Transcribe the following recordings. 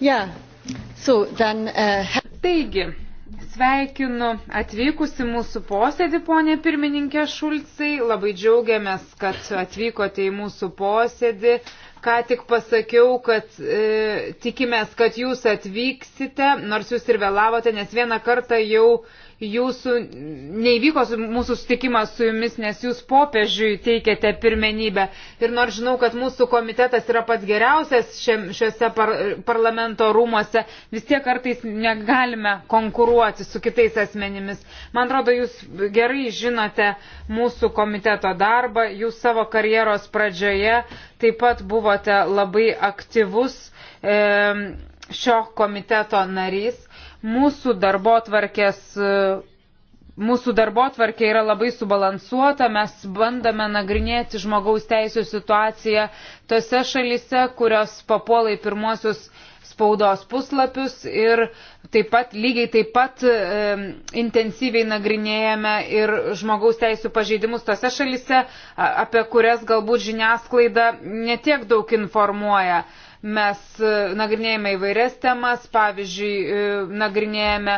Yeah. So, then, uh... Taigi, sveikinu atvykusi mūsų posėdį, ponė pirmininkė Šulcai. Labai džiaugiamės, kad atvykote į mūsų posėdį. Ką tik pasakiau, kad e, tikimės, kad jūs atvyksite, nors jūs ir vėlavote, nes vieną kartą jau jūsų neįvyko mūsų sutikimas su jumis, nes jūs popiežiui teikėte pirmenybę. Ir nors žinau, kad mūsų komitetas yra pats geriausias šiuose par, parlamento rūmose, vis tiek kartais negalime konkuruoti su kitais asmenimis. Man atrodo, jūs gerai žinote mūsų komiteto darbą, jūs savo karjeros pradžioje taip pat buvote labai aktyvus e, šio komiteto narys mūsų darbo tvarkės. E, mūsų darbo tvarkė yra labai subalansuota, mes bandame nagrinėti žmogaus teisų situaciją tose šalise, kurios papuola į pirmosius spaudos puslapius ir taip pat lygiai taip pat e, intensyviai nagrinėjame ir žmogaus teisų pažeidimus tose šalise, apie kurias galbūt žiniasklaida netiek daug informuoja. E, Mes e, nagrinėjame įvairias temas, pavyzdžiui, e, nagrinėjame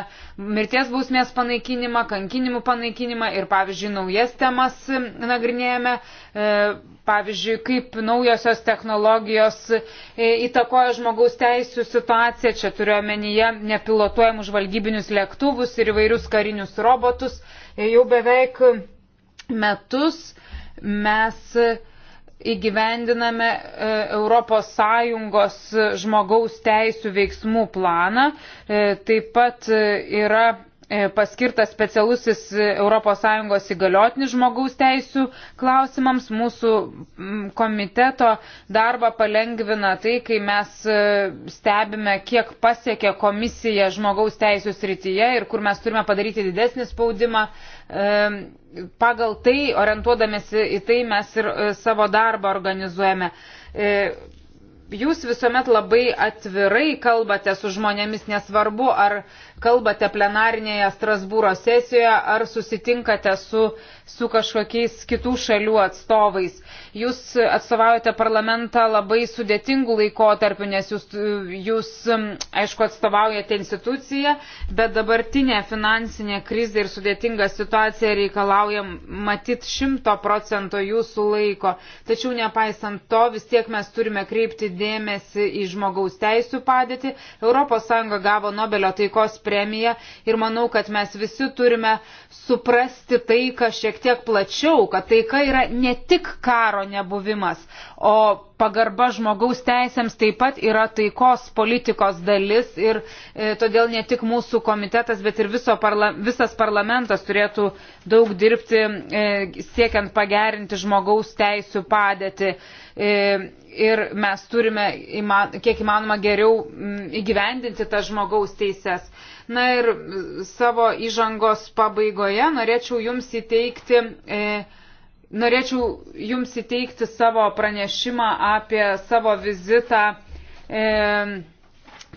mirties bausmės panaikinimą, kankinimų panaikinimą ir, pavyzdžiui, naujas temas e, nagrinėjame, pavyzdžiui, kaip naujosios technologijos įtakoja žmogaus teisų situaciją. Čia turiuomenyje nepilotuojamus žvalgybinius lėktuvus ir įvairius karinius robotus. Jau beveik metus mes įgyvendiname ES žmogaus teisų veiksmų planą. E, taip pat e, yra E, paskirtas specialusis ES įgaliotinis žmogaus teisų klausimams. Mūsų komiteto darbą palengvina tai, kai mes e, stebime, kiek pasiekia komisija žmogaus teisų srityje ir kur mes turime padaryti didesnį spaudimą. E, pagal tai, orientuodamėsi į tai, mes ir savo darbą organizuojame jūs visuomet labai atvirai kalbate su žmonėmis, nesvarbu, ar kalbate plenarinėje Strasbūro sesijoje, ar susitinkate su uh, su kažkokiais kitų šalių atstovais. Jūs atstovaujate parlamentą labai sudėtingų laikotarpių, nes jūs, jūs, aišku, atstovaujate instituciją, bet dabartinė finansinė krizė ir sudėtinga situacija reikalauja matyt šimto procento jūsų laiko. Tačiau nepaisant to, vis tiek mes turime kreipti dėmesį į žmogaus teisų padėtį. ES gavo Nobelio taikos premiją ir manau, kad mes visi turime suprasti tai, kas šiek šiek tiek plačiau, kad taika yra ne tik karo nebuvimas, o pagarba žmogaus teisėms taip pat yra taikos politikos dalis ir e, todėl ne tik mūsų komitetas, bet ir viso parla, visas parlamentas turėtų daug dirbti e, siekiant pagerinti žmogaus teisų padėtį. E, ir mes turime kiek įmanoma geriau mm, įgyvendinti tas žmogaus teises. Na ir savo įžangos pabaigoje norėčiau jums įteikti. E, Norėčiau Jums įteikti savo pranešimą apie savo vizitą e,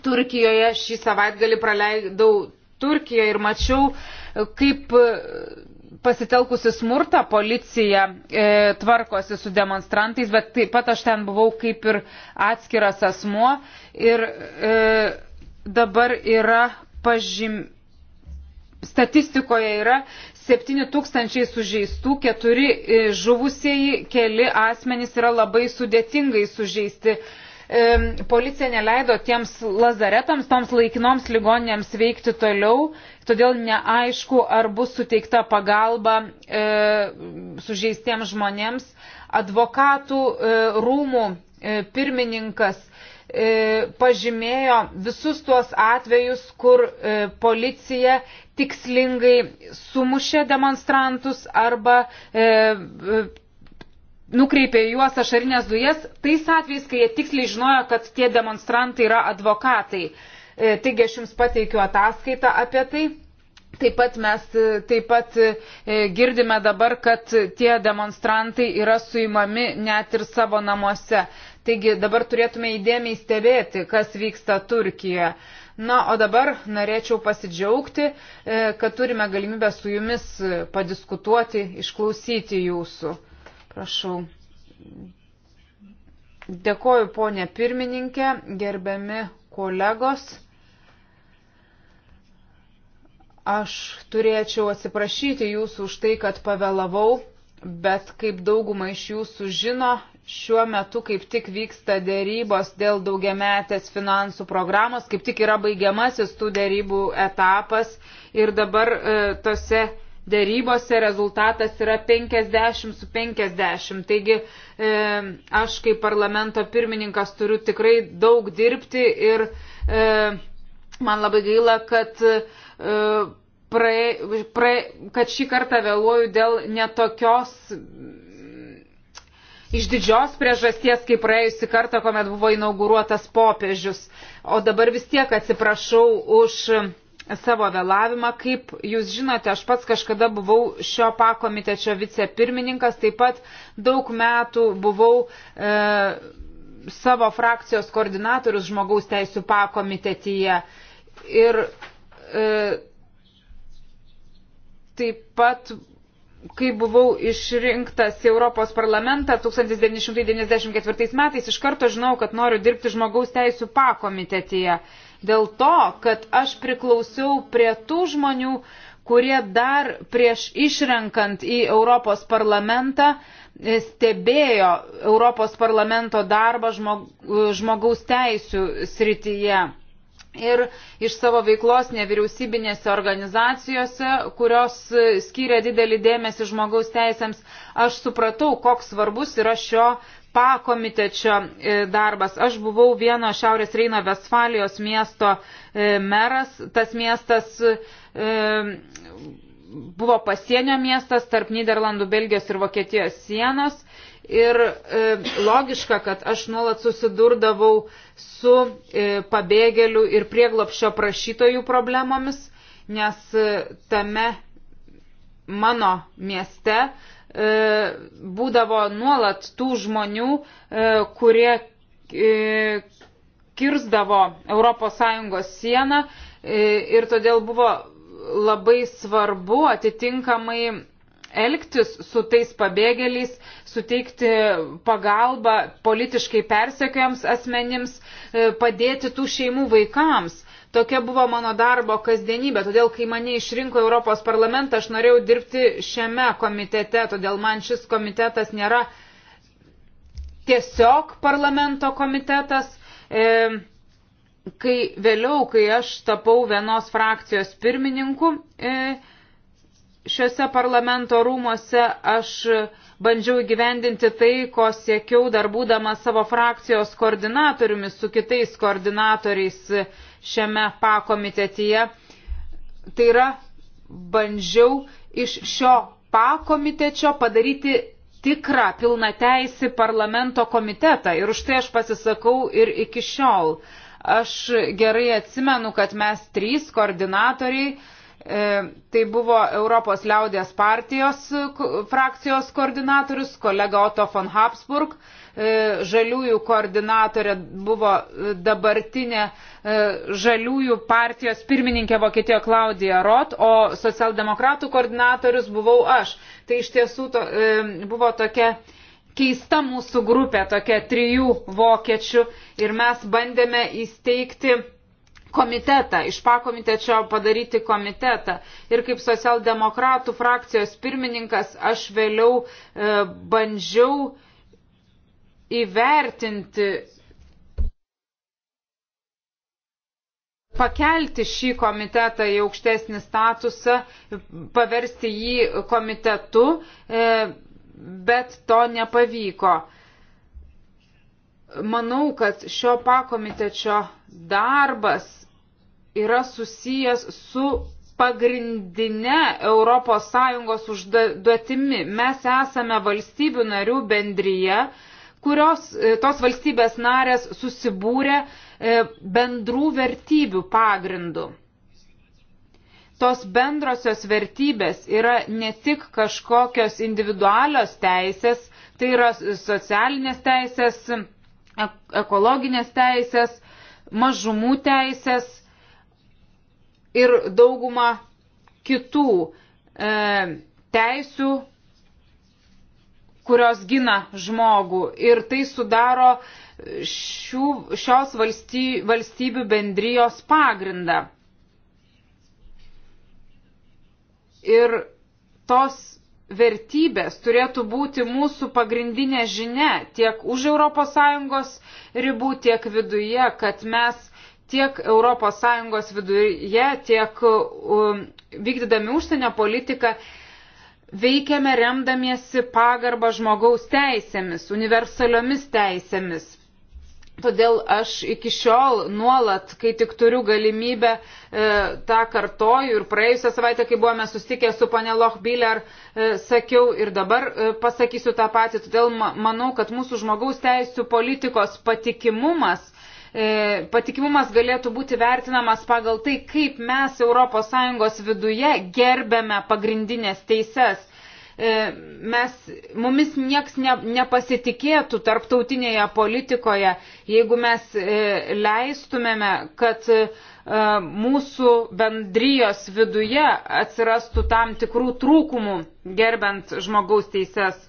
Turkijoje. Šį savaitgalį praleidau Turkijoje ir mačiau, kaip pasitelkusi smurtą policija e, tvarkosi su demonstrantais, bet taip pat aš ten buvau kaip ir atskiras asmuo ir e, dabar yra pažym. Statistikoje yra 7 tūkstančiai sužeistų, 4 e, žuvusieji, keli asmenys yra labai sudėtingai sužeisti. E, policija neleido tiems lazaretams, toms laikinoms ligoninėms veikti toliau, todėl neaišku, ar bus suteikta pagalba e, sužeistiems žmonėms. Advokatų e, rūmų e, pirmininkas e, pažymėjo visus tuos atvejus, kur e, policija tikslingai sumušė demonstrantus arba e, nukreipė juos ašarinės dujas, tais atvejais, kai jie tiksliai žinojo, kad tie demonstrantai yra advokatai. E, taigi aš jums pateikiu ataskaitą apie tai. Taip pat mes e, taip pat e, girdime dabar, kad tie demonstrantai yra suimami net ir savo namuose. Taigi dabar turėtume įdėmiai stebėti, kas vyksta Turkijoje. Na, o dabar norėčiau pasidžiaugti, kad turime galimybę su jumis padiskutuoti, išklausyti jūsų. Prašau. Dėkoju, ponė pirmininkė, gerbiami kolegos. Aš turėčiau atsiprašyti jūsų už tai, kad pavėlavau, bet kaip dauguma iš jūsų žino, šiuo metu kaip tik vyksta dėrybos dėl daugiametės finansų programos, kaip tik yra baigiamasis tų dėrybų etapas ir dabar e, tose dėrybose rezultatas yra 50 su 50. Taigi e, aš kaip parlamento pirmininkas turiu tikrai daug dirbti ir e, man labai gaila, kad, e, prae, prae, kad šį kartą vėluoju dėl netokios iš didžios priežasties, kaip praėjusi kartą, kuomet buvo inauguruotas popiežius. O dabar vis tiek atsiprašau už savo vėlavimą. Kaip jūs žinote, aš pats kažkada buvau šio pakomitečio vicepirmininkas, taip pat daug metų buvau e, savo frakcijos koordinatorius žmogaus teisų pakomitetyje. Ir e, taip pat kai buvau išrinktas į Europos parlamentą 1994 metais, iš karto žinau, kad noriu dirbti žmogaus teisų pakomitetyje dėl to, kad aš priklausiau prie tų žmonių, kurie dar prieš išrenkant į Europos parlamentą e, stebėjo Europos parlamento darbą žmogaus teisų srityje. Ir iš savo veiklos nevyriausybinėse organizacijose, kurios e, skiria didelį dėmesį žmogaus teisėms, aš supratau, koks svarbus yra šio pakomitečio e, darbas. Aš buvau vieno Šiaurės Reino Vestfalijos miesto e, meras. Tas miestas e, buvo pasienio miestas tarp Niderlandų, Belgijos ir Vokietijos sienos. Ir e, logiška, kad aš nuolat susidurdavau su e, pabėgėlių ir prieglopšio prašytojų problemomis, nes e, tame mano mieste e, E, būdavo nuolat tų žmonių, e, kurie e, kirzdavo ES sieną ir todėl buvo labai svarbu atitinkamai elgtis su tais pabėgėliais, suteikti pagalbą politiškai persekiojams asmenims, padėti tų šeimų vaikams. Tokia buvo mano darbo kasdienybė, todėl kai mane išrinko Europos parlamentą, aš norėjau dirbti šiame komitete, todėl man šis komitetas nėra tiesiog parlamento komitetas. E, kai vėliau, kai aš tapau vienos frakcijos pirmininku, e, šiuose parlamento rūmose aš bandžiau įgyvendinti tai, ko siekiau dar būdamas savo frakcijos koordinatoriumi su kitais koordinatoriais šiame pakomitetyje. Tai yra, bandžiau iš šio pakomitečio padaryti tikrą pilna teisį parlamento komitetą ir už tai aš pasisakau ir iki šiol. Aš gerai atsimenu, kad mes trys koordinatoriai, e, tai buvo Europos liaudės partijos frakcijos koordinatorius, kolega Otto von Habsburg, e, E, žaliųjų koordinatorė buvo e, dabartinė e, žaliųjų partijos pirmininkė Vokietijoje Klaudija Rot, o socialdemokratų koordinatorius buvau aš. Tai iš tiesų to, buvo tokia keista mūsų grupė, tokia trijų vokiečių ir mes bandėme įsteigti komitetą, iš pakomitečio padaryti komitetą. Ir kaip socialdemokratų frakcijos pirmininkas aš vėliau e, bandžiau e, įvertinti, pakelti šį komitetą į aukštesnį statusą, paversti jį komitetu, e, bet to nepavyko. Manau, kad šio pakomitečio darbas yra susijęs su pagrindinė ES užduotimi. Mes esame valstybių narių bendryje, kurios e, tos valstybės narės susibūrė e, bendrų vertybių pagrindų. Tos bendrosios vertybės yra ne tik kažkokios individualios teisės, tai yra socialinės teisės, ekologinės teisės, mažumų teisės ir dauguma kitų e, teisių, kurios gina žmogų ir tai sudaro šių, šios valstybių, valstybių bendrijos pagrindą. Ir tos vertybės turėtų būti mūsų pagrindinė žinia tiek už ES ribų, tiek viduje, kad mes tiek ES viduje, tiek um, vykdydami užsienio politiką veikiame remdamiesi pagarbą žmogaus teisėmis, universaliomis teisėmis. Todėl aš iki šiol nuolat, kai tik turiu galimybę, e, tą kartoju ir praėjusią savaitę, kai buvome sustikę su pane Lochbiller, e, sakiau ir dabar e, pasakysiu tą patį. Todėl manau, kad mūsų žmogaus teisų politikos patikimumas E, patikimumas galėtų būti vertinamas pagal tai, kaip mes ES viduje gerbėme pagrindinės teises e, mes, mumis nieks ne, nepasitikėtų tarptautinėje politikoje, jeigu mes e, leistumėme, kad mūsų bendrijos viduje atsirastų tam tikrų trūkumų gerbent žmogaus teises.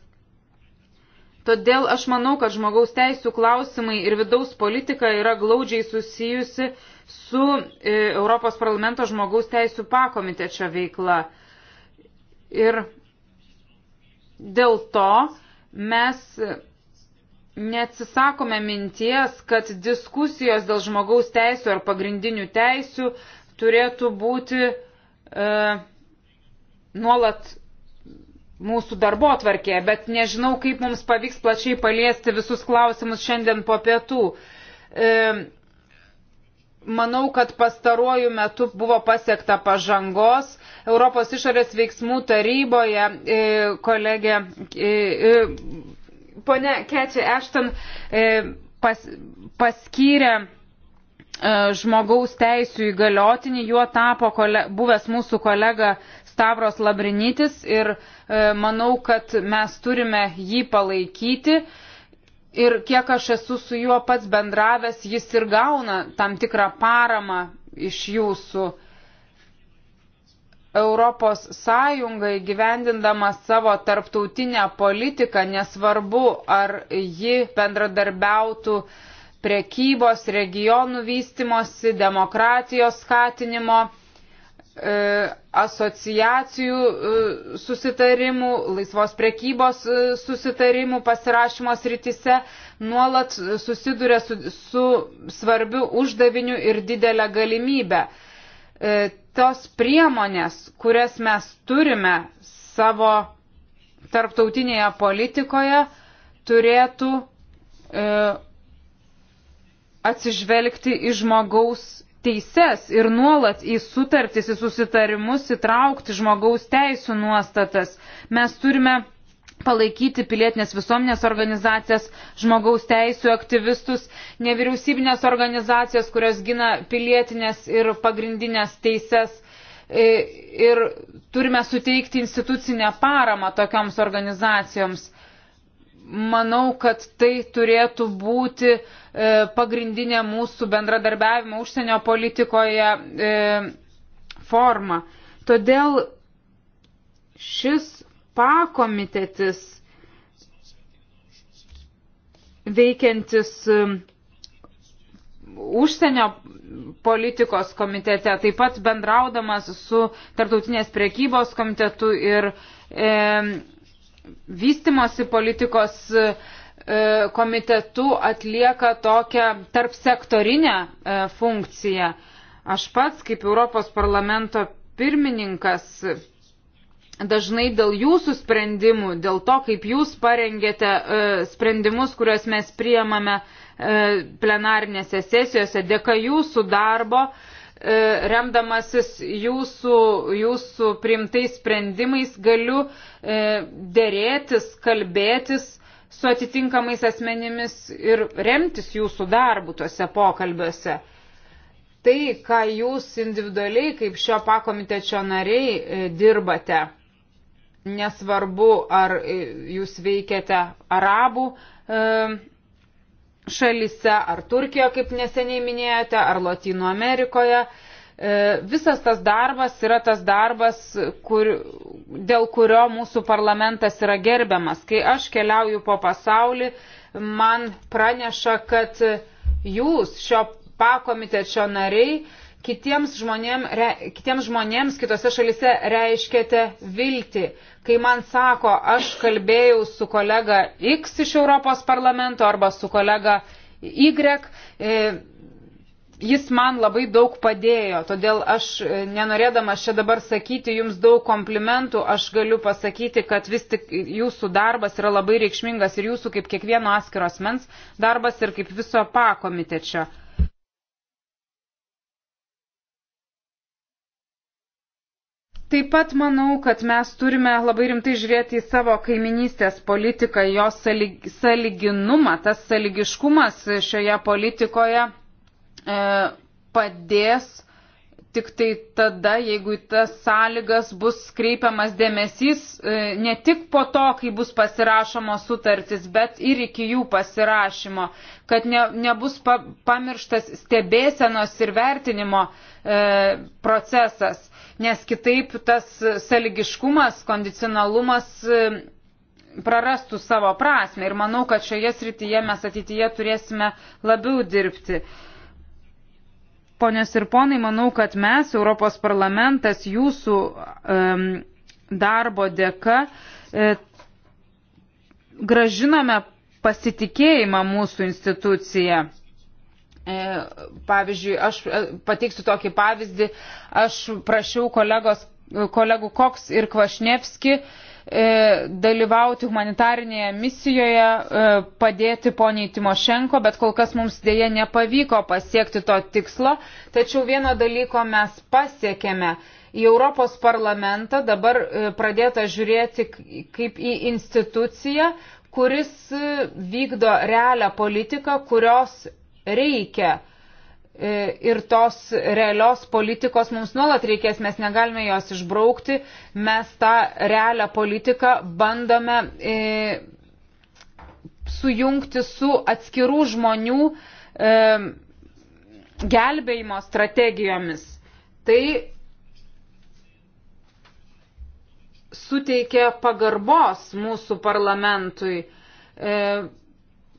Todėl aš manau, kad žmogaus teisų klausimai ir vidaus politika yra glaudžiai susijusi su e, Europos parlamento žmogaus teisų pakomitečio veikla. Ir dėl to mes neatsisakome minties, kad diskusijos dėl žmogaus teisų ar pagrindinių teisų turėtų būti e, nuolat mūsų darbo atvarkė, bet nežinau, kaip mums pavyks plačiai paliesti visus klausimus šiandien po pietų. E, Manau, kad pastaruoju metu buvo pasiekta pažangos. Europos išorės veiksmų taryboje e, kolegė e, e, ponė Keči Ešton e, pas, paskyrė e, žmogaus teisų įgaliotinį, juo tapo kole, buvęs mūsų kolega Stavros Labrinytis ir e, E, manau, kad mes turime jį palaikyti. Ir kiek aš esu su juo pats bendravęs, jis ir gauna tam tikrą paramą iš jūsų. Europos Sąjungai gyvendindama savo tarptautinę politiką, nesvarbu, ar ji bendradarbiautų prekybos, regionų vystimosi, demokratijos skatinimo E, asociacijų e, susitarimų, laisvos prekybos e, susitarimų pasirašymo srityse nuolat susiduria su, su svarbiu uždaviniu ir didelę galimybę. Tos priemonės, kurias mes turime savo tarptautinėje politikoje, turėtų atsižvelgti į žmogaus teises ir nuolat į sutartis, į susitarimus įtraukti žmogaus teisų nuostatas. Mes turime palaikyti pilietinės visuomenės organizacijas, žmogaus teisų aktyvistus, nevyriausybinės organizacijas, kurios gina pilietinės ir pagrindinės teises. E, ir turime suteikti institucinę paramą tokioms organizacijoms manau, kad tai turėtų būti e, pagrindinė mūsų bendradarbiavimo užsienio politikoje e, forma. Todėl šis pakomitetis veikiantis e, užsienio politikos komitete, taip pat bendraudamas su tartautinės priekybos komitetu ir e, vystimosi politikos e, e, komitetu atlieka tokią tarpsektorinę e, funkciją. Aš pats, kaip Europos parlamento pirmininkas, dažnai dėl jūsų sprendimų, dėl to, kaip jūs parengėte e, sprendimus, kuriuos mes priemame e, plenarinėse sesijose, dėka jūsų darbo, e, E, remdamasis jūsų, jūsų priimtais sprendimais galiu e, dėrėtis, kalbėtis su atitinkamais asmenimis ir remtis jūsų darbu tuose pokalbiuose. Tai, ką jūs individualiai kaip šio pakomitečio nariai e, dirbate, nesvarbu, ar jūs veikiate arabų šalyse, ar Turkijoje, kaip neseniai minėjote, ar Latino Amerikoje. E, visas tas darbas yra tas darbas, kur, dėl kurio mūsų parlamentas yra gerbiamas. Kai aš keliauju po pasaulį, man praneša, kad jūs šio pakomitečio nariai kitiems, žmonėm, re, kitiems žmonėms kitose šalise reiškėte viltį. Kai man sako, aš kalbėjau su kolega X iš Europos parlamento arba su kolega Y, e, jis man labai daug padėjo, todėl aš e, nenorėdamas čia dabar sakyti jums daug komplimentų, aš galiu pasakyti, kad vis tik jūsų darbas yra labai reikšmingas ir jūsų kaip kiekvieno atskiros mens darbas ir kaip viso pakomitečio. Taip pat manau, kad mes turime labai rimtai žiūrėti į savo kaiminystės politiką, jos saliginumą, tas saligiškumas šioje politikoje e, padės tik tai tada, jeigu į tas sąlygas bus kreipiamas dėmesys e, ne tik po to, kai bus pasirašomos sutartis, bet ir iki jų pasirašymo, kad ne, nebus pa, pamirštas stebėsenos ir vertinimo e, procesas nes kitaip tas saligiškumas, kondicionalumas e, prarastų savo prasme. Ir manau, kad šioje srityje mes ateityje turėsime labiau dirbti. Ponios ir ponai, manau, kad mes, Europos parlamentas, jūsų um, darbo dėka e, gražiname pasitikėjimą mūsų instituciją. E, pavyzdžiui, aš e, pateiksiu tokį pavyzdį, aš prašiau kolegos, kolegų Koks ir Kvašnevski e, dalyvauti humanitarinėje misijoje, padėti poniai Timošenko, bet kol kas mums dėje nepavyko pasiekti to tikslo. Tačiau vieno dalyko mes pasiekėme. Į Europos parlamentą dabar pradėta žiūrėti kaip į instituciją, kuris vykdo realią politiką, kurios reikia. E, ir tos realios politikos mums nuolat reikės, mes negalime jos išbraukti, mes tą realią politiką bandome e, sujungti su atskirų žmonių e, gelbėjimo strategijomis. Tai suteikia pagarbos mūsų parlamentui. E,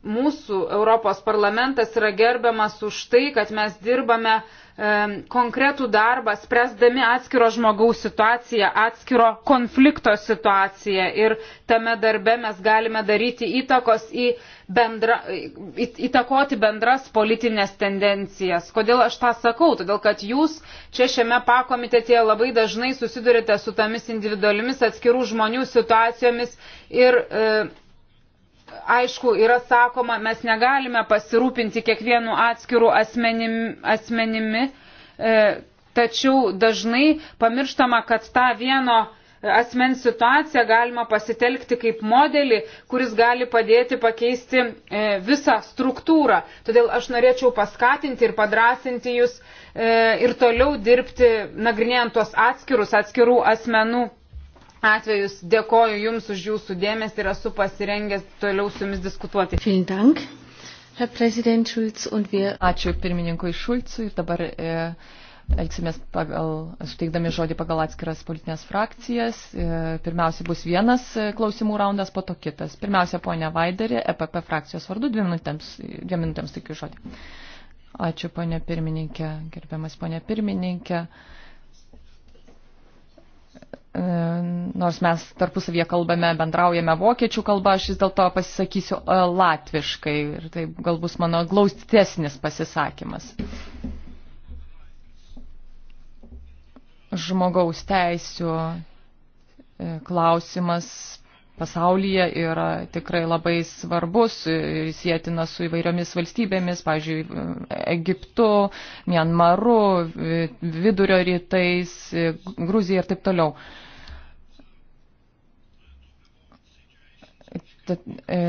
mūsų Europos parlamentas yra gerbiamas už tai, kad mes dirbame e, konkretų darbą, spręsdami atskiro žmogaus situaciją, atskiro konflikto situaciją. Ir tame darbe mes galime daryti įtakos į bendra, į, įtakoti bendras politinės tendencijas. Kodėl aš tą sakau? Todėl, kad jūs čia šiame pakomitetėje labai dažnai susidurite su tomis individualiomis atskirų žmonių situacijomis ir e, aišku, yra sakoma, mes negalime pasirūpinti kiekvienu atskiru asmenim, asmenimi, e, tačiau dažnai pamirštama, kad tą vieno asmens situaciją galima pasitelkti kaip modelį, kuris gali padėti pakeisti e, visą struktūrą. Todėl aš norėčiau paskatinti ir padrasinti jūs e, ir toliau dirbti, nagrinėjant tuos atskirus, atskirų asmenų atvejus. Dėkoju Jums už Jūsų dėmesį ir esu pasirengęs toliau su Jumis diskutuoti. Ačiū pirmininkui Šulcui ir dabar e, elgsimės pagal, suteikdami žodį pagal atskiras politinės frakcijas. E, pirmiausia bus vienas e, klausimų raundas, po to kitas. Pirmiausia, ponia Vaiderė, EPP frakcijos vardu, dviem minutėms, dviem minutėms tikiu žodį. Ačiū, ponia pirmininkė, gerbiamas ponia pirmininkė. E, E, nors mes tarpusavie kalbame, bendraujame vokiečių kalba, aš vis dėlto pasisakysiu e, latviškai ir tai gal bus mano glaustesnis pasisakymas. Žmogaus teisų e, klausimas pasaulyje yra tikrai labai svarbus ir sėtina su įvairiomis valstybėmis, pavyzdžiui, Egiptu, Mianmaru, Vidurio rytais, Gruzija ir taip toliau. Tad, e,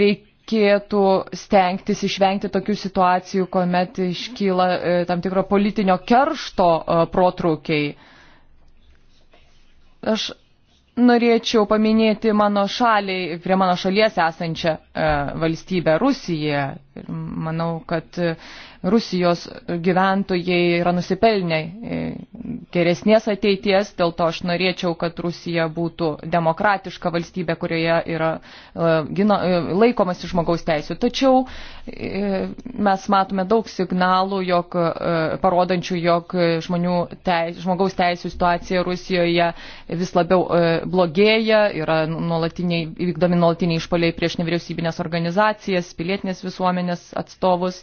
reik, reikėtų stengtis išvengti tokių situacijų, kuomet iškyla e, tam tikro politinio keršto e, protrukiai. Aš norėčiau paminėti mano šaliai, prie mano šalies esančią e, valstybę Rusiją, manau, kad Rusijos gyventojai yra nusipelnę e, geresnės ateities, dėl to aš norėčiau, kad Rusija būtų demokratiška valstybė, kurioje yra e, gina, e, laikomasi žmogaus teisų. Tačiau mes matome daug signalų, jog, parodančių, jog žmonių teis, žmogaus teisų situacija Rusijoje vis labiau blogėja, yra nuolatiniai, vykdomi nuolatiniai išpoliai prieš nevyriausybinės organizacijas, pilietinės visuomenės visuomenės atstovus.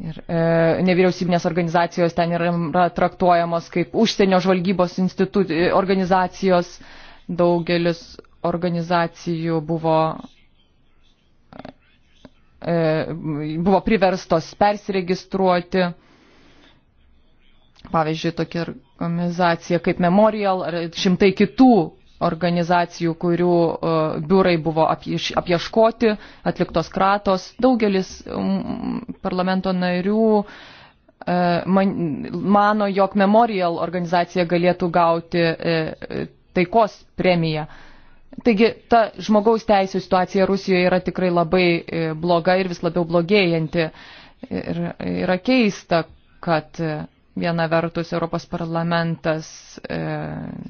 Ir e, nevyriausybinės organizacijos ten yra, yra traktuojamos kaip užsienio žvalgybos e, organizacijos. Daugelis organizacijų buvo, e, buvo priverstos persiregistruoti. Pavyzdžiui, tokia organizacija kaip Memorial ar šimtai kitų organizacijų, kurių e, biurai buvo apieškoti, atliktos kratos. Daugelis parlamento narių e, mano, jog Memorial organizacija galėtų gauti e, taikos premiją. Taigi ta žmogaus teisų situacija Rusijoje yra tikrai labai bloga ir vis labiau blogėjanti. Ir yra keista, kad Viena vertus, Europos parlamentas e,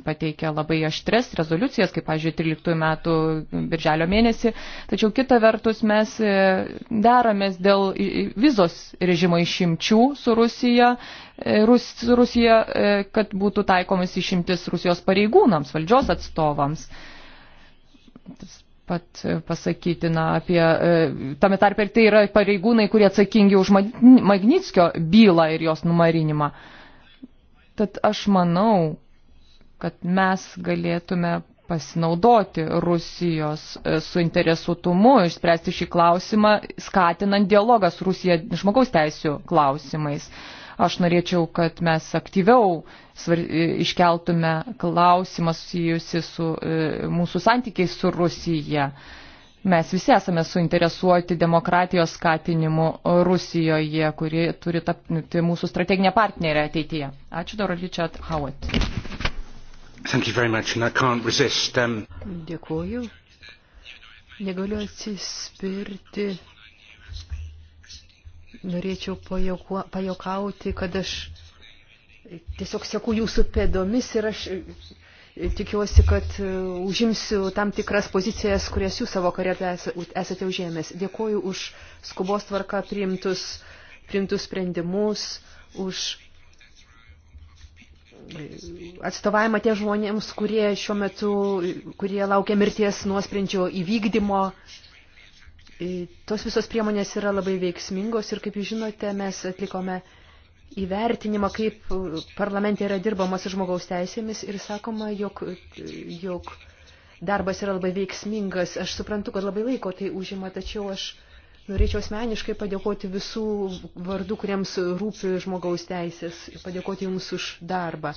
pateikė labai aštres rezoliucijas, kaip, pavyzdžiui, 13 metų birželio mėnesį, tačiau kita vertus mes e, deramės dėl vizos režimo išimčių su Rusija, e, Rus, su Rusija e, kad būtų taikomas išimtis Rusijos pareigūnams, valdžios atstovams. Tas pat e, pasakytina apie, e, tame tarpe ir tai yra pareigūnai, kurie atsakingi už Magnitskio bylą ir jos numarinimą. Tad aš manau, kad mes galėtume pasinaudoti Rusijos e, suinteresuotumu, išspręsti šį klausimą, skatinant dialogą su Rusija žmogaus teisų klausimais. Uh, Aš norėčiau, kad mes aktyviau e, iškeltume klausimą susijusi su e, mūsų santykiais su Rusija. Mes visi esame suinteresuoti demokratijos skatinimu Rusijoje, kuri turi tapti mūsų strateginė partnerė ateityje. Ačiū dar, Richard Howard. Resist, um... Dėkuoju. Negaliu atsispirti norėčiau pajokauti, kad aš tiesiog sėku jūsų pėdomis ir aš e, tikiuosi, kad e, užimsiu tam tikras pozicijas, kurias jūs savo karete esate užėmęs. Dėkuoju už skubos tvarką priimtus, priimtus sprendimus, už e, atstovavimą tie žmonėms, kurie šiuo metu, kurie laukia mirties nuosprendžio įvykdymo. E, tos visos priemonės yra labai veiksmingos ir, kaip jūs žinote, mes atlikome įvertinimą, kaip parlamente yra dirbama su žmogaus teisėmis ir sakoma, jog, jog darbas yra labai veiksmingas. Aš suprantu, kad labai laiko tai užima, tačiau aš norėčiau asmeniškai padėkoti visų vardų, kuriems rūpi žmogaus teisės, padėkoti jums už darbą.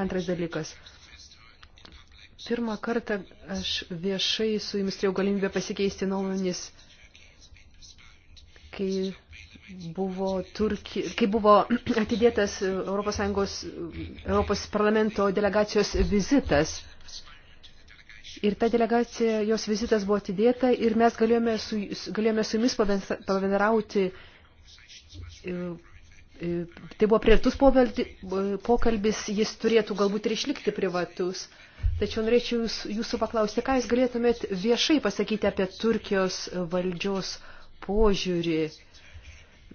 Antras dalykas. Pirmą kartą aš viešai su jumis turėjau galimybę pasikeisti nuomonės kai buvo, Turki, kai buvo atidėtas Europos, Sąjungos, Europos parlamento delegacijos vizitas. Ir ta delegacija, jos vizitas buvo atidėta ir mes galėjome su, galėjome su jumis pavendrauti. E, e, tai buvo privatus pokalbis, jis turėtų galbūt ir išlikti privatus. Tačiau norėčiau jūs, jūsų paklausti, ką jūs galėtumėt viešai pasakyti apie Turkijos valdžios uh, požiūrį.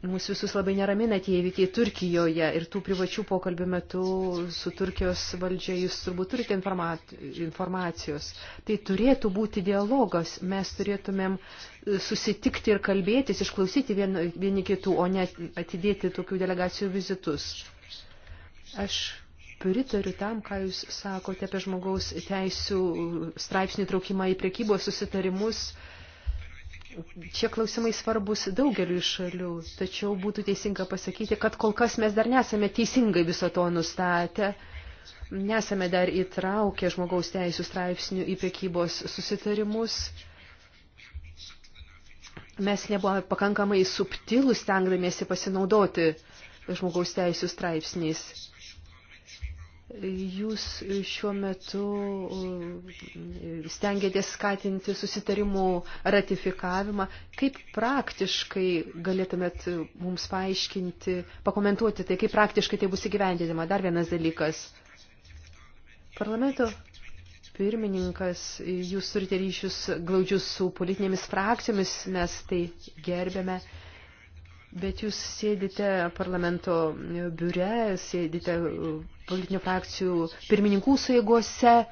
Mūsų visus labai neramina tie įvykiai Turkijoje ir tų privačių pokalbių metu su Turkijos valdžia jūs turbūt turite informacijos. Tai turėtų būti dialogas, mes turėtumėm e, susitikti ir kalbėtis, išklausyti vieni, vieni kitų, o ne atidėti tokių delegacijų vizitus. Aš pritariu tam, ką jūs sakote apie žmogaus teisų straipsnių traukimą į prekybos susitarimus Čia klausimai svarbus daugeliu šalių, tačiau būtų teisinga pasakyti, kad kol kas mes dar nesame teisingai viso to nustatę, nesame dar įtraukę žmogaus teisų straipsnių į prekybos susitarimus. Mes nebuvome pakankamai subtilus, stengdamiesi pasinaudoti žmogaus teisų straipsniais. Jūs šiuo metu uh, stengiatės skatinti susitarimų ratifikavimą. Kaip praktiškai galėtumėt uh, mums paaiškinti, pakomentuoti tai, kaip praktiškai tai bus įgyvendinama? Dar vienas dalykas. Parlamento pirmininkas, jūs turite ryšius glaudžius su politinėmis frakcijomis, mes tai gerbėme. Bet jūs sėdite parlamento biure, sėdite uh, politinių frakcijų pirmininkų suėgose, e,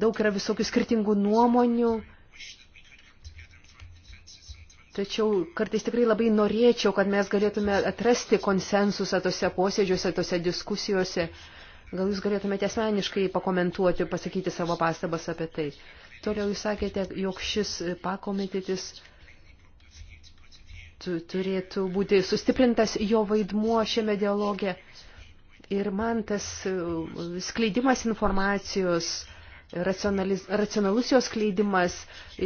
daug yra visokių skirtingų nuomonių. Tačiau kartais tikrai labai norėčiau, kad mes galėtume atrasti konsensusą tose posėdžiuose, tose diskusijose. Gal jūs galėtumėte asmeniškai pakomentuoti, pasakyti savo pastabas apie tai. Toliau jūs sakėte, jog šis pakomitetis turėtų būti sustiprintas jo vaidmuo šiame dialoge. Ir man tas uh, skleidimas informacijos, racionaliz, racionalus jos skleidimas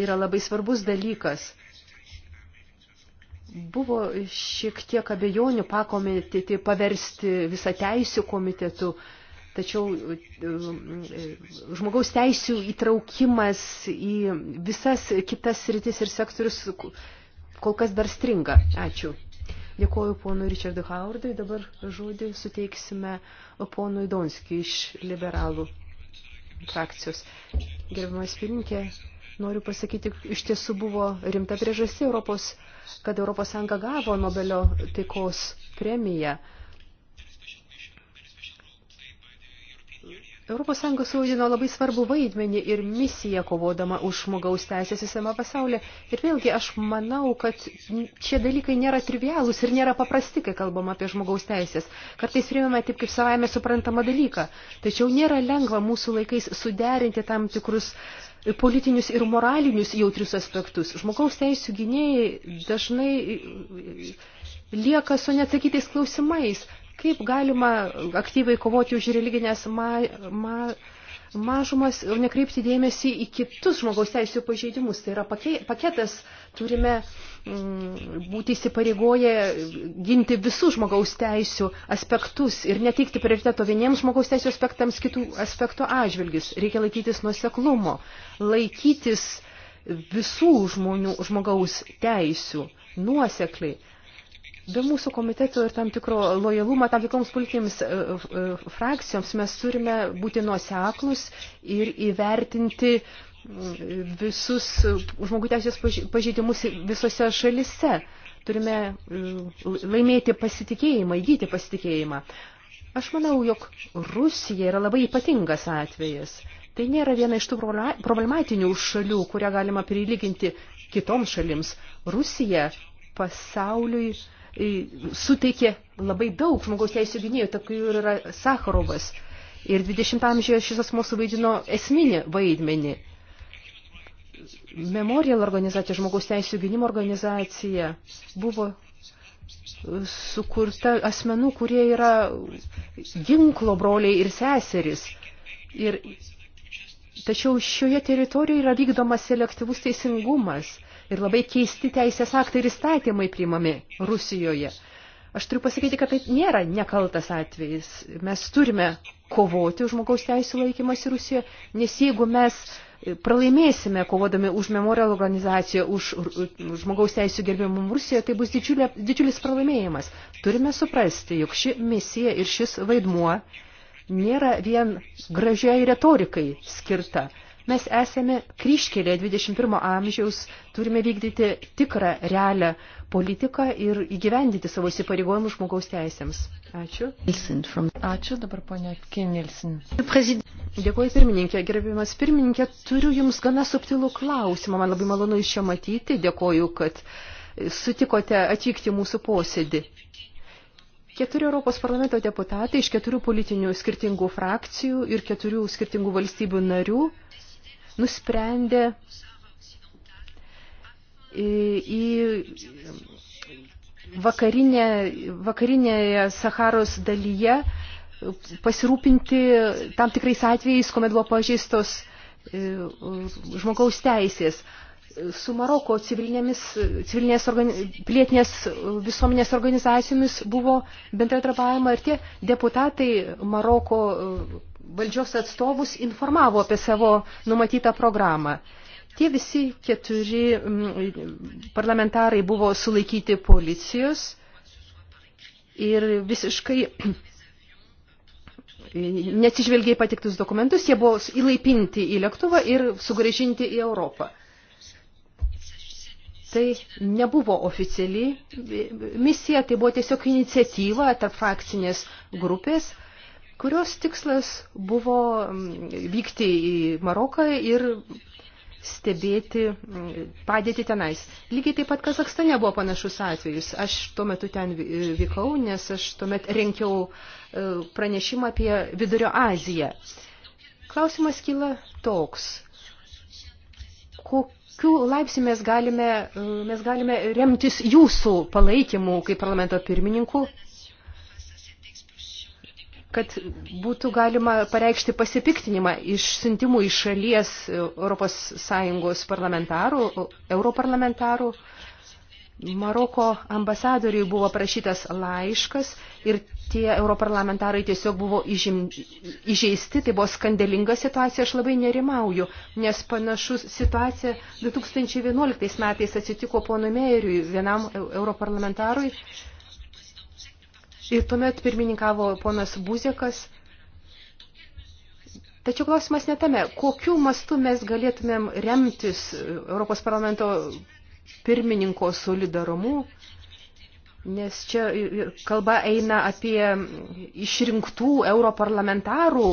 yra labai svarbus dalykas. Buvo šiek tiek abejonių pakomitėti, paversti visą teisų komitetų, tačiau uh, žmogaus teisų įtraukimas į visas kitas rytis ir sektorius kol kas dar stringa. Ačiū. Dėkuoju ponui Richardui Howardui. Dabar žodį suteiksime ponui Donskijui iš liberalų frakcijos. Gerbiamas pirminkė, noriu pasakyti, iš tiesų buvo rimta priežastė Europos, kad Europos Sąjunga gavo Nobelio taikos premiją. ES suvaidino labai svarbu vaidmenį ir misiją kovodama už žmogaus teisės visame pasaulyje. Ir vėlgi aš manau, kad šie dalykai nėra trivialūs ir nėra paprasti, kai kalbam apie žmogaus teisės. Kartais priimame taip kaip savaime suprantama dalyką. Tačiau nėra lengva mūsų laikais suderinti tam tikrus politinius ir moralinius jautrius aspektus. Žmogaus teisų gynėjai dažnai lieka su neatsakytais klausimais. Kaip galima aktyviai kovoti už religinės ma, ma, mažumas ir nekreipti dėmesį į kitus žmogaus teisų pažeidimus. Tai yra paketas, turime mm, būti įsipareigoję ginti visus žmogaus teisų aspektus ir neteikti prioriteto vieniems žmogaus teisų aspektams kitų aspektų atžvilgis. Reikia laikytis nuoseklumo, laikytis visų žmonių, žmogaus teisų nuosekliai. Be mūsų komiteto ir tam tikro lojalumą tam tikroms politinėms e, e, frakcijoms mes turime būti nuoseklus ir įvertinti mm, visus žmogų teisės pažeidimus visose šalise. Turime e, laimėti pasitikėjimą, įgyti pasitikėjimą. Aš manau, jog Rusija yra labai ypatingas atvejas. Tai nėra viena iš tų problematinių šalių, kurią galima prilyginti kitoms šalims. Rusija pasauliui uh, suteikė labai daug žmogaus teisų gynėjų, tokių ir yra Sakharovas. Ir 20 amžiuje šis asmo suvaidino esminį vaidmenį. Memorial organizacija, žmogaus teisų gynimo organizacija, buvo sukurta asmenų, kurie yra ginklo broliai ir seserys. Ir, tačiau šioje teritorijoje yra vykdomas selektyvus teisingumas – ir labai keisti teisės aktai ir įstatymai priimami Rusijoje. Aš turiu pasakyti, kad tai nėra nekaltas atvejis. Mes turime kovoti už žmogaus teisų laikymasi Rusijoje, nes jeigu mes pralaimėsime kovodami už memorial organizaciją, už, už žmogaus teisų gerbimum Rusijoje, tai bus didžiulė, didžiulis pralaimėjimas. Turime suprasti, jog ši misija ir šis vaidmuo nėra vien gražiai retorikai skirta. Mes esame kryškelė 21 amžiaus, turime vykdyti tikrą, realią politiką ir įgyvendyti savo įsipareigojimus žmogaus teisėms. Ačiū. Ačiū dabar ponia Kinilsin. Dėkuoju pirmininkė, gerbimas pirmininkė, turiu Jums gana subtilų klausimą, man labai malonu iš čia matyti, dėkuoju, kad sutikote atvykti mūsų posėdį. Keturi Europos parlamento deputatai iš keturių politinių skirtingų frakcijų ir keturių skirtingų valstybių narių nusprendė į vakarinė, vakarinėje Saharos dalyje pasirūpinti tam tikrais atvejais, kuomet buvo pažeistos e, žmogaus teisės. Su Maroko civilinėmis, civilinės organi, pilietinės visuomenės organizacijomis buvo bendradarbiavama ir tie deputatai Maroko valdžios atstovus informavo apie savo numatytą programą. Tie visi keturi mm, parlamentarai buvo sulaikyti policijos ir visiškai neatsižvelgiai patiktus dokumentus, jie buvo įlaipinti į lėktuvą ir sugrąžinti į Europą. Tai nebuvo oficiali misija, tai buvo tiesiog iniciatyva tarp frakcinės grupės kurios tikslas buvo mm, vykti į Maroką ir stebėti mm, padėti tenais. Lygiai taip pat Kazakstane buvo panašus atvejus. Aš tuo metu ten vykau, nes aš tuomet renkiau e, pranešimą apie Vidurio Aziją. Klausimas kyla toks. Kok kokiu laipsniu mes galime, e, mes galime remtis jūsų palaikymu kaip parlamento pirmininku kad būtų galima pareikšti pasipiktinimą iš sintimų iš šalies ES parlamentarų, e, europarlamentarų. Maroko ambasadoriui buvo prašytas laiškas ir tie europarlamentarai tiesiog buvo įžim, įžeisti, tai buvo skandalinga situacija, aš labai nerimauju, nes panašus situacija 2011 metais atsitiko pono Meiriui, vienam e, europarlamentarui, Ir tuomet pirmininkavo ponas Buzekas. Tačiau klausimas netame, kokiu mastu mes galėtumėm remtis Europos parlamento pirmininko solidarumu, nes čia kalba eina apie išrinktų europarlamentarų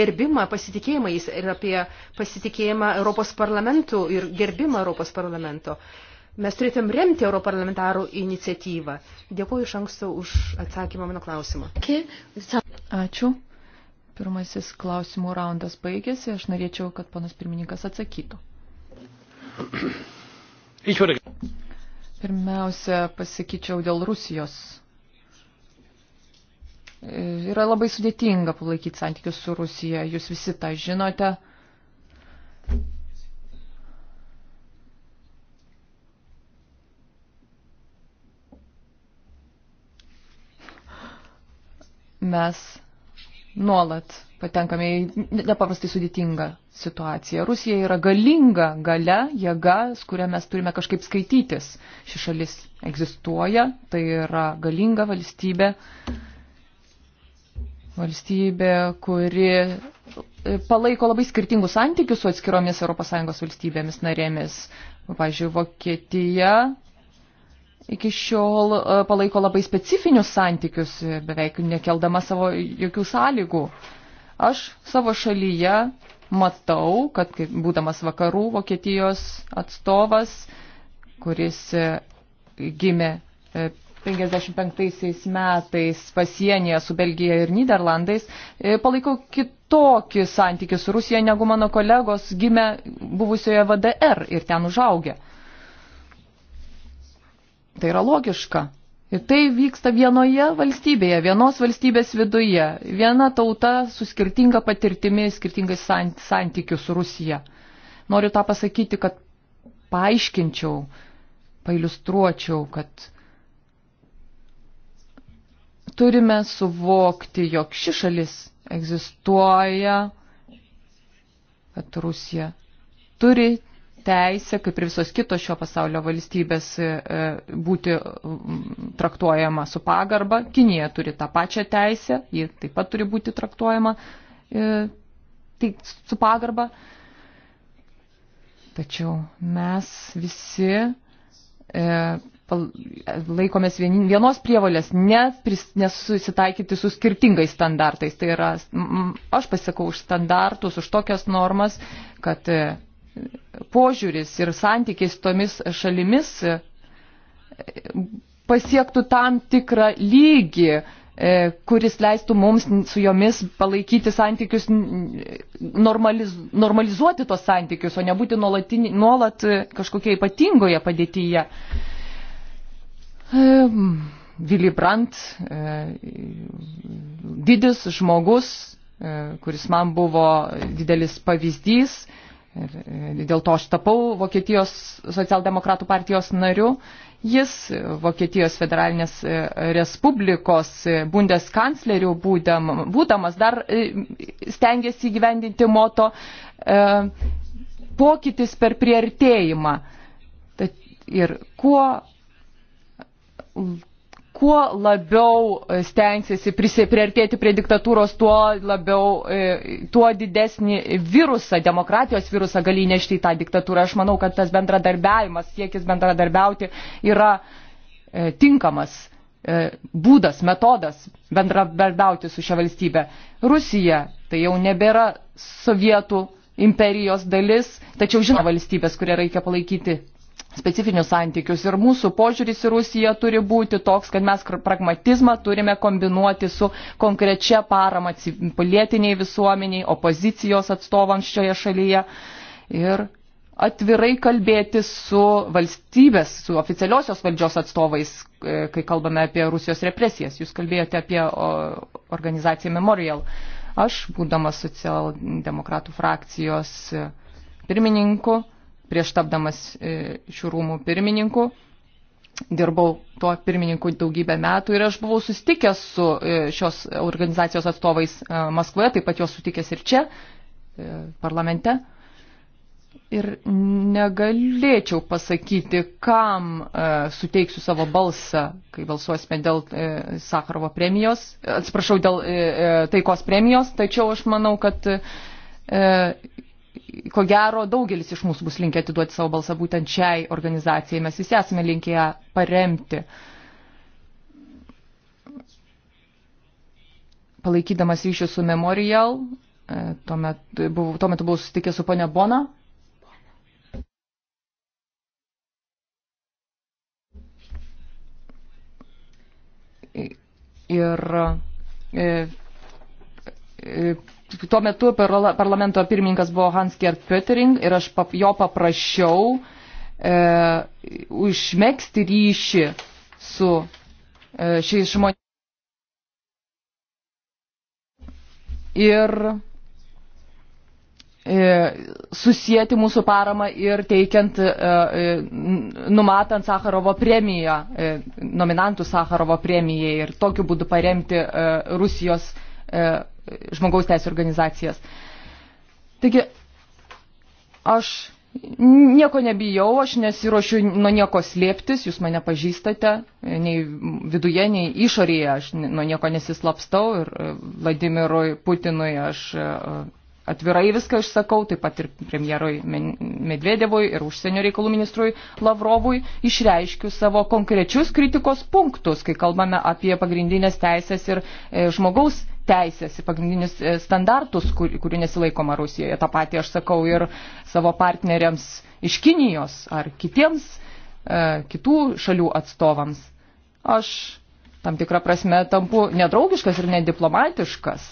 gerbimą, pasitikėjimą jais ir apie pasitikėjimą Europos parlamentu ir gerbimą Europos parlamento. Uh, Mes turėtum remti europarlamentarų iniciatyvą. Dėkuoju iš anksto už atsakymą mano klausimą. Ačiū. Pirmasis klausimų raundas baigėsi. Aš norėčiau, kad panas pirmininkas atsakytų. Pirmiausia, pasakyčiau dėl Rusijos. Yra labai sudėtinga palaikyti santykius su Rusija. Jūs visi tą žinote. mes nuolat patenkame į nepaprastai sudėtingą situaciją. Rusija yra galinga gale, jėga, su kuria mes turime kažkaip skaitytis. Ši šalis egzistuoja, tai yra galinga valstybė, valstybė, kuri palaiko labai skirtingus santykius su atskiromis ES valstybėmis narėmis. Pavyzdžiui, Vokietija iki šiol e, palaiko labai specifinius santykius, e, beveik nekeldama savo jokių sąlygų. Aš savo šalyje matau, kad būdamas vakarų Vokietijos atstovas, kuris e, gimė 55 metais pasienyje su Belgija ir Niderlandais, palaikau kitokį santykį su Rusija negu mano kolegos gimė buvusioje VDR ir ten užaugę. Tai yra logiška. Ir tai vyksta vienoje valstybėje, vienos valstybės viduje, viena tauta su skirtinga patirtimi, skirtingais santykiu su Rusija. Noriu tą pasakyti, kad paaiškinčiau, pailustruočiau, kad turime suvokti, jog ši šalis egzistuoja, kad Rusija turi teisė, kaip ir visos kitos šio pasaulio valstybės, e, e, būti traktuojama su pagarba. Kinija turi tą pačią teisę, ji taip pat turi būti traktuojama e, tai, su pagarba. Tačiau mes visi laikomės vienos prievolės nesusitaikyti su skirtingais standartais. Tai yra, aš pasakau už standartus, už tokias normas, kad požiūris ir santykis tomis šalimis pasiektų tam tikrą lygį, e, kuris leistų mums su jomis palaikyti santykius, normaliz, normalizuoti tos santykius, o nebūti nuolat kažkokia ypatingoje padėtyje. Vili e, Brandt, e, didis žmogus, kuris man buvo didelis pavyzdys, ir e, dėl to aš tapau Vokietijos socialdemokratų partijos nariu. Jis Vokietijos federalinės e, respublikos e, bundeskanclerių būdam, būdamas dar stengiasi įgyvendinti moto pokytis per priartėjimą. Ir kuo kuo labiau e, stengsiasi priartėti prie diktatūros, tuo, labiau, e, tuo didesnį virusą, demokratijos virusą gali įnešti į tą diktatūrą. Aš manau, kad tas bendradarbiavimas, siekis bendradarbiauti yra e, tinkamas būdas, metodas bendradarbiauti su šia valstybė. Rusija tai jau nebėra sovietų imperijos dalis, tačiau žino valstybės, kurią reikia palaikyti specifinius santykius. Ir mūsų požiūris į Rusiją turi būti toks, kad mes pragmatizmą turime kombinuoti su konkrečia parama pilietiniai visuomeniai, opozicijos atstovams šioje šalyje. Ir atvirai kalbėti su valstybės, su oficialiosios valdžios atstovais, e, kai kalbame apie Rusijos represijas. Jūs kalbėjote apie organizaciją Memorial. Aš, būdamas socialdemokratų frakcijos e, pirmininku, prieš tapdamas e, šių rūmų pirmininku. Dirbau tuo pirmininku daugybę metų ir aš buvau sustikęs su e, šios organizacijos atstovais e, Maskvoje, taip pat juos sutikęs ir čia, parlamente. Ir negalėčiau pasakyti, kam suteiksiu savo balsą, kai balsuosime dėl Sakarovo premijos, atsiprašau, dėl taikos premijos, tačiau aš manau, kad ko gero daugelis iš mūsų bus linkę atiduoti savo balsą būtent šiai organizacijai. Mes visi esame linkę ją paremti. Palaikydamas ryšių su Memorial, e, tuo metu, buvau, tuo metu buvau susitikęs su ponia Bona. Ir e, e, tuo metu parlamento pirmininkas buvo Hansker Pöttering ir aš jo paprašiau e, užmėgsti ryšį su e, šiais žmonėmis. Ir e, susijęti mūsų paramą ir teikiant, e, e, numatant Sakarovo premiją, nominantų Sakarovo premijai ir tokiu būdu paremti Rusijos E, žmogaus teisų organizacijas. Taigi, aš Nieko nebijau, aš nesiuošiu nuo nieko slėptis, jūs mane pažįstate, nei viduje, nei išorėje aš nuo nieko nesislapstau ir e, Vladimirui Putinui aš e, atvirai viską išsakau, taip pat ir premjerui Medvedevui ir užsienio reikalų ministrui Lavrovui išreiškiu savo konkrečius kritikos punktus, kai kalbame apie pagrindinės teisės ir e, žmogaus teisės, pagrindinius e, standartus, kur, kurių nesilaikoma Rusijoje. Ta pati aš sakau ir savo partneriams iš Kinijos ar kitiems e, kitų šalių atstovams. Aš tam tikrą prasme tampu nedraugiškas ir nediplomatiškas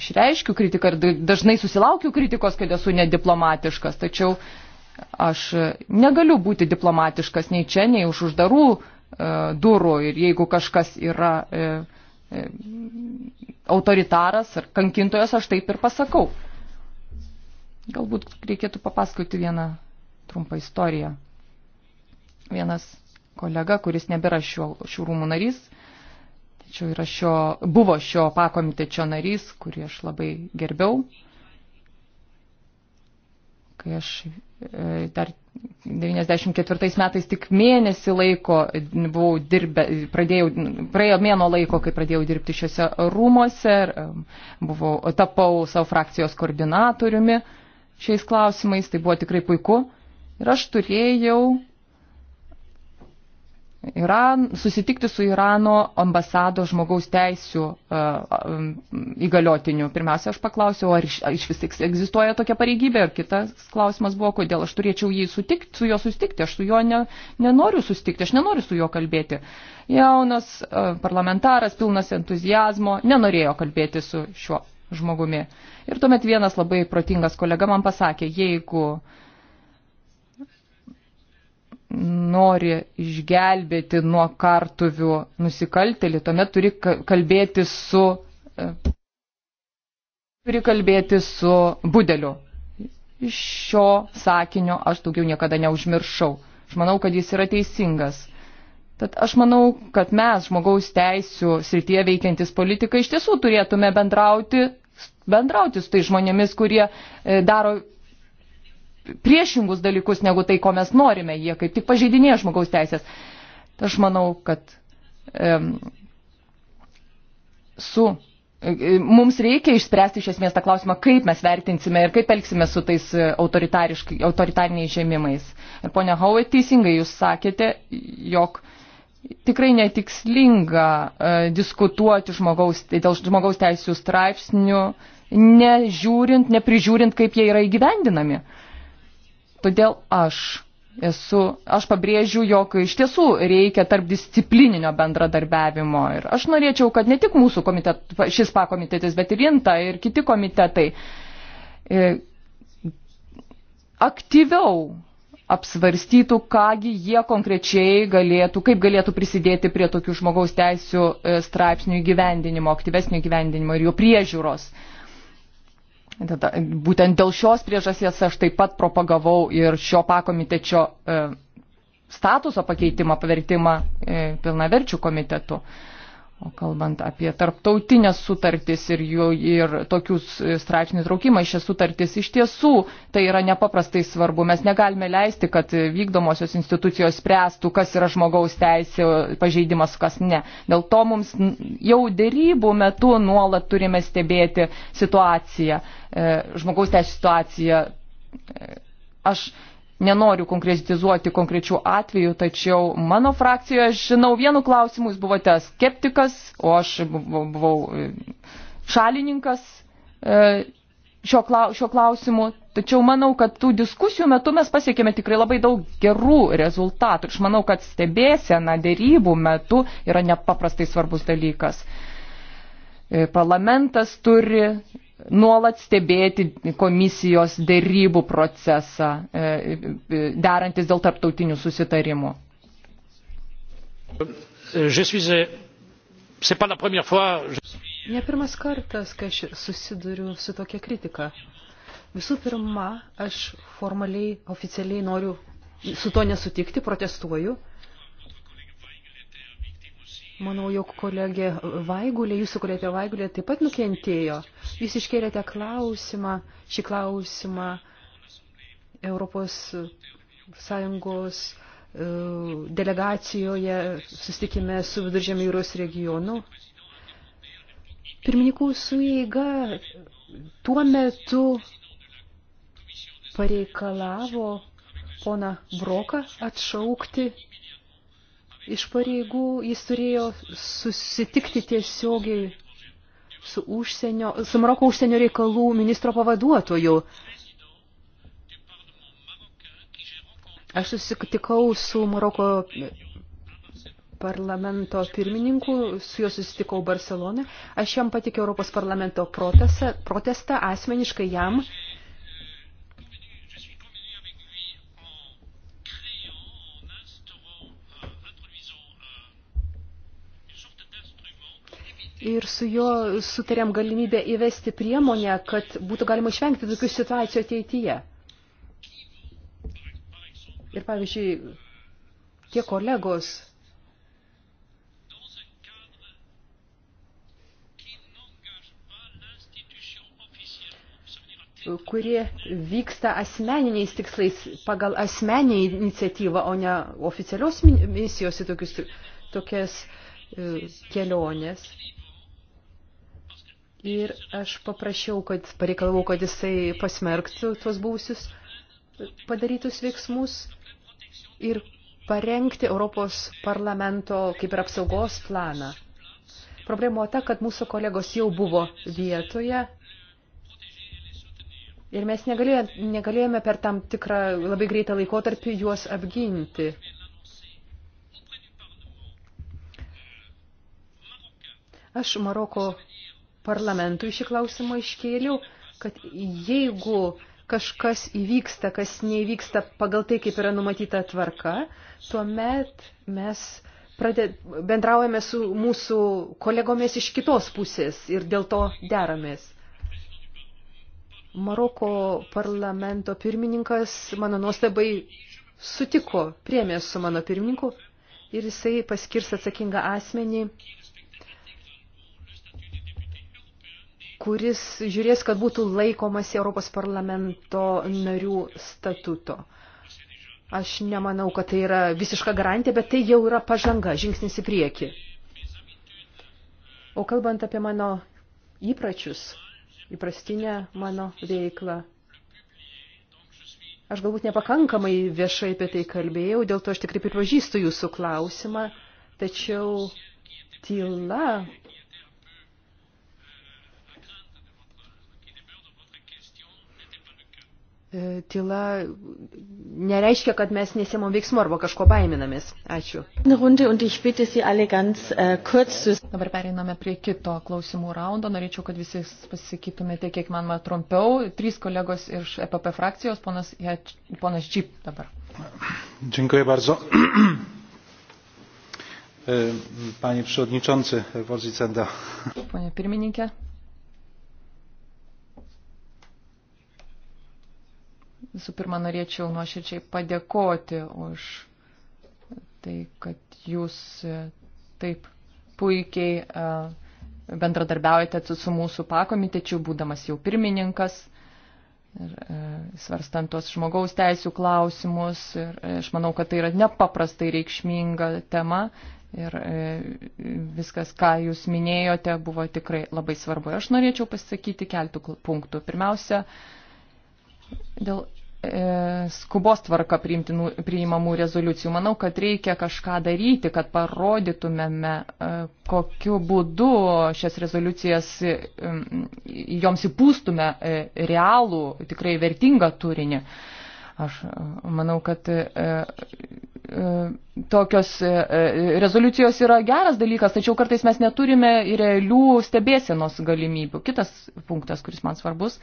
išreiškiu kritiką ir dažnai susilaukiu kritikos, kad esu nediplomatiškas, tačiau aš e, negaliu būti diplomatiškas nei čia, nei už uždarų e, durų ir jeigu kažkas yra e, e, autoritaras ar kankintojas, aš taip ir pasakau. Galbūt reikėtų papasakoti vieną trumpą istoriją. Vienas kolega, kuris nebėra šių, šių rūmų narys, Čia yra šio, buvo šio pakomitečio narys, kurį aš labai gerbiau. Kai aš e, dar 94 metais tik mėnesį laiko buvau dirbę, pradėjau, praėjo mėno laiko, kai pradėjau dirbti šiuose rūmose, e, buvau, tapau savo frakcijos koordinatoriumi šiais klausimais, tai buvo tikrai puiku. Ir aš turėjau Iran, susitikti su Irano ambasado žmogaus teisų e, e, įgaliotiniu. Pirmiausia, aš paklausiau, ar iš, iš vis egzistuoja tokia pareigybė, ir kitas klausimas buvo, kodėl aš turėčiau jį sutikti, su juo susitikti, aš su juo ne, nenoriu susitikti, aš nenoriu su juo kalbėti. Jaunas e, parlamentaras, pilnas entuzijazmo, nenorėjo kalbėti su šiuo žmogumi. Ir tuomet vienas labai protingas kolega man pasakė, jeigu uh, nori išgelbėti nuo kartuvių nusikaltelį, tuomet turi kalbėti su, e, turi kalbėti su budeliu. Šio sakinio aš daugiau niekada neužmiršau. Aš manau, kad jis yra teisingas. Tad aš manau, kad mes, žmogaus teisų srityje veikiantis politikai, iš tiesų turėtume bendrauti bendrauti su tai žmonėmis, kurie e, daro priešingus dalykus negu tai, ko mes norime. Jie kaip tik pažeidinėja žmogaus teisės. Aš manau, kad um, su e, e, mums reikia išspręsti iš esmės tą klausimą, kaip mes vertinsime ir kaip elgsime su tais e, autoritariniais žemimais. Ir ponia Howard, teisingai jūs sakėte, jog tikrai netikslinga uh, diskutuoti žmogaus, dėl žmogaus teisų straipsnių, nežiūrint, neprižiūrint, kaip jie yra įgyvendinami. Uh, Todėl aš esu, aš pabrėžiu, jog iš tiesų reikia tarp disciplininio bendradarbiavimo. Ir aš norėčiau, kad ne tik mūsų komitet, šis pakomitetis, bet ir INTA ir kiti komitetai e, aktyviau apsvarstytų, kągi jie konkrečiai galėtų, kaip galėtų prisidėti prie tokių žmogaus teisų e, straipsnių įgyvendinimo, aktyvesnio įgyvendinimo ir jo priežiūros. Uh, Tada, būtent dėl šios priežasties aš taip pat propagavau ir šio pakomitečio e, statuso pakeitimą, pavertimą e, pilnaverčių komitetu. E, O kalbant apie tarptautinės sutartys ir, jų, ir tokių straipsnių traukimą į šias sutartys, iš tiesų tai yra nepaprastai svarbu. Mes negalime leisti, kad vykdomosios institucijos spręstų, kas yra žmogaus teisė pažeidimas, kas ne. Dėl to mums jau dėrybų metu nuolat turime stebėti situaciją, e, žmogaus teisų situaciją. E, aš Nenoriu konkretizuoti konkrečių atvejų, tačiau mano frakcijoje aš žinau vienu klausimu, jūs buvote skeptikas, o aš buvau e, šalininkas e, šio, klaus, šio klausimu. Tačiau manau, kad tų diskusijų metu mes pasiekėme tikrai labai daug gerų rezultatų. Aš manau, kad stebėsena dėrybų metu yra nepaprastai svarbus dalykas. E, parlamentas turi nuolat stebėti komisijos dėrybų procesą, e, e, derantis dėl tarptautinių susitarimų. Euh, ne pirmas kartas, kai aš susiduriu su tokia kritika. Visų pirma, aš formaliai, oficialiai noriu su to nesutikti, protestuoju. Manau, jog kolegė Vaigulė, jūsų kolegė Vaigulė taip pat nukentėjo. Jūs iškėlėte klausimą, šį klausimą Europos Sąjungos e, delegacijoje susitikime su Viduržėmio jūros regionu. Pirmininkų sueiga tuo metu pareikalavo pona Broką atšaukti iš pareigų, jis turėjo susitikti tiesiogiai su, užsienio, su Maroko užsienio reikalų ministro pavaduotoju. Aš susitikau su Maroko parlamento pirmininku, su juo susitikau Barcelona. Aš jam patikiu Europos parlamento protestą, protestą asmeniškai jam. ir su juo sutarėm galimybę įvesti priemonę, kad būtų galima išvengti tokių situacijų ateityje. Ir pavyzdžiui, tie kolegos, kurie vyksta asmeniniais tikslais pagal asmeninį iniciatyvą, o ne oficialios misijos į tokius, tokias e, keliones. Ir aš paprašiau, kad pareikalavau, kad jisai pasmerktų tuos buvusius padarytus veiksmus ir parengti Europos parlamento kaip ir apsaugos planą. Problema ta, kad mūsų kolegos jau buvo vietoje ir mes negalėjome, negalėjome per tam tikrą labai greitą laikotarpį juos apginti. Aš Maroko parlamentui šį klausimą iškėliau, kad jeigu kažkas įvyksta, kas neįvyksta pagal tai, kaip yra numatyta tvarka, tuomet mes pradė, bendraujame su mūsų kolegomis iš kitos pusės ir dėl to deramės. Maroko parlamento pirmininkas mano nuostabai sutiko, priemė su mano pirmininku ir jisai paskirs atsakingą asmenį kuris žiūrės, kad būtų laikomasi Europos parlamento narių statuto. Aš nemanau, kad tai yra visiška garantija, bet tai jau yra pažanga, žingsnis į priekį. O kalbant apie mano įpračius, įprastinę mano veiklą, aš galbūt nepakankamai viešai apie tai kalbėjau, dėl to aš tikrai pripažįstu jūsų klausimą, tačiau tyla E, tyla nereiškia, kad mes nesiemom veiksmų arba kažko baiminamės. Ačiū. Äh, dabar pereiname prie kito klausimų raundo. Norėčiau, kad visi pasisakytumėte kiek manoma trumpiau. Trys kolegos iš EPP frakcijos, ponas, ja, ponas Čip dabar. Dziękuję bardzo. E, panie przewodniczący, Worzicenda. Panie pirmininkė. Visų pirma, norėčiau nuoširdžiai padėkoti už tai, kad jūs e, taip puikiai e, bendradarbiaujate su mūsų pakomitečiu, būdamas jau pirmininkas ir e, svarstant tos žmogaus teisų klausimus. Ir aš manau, kad tai yra nepaprastai reikšminga tema. Ir viskas, ką jūs minėjote, buvo tikrai labai svarbu. Aš norėčiau pasakyti keltų punktų. Pirmiausia, dėl E, skubos tvarka priimtinų, priimamų rezoliucijų. Manau, kad reikia kažką daryti, kad parodytumėme, e, kokiu būdu šias rezoliucijas e, joms įpūstume realų, tikrai vertingą turinį. Aš manau, kad tokios rezoliucijos yra geras dalykas, tačiau kartais mes neturime realių stebėsenos galimybių. Kitas punktas, kuris man svarbus,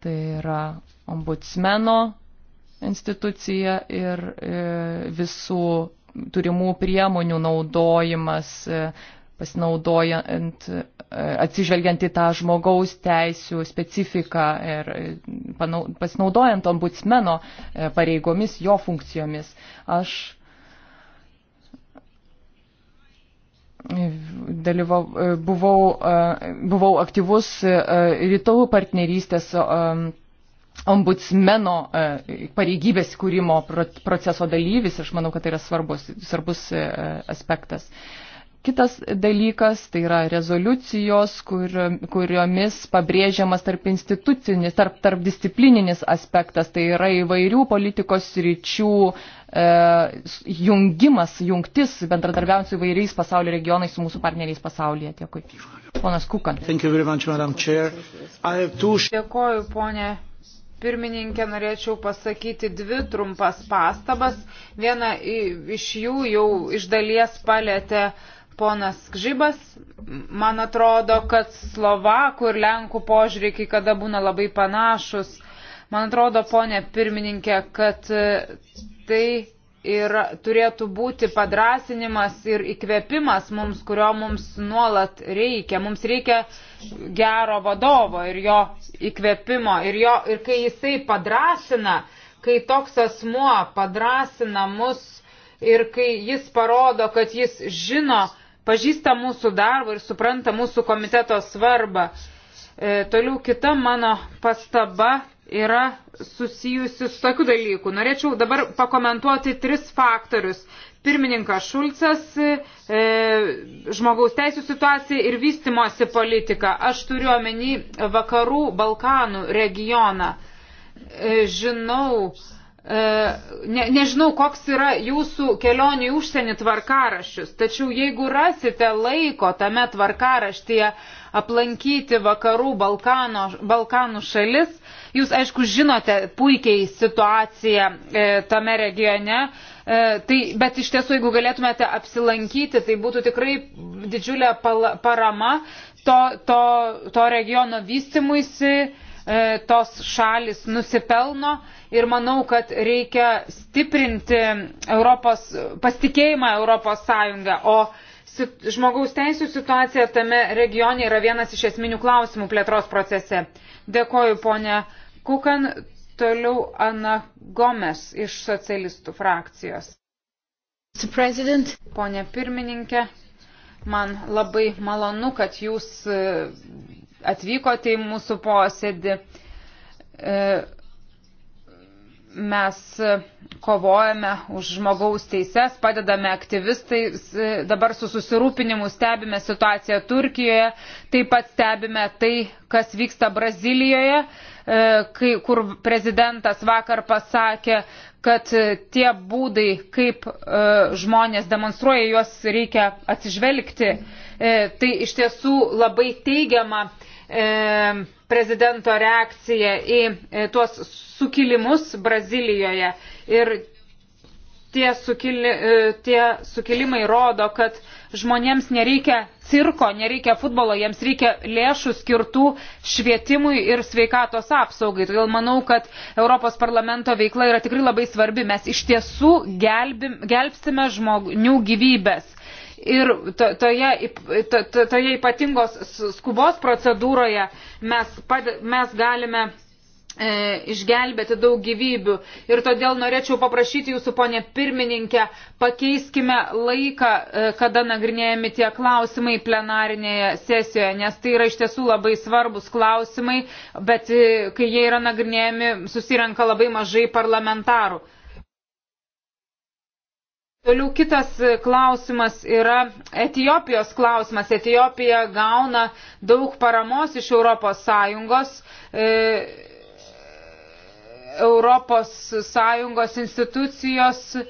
Tai yra ombudsmeno institucija ir e, visų turimų priemonių naudojimas e, pasinaudojant, e, atsižvelgiant į tą žmogaus teisų specifiką ir panaud, pasinaudojant ombudsmeno pareigomis, jo funkcijomis. Aš dalyvau, e, buvau, e, buvau aktyvus e, rytų partnerystės ombudsmeno pareigybės kūrimo proceso dalyvis ir aš manau, kad tai yra svarbus, svarbus aspektas. Kitas dalykas tai yra rezoliucijos, kur, kuriomis pabrėžiamas tarp institucinis, tarp, tarp disciplininis aspektas, tai yra įvairių politikos ryčių e, jungimas, jungtis, bendradarbiaujant su įvairiais pasaulio regionais, su mūsų partneriais pasaulyje. Dėkui. Ponas Kukan. Dėkoju, ponė pirmininkė, norėčiau pasakyti dvi trumpas pastabas. Viena iš jų jau iš dalies palėtė uh, ponas Gžibas. Man atrodo, kad Slovakų ir Lenkų požiūrį kai kada būna labai panašus. Man atrodo, ponė pirmininkė, kad e, tai yra, turėtų būti padrasinimas ir įkvėpimas mums, kurio mums nuolat reikia. Mums reikia gero vadovo ir jo įkvėpimo. Ir, jo, ir kai jisai padrasina, kai toks asmuo padrasina mus ir kai jis parodo, kad jis žino, pažįsta mūsų darbą ir supranta mūsų komiteto svarbą. E, toliau kita mano pastaba yra susijusi su tokiu dalyku. Norėčiau dabar pakomentuoti tris faktorius. Pirmininkas Šulcas, e, žmogaus teisų situacija ir vystimosi politika. Aš turiu omeny vakarų Balkanų regioną. E, žinau, e, E, ne, nežinau, koks yra jūsų kelionių į užsienį tvarkaraščius, tačiau jeigu rasite laiko tame tvarkaraštyje aplankyti vakarų Balkano, Balkanų šalis, jūs aišku žinote puikiai situaciją e, tame regione, e, tai, bet iš tiesų, jeigu galėtumėte apsilankyti, tai būtų tikrai didžiulė pala, parama to, to, to regiono vystimuisi, e, tos šalis nusipelno. E, ir manau, kad reikia stiprinti Europos, pasitikėjimą Europos Sąjungą, o žmogaus teisų situacija tame regione yra vienas iš esminių klausimų plėtros procese. Dėkoju, ponė Kukan. Toliau Ana Gomes iš socialistų frakcijos. President. Pone pirmininkė, man labai malonu, kad jūs e, atvykote į mūsų posėdį. E, mes kovojame už žmogaus teises, padedame aktyvistais, dabar su susirūpinimu stebime situaciją Turkijoje, taip pat stebime tai, kas vyksta Brazilijoje, e, kai, kur prezidentas vakar pasakė, kad tie būdai, kaip e, žmonės demonstruoja, juos reikia atsižvelgti. E, tai iš tiesų labai teigiama E, prezidento reakcija į e, tuos sukilimus Brazilijoje. Ir tie, sukili, e, tie sukilimai rodo, kad žmonėms nereikia cirko, nereikia futbolo, jiems reikia lėšų skirtų švietimui ir sveikatos apsaugai. Todėl manau, kad Europos parlamento veikla yra tikrai labai svarbi. Mes iš tiesų gelbim, gelbstime žmonių gyvybės ir to, toje, to, to, toje ypatingos skubos procedūroje mes, pad, mes galime e, išgelbėti daug gyvybių. Ir todėl norėčiau paprašyti jūsų, ponė pirmininkė, pakeiskime laiką, e, kada nagrinėjami tie klausimai plenarinėje sesijoje, nes tai yra iš tiesų labai svarbus klausimai, bet e, kai jie yra nagrinėjami, susirenka labai mažai parlamentarų. Toliau kitas klausimas yra Etijopijos klausimas. Etijopija gauna daug paramos iš Europos Sąjungos. E, Europos Sąjungos institucijos e,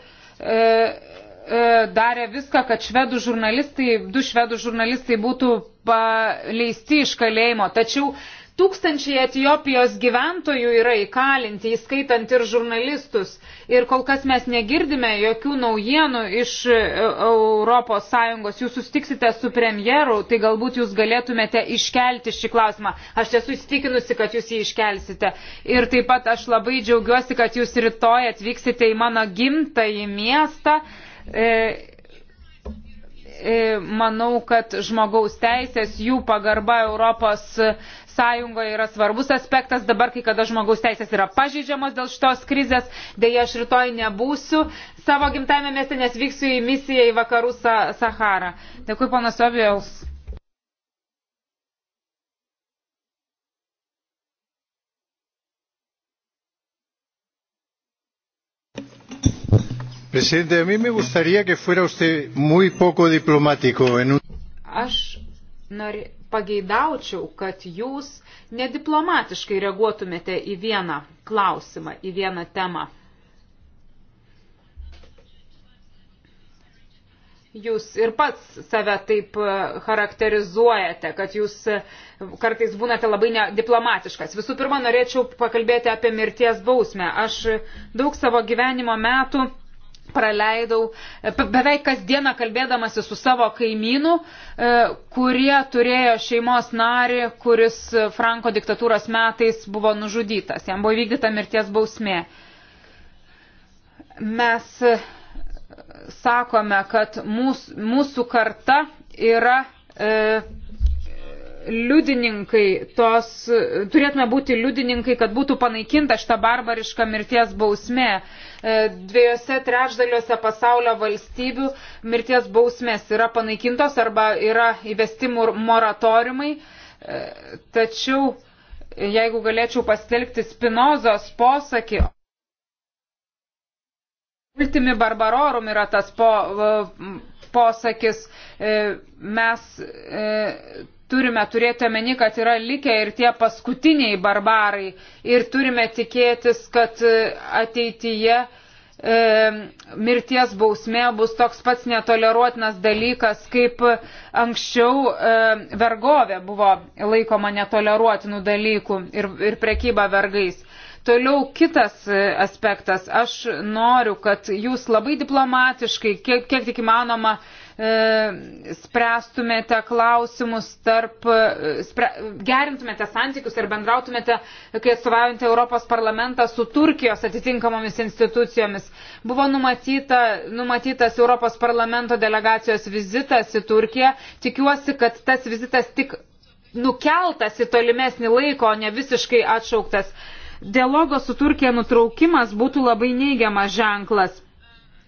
e, darė viską, kad švedų žurnalistai, du švedų žurnalistai būtų paleisti iš kalėjimo. Tačiau Tūkstančiai Etijopijos gyventojų yra įkalinti, įskaitant ir žurnalistus. Ir kol kas mes negirdime jokių naujienų iš ES. Jūs sustiksite su premjeru, tai galbūt jūs galėtumėte iškelti šį klausimą. Aš esu įstikinusi, kad jūs jį iškelsite. Ir taip pat aš labai džiaugiuosi, kad jūs rytoj atvyksite į mano gimtąjį miestą. E, e manau, kad žmogaus teisės, jų pagarba Europos sąjungoje yra svarbus aspektas dabar, kai kada žmogaus teisės yra pažydžiamos dėl šitos krizės. Deja, aš rytoj nebūsiu savo gimtajame mieste, nes vyksiu į misiją į vakarų Saharą. Dėkui, ponas Ovijos. Presidente, a mí me gustaría que fuera usted muy poco diplomático en un. Aš nori, pageidaučiau, kad jūs nediplomatiškai reaguotumėte į vieną klausimą, į vieną temą. Jūs ir pats save taip e, charakterizuojate, kad jūs e, kartais būnate labai diplomatiškas. Visų pirma, norėčiau pakalbėti apie mirties bausmę. Aš daug savo gyvenimo metų praleidau e, beveik kasdieną kalbėdamasi su savo kaimynu, e, kurie turėjo šeimos narį, kuris e, Franko diktatūros metais buvo nužudytas. Jam buvo vykdyta mirties bausmė. Mes sakome, kad mūsų, mūsų karta yra e, liudininkai tos, turėtume būti liudininkai, kad būtų panaikinta šita barbariška mirties bausmė. E, dviejose trečdaliuose pasaulio valstybių mirties bausmės yra panaikintos arba yra įvesti moratoriumai. E, tačiau, jeigu galėčiau pasitelkti Spinozos posakį, Ultimi barbarorum yra tas po, posakis, e, mes turime turėti omeny, kad yra likę ir tie paskutiniai barbarai ir turime tikėtis, kad e, ateityje e, mirties bausmė bus toks pats netoleruotinas dalykas, kaip anksčiau e, vergovė buvo laikoma netoleruotinų dalykų ir, ir prekyba vergais. Toliau kitas e, aspektas. Aš noriu, kad jūs labai diplomatiškai, kiek, kiek tik įmanoma, E, spręstumėte klausimus tarp, e, spre, gerintumėte santykius ir bendrautumėte, kai atstovaujate Europos parlamentą su Turkijos atitinkamomis institucijomis. Buvo numatyta, numatytas Europos parlamento delegacijos vizitas į Turkiją. Tikiuosi, kad tas vizitas tik nukeltas į tolimesnį laiką, o ne visiškai atšauktas. Dialogo su Turkija nutraukimas būtų labai neigiamas ženklas.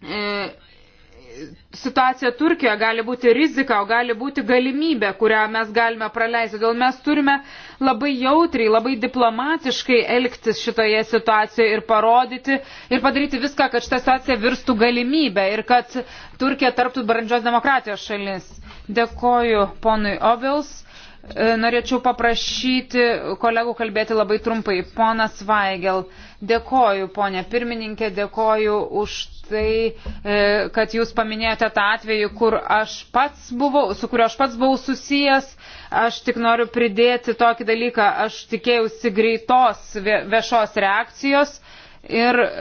E, situacija Turkijoje gali būti rizika, o gali būti galimybė, kurią mes galime praleisti. Todėl mes turime labai jautriai, labai diplomatiškai elgtis šitoje situacijoje ir parodyti ir padaryti viską, kad šitą situaciją virstų galimybę ir kad Turkija tarptų brandžios demokratijos šalis. Dėkoju ponui Ovils. E, norėčiau paprašyti kolegų kalbėti labai trumpai. Ponas Vaigel, dėkoju, ponė pirmininkė, dėkoju už tai, kad jūs paminėjote tą atvejį, kur aš pats buvau, su kuriuo aš pats buvau susijęs. Aš tik noriu pridėti tokį dalyką. Aš tikėjausi greitos viešos reakcijos ir e,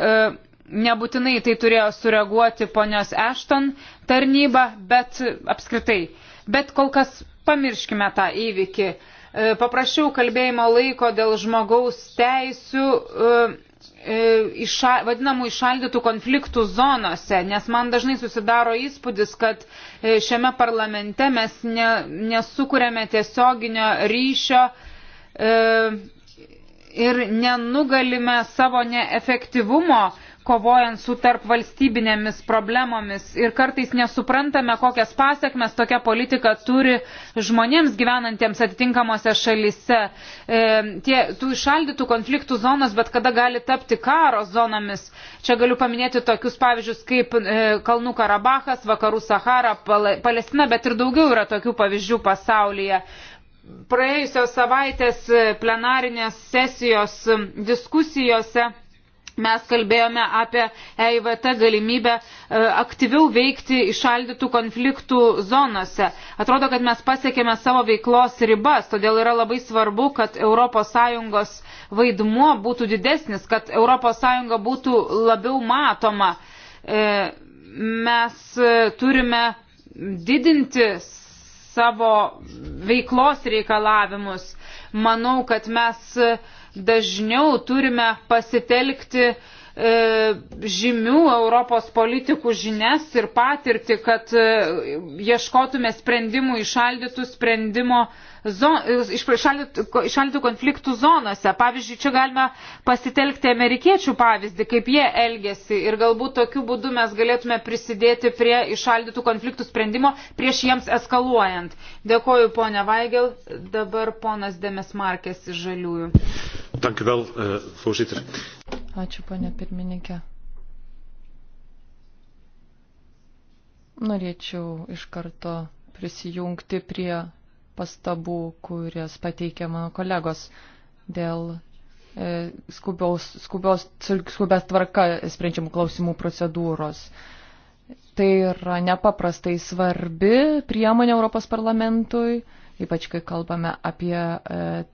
nebūtinai tai turėjo sureaguoti ponios Ešton tarnyba, bet apskritai. Bet kol kas pamirškime tą įvykį. E, paprašiau kalbėjimo laiko dėl žmogaus teisių iša, e, vadinamų išaldytų konfliktų zonose, nes man dažnai susidaro įspūdis, kad e, šiame parlamente mes ne, nesukūrėme tiesioginio ryšio e, ir nenugalime savo neefektyvumo e, kovojant su tarp valstybinėmis problemomis ir kartais nesuprantame, kokias pasiekmes tokia politika turi žmonėms gyvenantiems atitinkamose šalise. E, tie, tų išaldytų konfliktų zonos bet kada gali tapti karo zonomis. Čia galiu paminėti tokius pavyzdžius kaip e, Kalnų Karabachas, Vakarų Sahara, Palestina, bet ir daugiau yra tokių pavyzdžių pasaulyje praėjusios savaitės plenarinės sesijos diskusijose Mes kalbėjome apie EIVT galimybę e, aktyviau veikti išaldytų konfliktų zonose. Atrodo, kad mes pasiekėme savo veiklos ribas, todėl yra labai svarbu, kad ES vaidmuo būtų didesnis, kad ES būtų labiau matoma. E, mes e, turime didinti savo veiklos reikalavimus. Manau, kad mes dažniau turime pasitelkti e, žymių Europos politikų žinias ir patirtį, kad e, ieškotume sprendimų, išaldytų sprendimo, E, išaldytų konfliktų zonose. Pavyzdžiui, čia galime pasitelkti amerikiečių pavyzdį, kaip jie elgesi ir galbūt tokiu būdu mes galėtume prisidėti prie išaldytų konfliktų sprendimo prieš jiems eskaluojant. Dėkoju, ponia Vaigel. Dabar ponas Demes Markės iš Žaliųjų. Dank u wel, eh, voorzitter. Ačiū, ponia pirmininkė. Norėčiau iš karto prisijungti prie pastabų, kurias pateikė mano kolegos dėl e, skubios, skubios, skubios tvarka sprendžiamų klausimų procedūros. Tai yra nepaprastai svarbi priemonė Europos parlamentui, ypač kai kalbame apie e,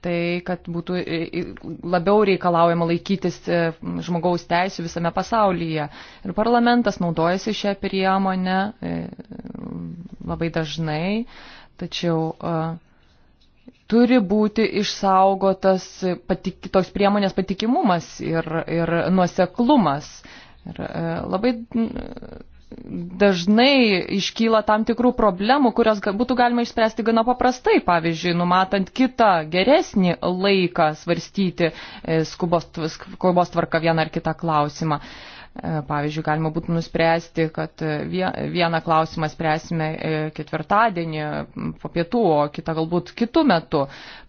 tai, kad būtų e, labiau reikalaujama laikytis žmogaus teisų visame pasaulyje. Ir parlamentas naudojasi šią priemonę labai dažnai Tačiau turi būti išsaugotas patik, toks priemonės patikimumas ir, ir nuoseklumas. Ir labai dažnai iškyla tam tikrų problemų, kurios būtų galima išspręsti gana paprastai, pavyzdžiui, numatant kitą geresnį laiką svarstyti e, skubos, skubos tvarka vieną ar kitą klausimą. E, pavyzdžiui, galima būtų nuspręsti, kad vieną klausimą spręsime e, ketvirtadienį po pietų, o kitą galbūt kitų metų.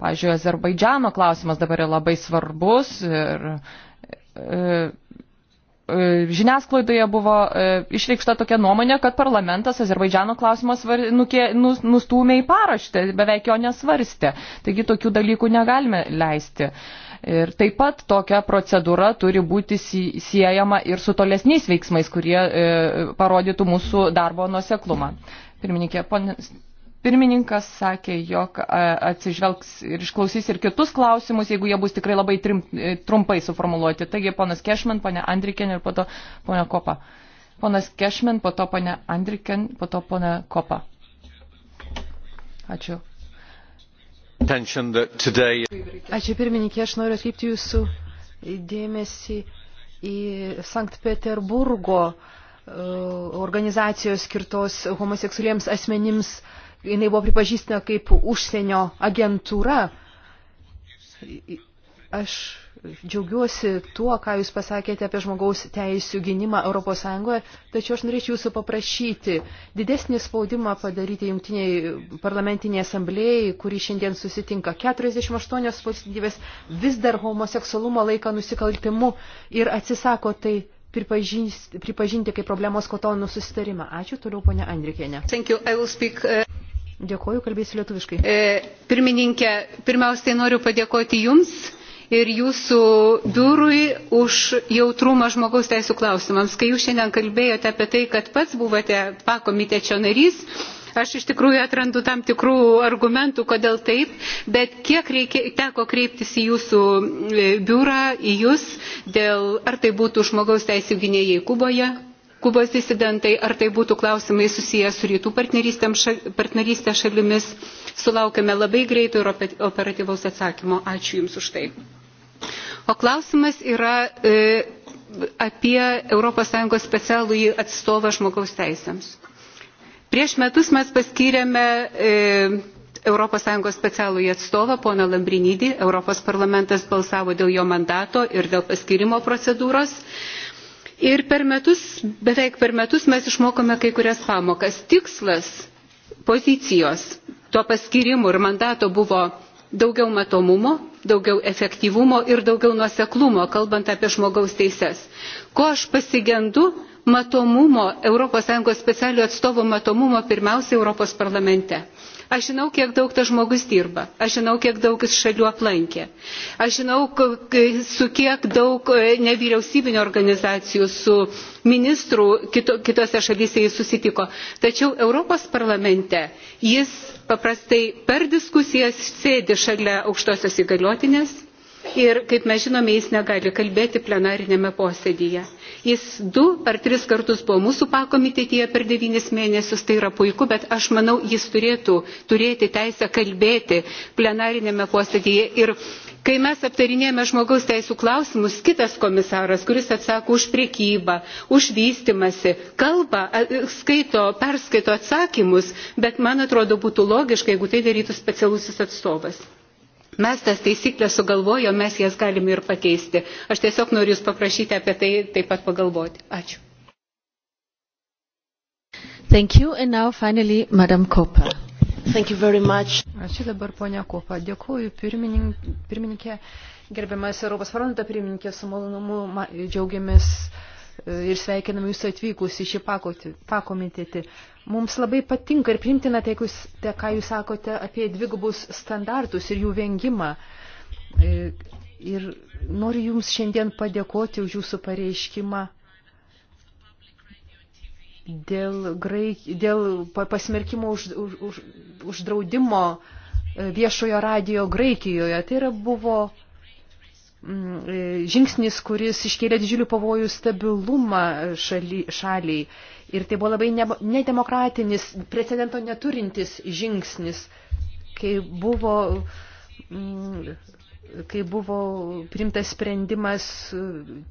Pavyzdžiui, Azerbaidžiano klausimas dabar yra labai svarbus. Ir, e, žiniasklaidoje buvo išreikšta tokia nuomonė, kad parlamentas Azerbaidžiano klausimą nu, nustūmė į paraštę, beveik jo nesvarstė. Taigi tokių dalykų negalime leisti. Uh, Ir taip pat tokia procedūra turi būti siejama ir su tolesniais veiksmais, kurie e, parodytų mūsų darbo nuoseklumą. Pirmininkė, ponės pirmininkas sakė, jog e, atsižvelgs ir išklausys ir kitus klausimus, jeigu jie bus tikrai labai trim, e, trumpai suformuluoti. Taigi, ponas Kešman, ponė Andriken ir po to ponė Kopa. Ponas Kešman, po to ponė Andriken, po to ponė Kopa. Ačiū, Ačiū pirmininkė, aš noriu atkreipti jūsų dėmesį į Sankt Peterburgo e, organizacijos skirtos homoseksualiems asmenims. Jis buvo pripažįstama kaip užsienio agentūra. Aš Džiaugiuosi tuo, ką Jūs pasakėte apie žmogaus teisų gynimą ES, tačiau aš norėčiau Jūsų paprašyti didesnį spaudimą padaryti jungtiniai parlamentiniai asamblėjai, kuri šiandien susitinka 48 valstybės vis dar homoseksualumo laiką nusikaltimu ir atsisako tai pripažinti, pripažinti kaip problemos kotonų susitarimą. Ačiū toliau, ponia Andrikėne. Uh, Dėkoju, kalbėsiu lietuviškai. Uh, pirmininkė, pirmiausiai noriu padėkoti Jums ir jūsų biurui už jautrumą žmogaus teisų klausimams. Kai jūs šiandien kalbėjote apie tai, kad pats buvote pakomitečio narys, aš iš tikrųjų atrandu tam tikrų argumentų, kodėl taip, bet kiek reikia, teko kreiptis į jūsų e, biurą, į jūs, dėl ar tai būtų žmogaus teisų gynėjai Kuboje, Kubos disidentai, ar tai būtų klausimai susijęs su rytų partnerystė šalimis, sulaukime labai greito ir operatyvaus atsakymo. Ačiū Jums už tai. O klausimas yra e, apie ES specialų atstovą žmogaus teisėms. Prieš metus mes paskyrėme e, ES specialų atstovą, poną Lambrinydį, Europos parlamentas balsavo dėl jo mandato ir dėl paskirimo procedūros. Ir per metus, beveik per metus mes išmokome kai kurias pamokas. Tikslas pozicijos tuo paskirimu ir mandato buvo daugiau matomumo, daugiau efektyvumo ir daugiau nuoseklumo, kalbant apie žmogaus teises. Ko aš pasigendu matomumo, ES specialiojo atstovo matomumo pirmiausia Europos parlamente. Aš žinau, kiek daug tas žmogus dirba, aš žinau, kiek daug jis šalių aplankė, aš žinau, su kiek daug e, nevyriausybinio organizacijų, su ministrų kito, kitose šalyse jis susitiko. Tačiau Europos parlamente jis paprastai per diskusijas sėdi šalia aukštosios įgaliotinės ir, kaip mes žinome, jis negali kalbėti plenarinėme posėdyje. Jis du ar tris kartus buvo mūsų pakomitėtyje per devynis mėnesius, tai yra puiku, bet aš manau, jis turėtų turėti teisę kalbėti plenarinėme posėdyje. Ir kai mes aptarinėjame žmogaus teisų klausimus, kitas komisaras, kuris atsako už priekybą, už vystimasi, kalba, skaito, perskaito atsakymus, bet man atrodo būtų logiška, jeigu tai darytų specialusis atstovas. Mes tas taisyklės sugalvojom, mes jas galime ir pakeisti. Aš tiesiog noriu Jūs paprašyti apie tai taip pat pagalvoti. Ačiū. Thank you and now finally Madam Kopa. Thank you very much. Ačiū dabar ponia Kopa. Dėkuoju pirmininkė, gerbiamas Europos parlamento pirmininkė, su malonumu džiaugiamės. Uh, ir sveikiname jūs atvykus į šį pakomitetį. Mums labai patinka ir primtina tai, tai, ką jūs sakote apie dvigubus standartus ir jų vengimą. E, ir noriu Jums šiandien padėkoti už Jūsų pareiškimą dėl, graik, dėl pasmerkimo už, už, už, uždraudimo e, viešojo radijo Graikijoje. Tai yra buvo Mm, e, žingsnis, kuris iškėlė didžiulių pavojų stabilumą šali, šaliai. Ir tai buvo labai ne, nedemokratinis, precedento neturintis žingsnis, kai buvo, mm, kai buvo primtas sprendimas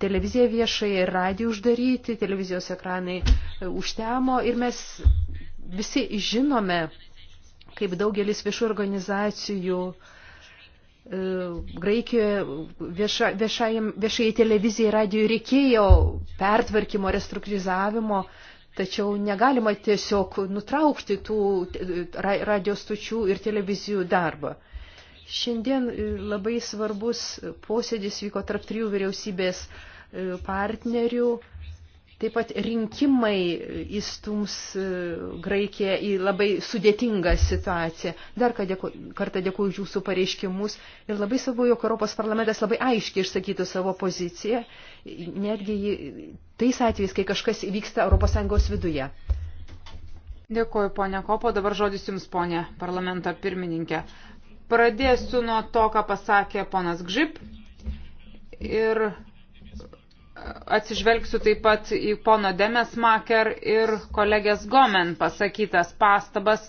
televiziją viešai ir radiją uždaryti, televizijos ekranai užtemo ir mes visi žinome, kaip daugelis viešų organizacijų uh, Graikijoje vieša, viešajam, viešai televizijai radijų reikėjo pertvarkymo, restruktūrizavimo, tačiau negalima tiesiog nutraukti tų radijos tučių ir televizijų darbą. Šiandien e, labai svarbus posėdis vyko tarp trijų vyriausybės e, partnerių Taip pat rinkimai įstums e, Graikiją į labai sudėtingą situaciją. Dar dėku, kartą dėkuoju už jūsų pareiškimus ir labai svarbu, jog Europos parlamentas labai aiškiai išsakytų savo poziciją, netgi tais atvejais, kai kažkas vyksta ES viduje. Dėkuoju, ponia Kopo, dabar žodis jums, ponia parlamento pirmininkė. Pradėsiu nuo to, ką pasakė ponas Gžip. Ir atsižvelgsiu taip pat į pono Demesmaker ir kolegės Gomen pasakytas pastabas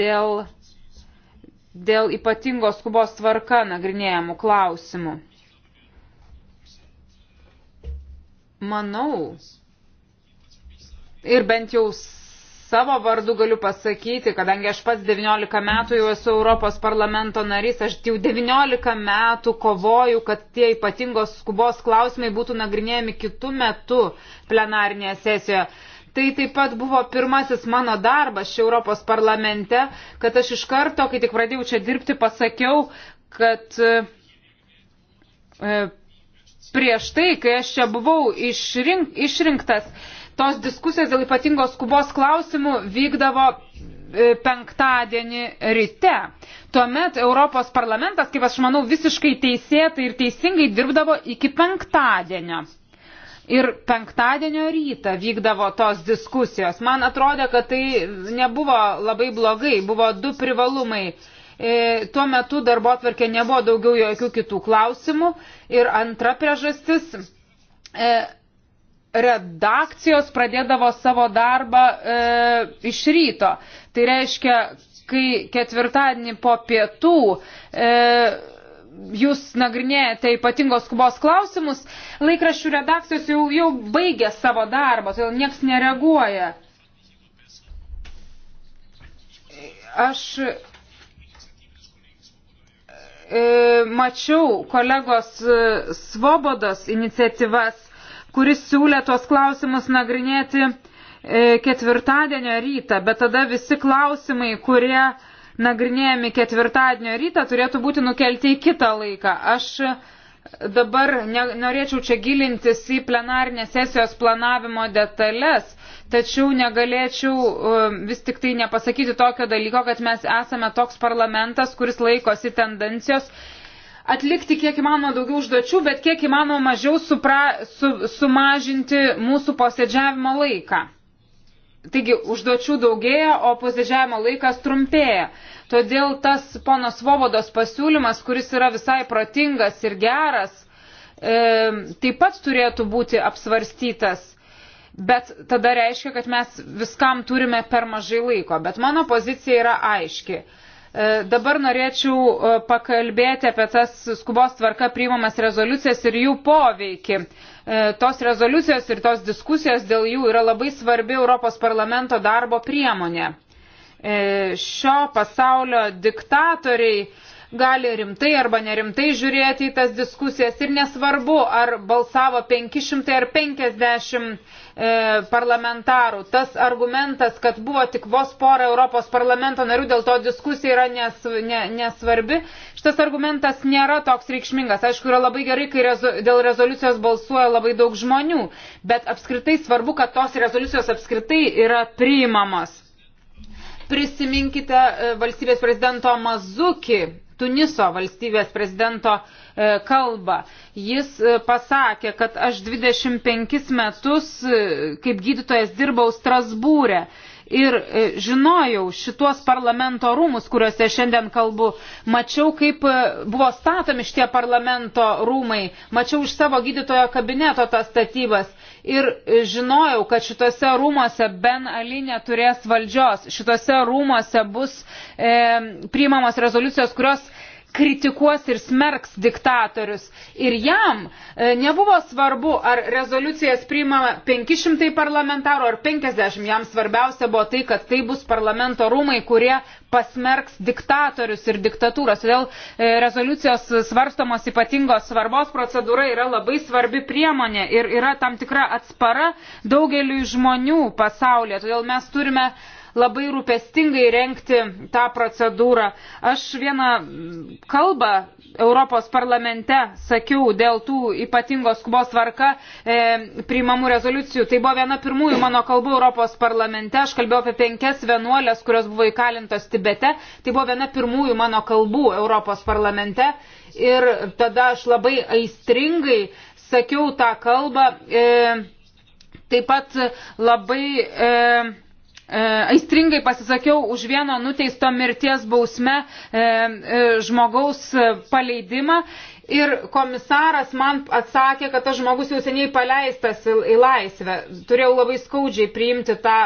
dėl, dėl ypatingos skubos tvarka nagrinėjamų klausimų. Manau, ir bent jau savo vardu galiu pasakyti, kadangi aš pats 19 metų jau esu Europos parlamento narys, aš jau 19 metų kovoju, kad tie ypatingos skubos klausimai būtų nagrinėjami kitų metų plenarinėje sesijoje. Tai taip pat buvo pirmasis mano darbas čia Europos parlamente, kad aš iš karto, kai tik pradėjau čia dirbti, pasakiau, kad e, prieš tai, kai aš čia buvau išrink, išrinktas, Tos diskusijos dėl ypatingos skubos klausimų vykdavo e, penktadienį ryte. Tuomet Europos parlamentas, kaip aš manau, visiškai teisėtai ir teisingai dirbdavo iki penktadienio. Ir penktadienio rytą vykdavo tos diskusijos. Man atrodė, kad tai nebuvo labai blogai, buvo du privalumai. E, tuo metu darbo atvarkė nebuvo daugiau jokių kitų klausimų. Ir antra priežastis. E, redakcijos pradėdavo savo darbą e, iš ryto. Tai reiškia, kai ketvirtadienį po pietų e, jūs nagrinėjate ypatingos skubos klausimus, laikraščių redakcijos jau, jau baigė savo darbą, todėl nieks nereaguoja. Aš e, mačiau kolegos e, Svobodos iniciatyvas kuris siūlė tuos klausimus nagrinėti e, ketvirtadienio rytą, bet tada visi klausimai, kurie nagrinėjami ketvirtadienio rytą, turėtų būti nukelti į kitą laiką. Aš dabar ne, norėčiau čia gilintis į plenarnės sesijos planavimo detalės, tačiau negalėčiau e, vis tik tai nepasakyti tokio dalyko, kad mes esame toks parlamentas, kuris laikosi tendencijos atlikti kiek įmanoma daugiau užduočių, bet kiek įmanoma mažiau supra, su, sumažinti mūsų posėdžiavimo laiką. Taigi užduočių daugėja, o posėdžiavimo laikas trumpėja. Todėl tas ponos Vobodos pasiūlymas, kuris yra visai protingas ir geras, e, taip pat turėtų būti apsvarstytas. Bet tada reiškia, kad mes viskam turime per mažai laiko. Bet mano pozicija yra aiški. E, E, dabar norėčiau e, pakalbėti apie tas skubos tvarka priimamas rezoliucijas ir jų poveikį. E, tos rezoliucijos ir tos diskusijos dėl jų yra labai svarbi Europos parlamento darbo priemonė. Šio pasaulio diktatoriai gali rimtai arba nerimtai žiūrėti į tas diskusijas ir nesvarbu, ar balsavo 500 ar 50 E, parlamentarų. Tas argumentas, kad buvo tik vos pora Europos parlamento narių, dėl to diskusija yra nes, ne, nesvarbi, šitas argumentas nėra toks reikšmingas. Aišku, yra labai gerai, kai rezo, dėl rezoliucijos balsuoja labai daug žmonių, bet apskritai svarbu, kad tos rezoliucijos apskritai yra priimamos. Prisiminkite e, valstybės prezidento Mazuki, Tuniso valstybės prezidento Mazuki E, kalbą. Jis e, pasakė, kad aš 25 metus e, kaip gydytojas dirbau Strasbūrė. Ir žinojau šitos parlamento rūmus, kuriuose šiandien kalbu, mačiau, kaip buvo statomi šitie parlamento rūmai, mačiau iš savo gydytojo kabineto tas statybas ir žinojau, kad šitose rūmose Ben Ali neturės valdžios, šitose rūmose bus e, priimamos rezoliucijos, kurios kritikuos ir smerks diktatorius. Ir jam e, nebuvo svarbu, ar rezoliucijas priima 500 parlamentarų ar 50, jam svarbiausia buvo tai, kad tai bus parlamento rūmai, kurie pasmerks diktatorius ir diktatūras. Todėl e, rezoliucijos svarstomos ypatingos svarbos procedūra yra labai svarbi priemonė ir yra tam tikra atspara daugeliu žmonių pasaulyje. Todėl mes turime uh, labai rūpestingai renkti tą procedūrą. Aš vieną kalbą Europos parlamente sakiau dėl tų ypatingos skubos tvarka e, priimamų rezoliucijų. Tai buvo viena pirmųjų mano kalbų Europos parlamente. Aš kalbėjau apie penkias vienuolės, kurios buvo įkalintos Tibete. Tai buvo viena pirmųjų mano kalbų Europos parlamente. Ir tada aš labai aistringai sakiau tą kalbą. E, taip pat labai e, E, aistringai pasisakiau už vieno nuteisto mirties bausme e, e, žmogaus paleidimą ir komisaras man atsakė, kad tas žmogus jau seniai paleistas į laisvę. Turėjau labai skaudžiai priimti tą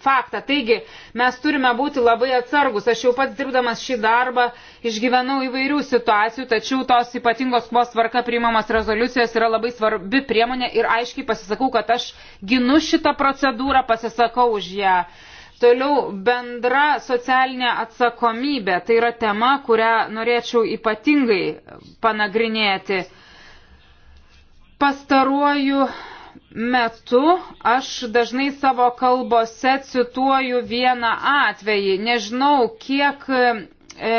faktą. Taigi mes turime būti labai atsargus. Aš jau pats dirbdamas šį darbą išgyvenau įvairių situacijų, tačiau tos ypatingos kvos tvarka priimamas rezoliucijos yra labai svarbi priemonė ir aiškiai pasisakau, kad aš ginu šitą procedūrą, pasisakau už ją. Toliau bendra socialinė atsakomybė. Tai yra tema, kurią norėčiau ypatingai panagrinėti. Pastaruoju metu aš dažnai savo kalbose cituoju vieną atvejį. Nežinau, kiek e, e,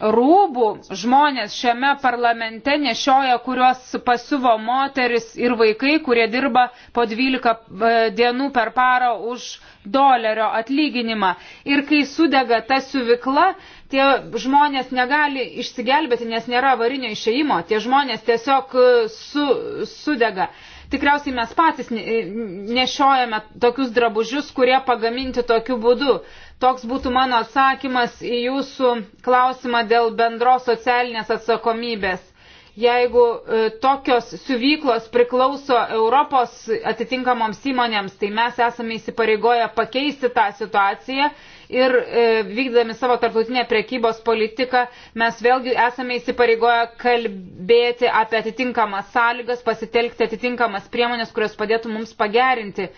rūbų žmonės šiame parlamente nešioja, kuriuos pasiuvo moteris ir vaikai, kurie dirba po 12 e, dienų per parą už dolerio atlyginimą. Ir kai sudega ta siuvikla, tie žmonės negali išsigelbėti, nes nėra varinio išeimo, tie žmonės tiesiog e, su, sudega. Tikriausiai mes patys e, nešiojame tokius drabužius, kurie pagaminti tokiu būdu. Uh, Toks būtų mano atsakymas į jūsų klausimą dėl bendros socialinės atsakomybės. Jeigu e, tokios siuvyklos priklauso Europos atitinkamoms įmonėms, tai mes esame įsipareigoję pakeisti tą situaciją ir e, vykdami savo tarptautinę priekybos politiką mes vėlgi esame įsipareigoję kalbėti apie atitinkamas sąlygas, pasitelkti atitinkamas priemonės, kurios padėtų mums pagerinti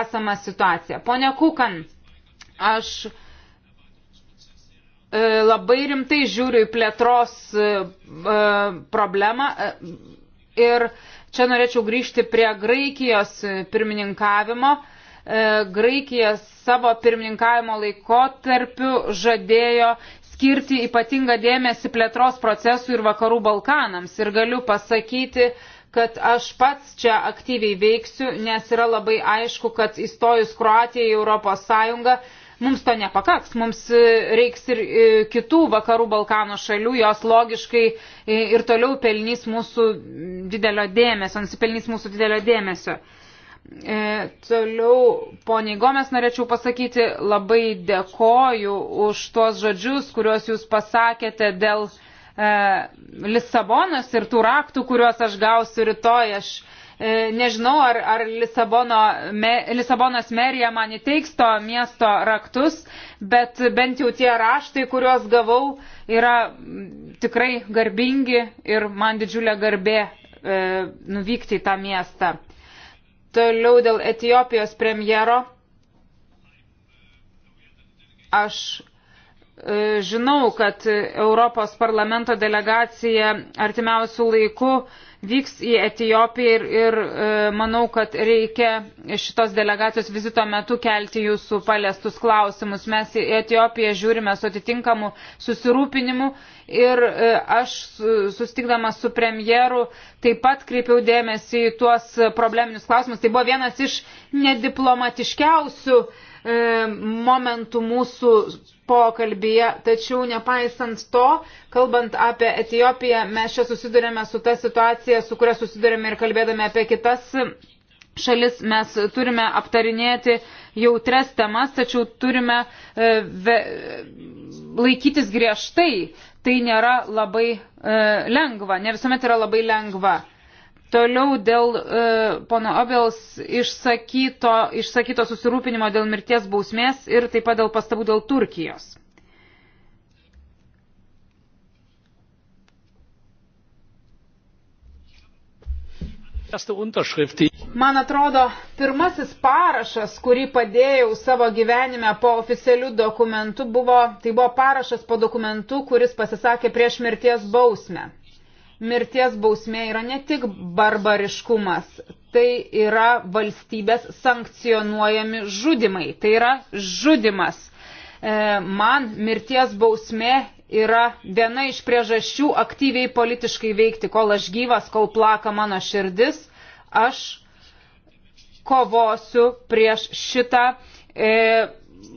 esamą situaciją. Pone Kukan. Aš e, labai rimtai žiūriu į plėtros e, e, problemą ir čia norėčiau grįžti prie Graikijos pirmininkavimo. Graikija savo pirmininkavimo laikotarpiu žadėjo skirti ypatingą dėmesį plėtros procesui ir vakarų Balkanams. Ir galiu pasakyti, kad aš pats čia aktyviai veiksiu, nes yra labai aišku, kad įstojus Kroatijai į Europos Sąjungą Mums to nepakaks, mums e, reiks ir e, kitų vakarų Balkano šalių, jos logiškai e, ir toliau pelnys mūsų didelio dėmesio, nusipelnys mūsų didelio dėmesio. E, toliau, poniai Gomes, norėčiau pasakyti, labai dėkoju už tuos žodžius, kuriuos jūs pasakėte dėl e, Lisabonas ir tų raktų, kuriuos aš gausiu rytoj. Aš E, nežinau, ar, ar Lisabono, me, Lisabonos merija man įteiks to miesto raktus, bet bent jau tie raštai, kuriuos gavau, yra tikrai garbingi ir man didžiulė garbė e, nuvykti į tą miestą. Toliau dėl Etijopijos premjero. Aš e, žinau, kad Europos parlamento delegacija artimiausių laikų vyks į Etijopiją ir, ir e, manau, kad reikia šitos delegacijos vizito metu kelti jūsų paliestus klausimus. Mes į Etijopiją žiūrime su atitinkamu susirūpinimu ir e, aš sustikdamas su premjeru taip pat kreipiau dėmesį į tuos probleminius klausimus. Tai buvo vienas iš nediplomatiškiausių e, momentų mūsų pokalbėje, tačiau nepaisant to, kalbant apie Etijopiją, mes čia susidurėme su ta situacija, su kuria susidurėme ir kalbėdami apie kitas šalis, mes turime aptarinėti jautres temas, tačiau turime e, ve, laikytis griežtai. Tai nėra labai e, lengva, ne visuomet yra labai lengva. Toliau dėl e, pono Abels išsakyto, išsakyto susirūpinimo dėl mirties bausmės ir taip pat dėl pastabų dėl Turkijos. Man atrodo, pirmasis parašas, kurį padėjau savo gyvenime po oficialių dokumentų, buvo, tai buvo parašas po dokumentu, kuris pasisakė prieš mirties bausmę mirties bausmė yra ne tik barbariškumas, tai yra valstybės sankcionuojami žudimai, tai yra žudimas. E, man mirties bausmė yra viena iš priežasčių aktyviai politiškai veikti, kol aš gyvas, kol plaka mano širdis, aš kovosiu prieš šitą e,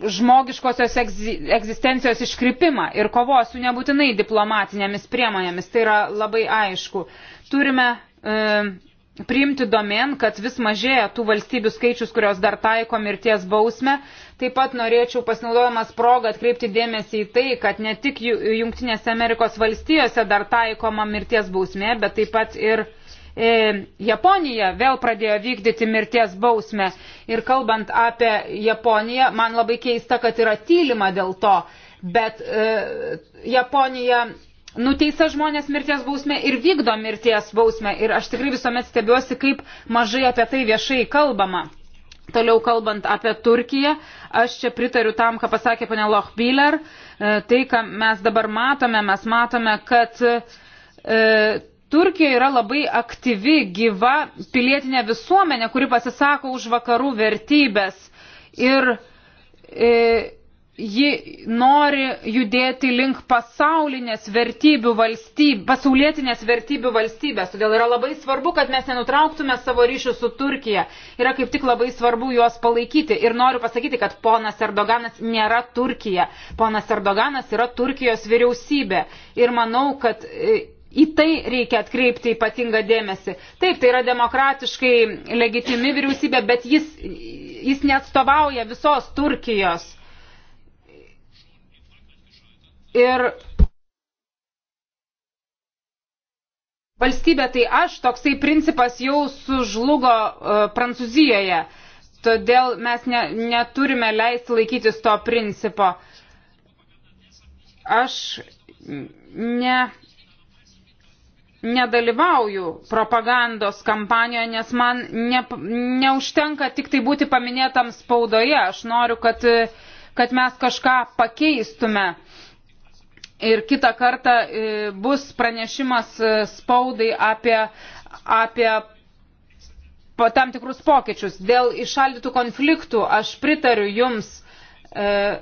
žmogiškosios egzi, egzistencijos iškrypimą ir kovos su nebūtinai diplomatinėmis priemonėmis. Tai yra labai aišku. Turime e, priimti domen, kad vis mažėja tų valstybių skaičius, kurios dar taiko mirties bausmę. Taip pat norėčiau pasinaudojamas progą atkreipti dėmesį į tai, kad ne tik Junktinėse Amerikos valstijose dar taikoma mirties bausmė, bet taip pat ir E, Japonija vėl pradėjo vykdyti mirties bausmę. Ir kalbant apie Japoniją, man labai keista, kad yra tylima dėl to. Bet e, Japonija nuteisa žmonės mirties bausmę ir vykdo mirties bausmę. Ir aš tikrai visuomet stebiuosi, kaip mažai apie tai viešai kalbama. Toliau kalbant apie Turkiją, aš čia pritariu tam, ką pasakė ponė Lochbiller. E, tai, ką mes dabar matome, mes matome, kad e, Turkija yra labai aktyvi, gyva pilietinė visuomenė, kuri pasisako už vakarų vertybės ir e, ji nori judėti link pasaulinės vertybių valstybės, pasaulietinės vertybių valstybės. Todėl yra labai svarbu, kad mes nenutrauktume savo ryšių su Turkija. Yra kaip tik labai svarbu juos palaikyti. Ir noriu pasakyti, kad ponas Erdoganas nėra Turkija. Ponas Erdoganas yra Turkijos vyriausybė. Ir manau, kad e, Į tai reikia atkreipti ypatingą dėmesį. Taip, tai yra demokratiškai legitimi vyriausybė, bet jis, jis neatstovauja visos Turkijos. Ir valstybė tai aš, toksai principas jau sužlugo uh, Prancūzijoje. Todėl mes ne, neturime leisti laikytis to principo. Aš ne nedalyvauju propagandos kampanijoje, nes man ne, neužtenka tik tai būti paminėtam spaudoje. Aš noriu, kad, kad mes kažką pakeistume. Ir kitą kartą e, bus pranešimas e, spaudai apie, apie tam tikrus pokyčius. Dėl išaldytų konfliktų aš pritariu jums. E,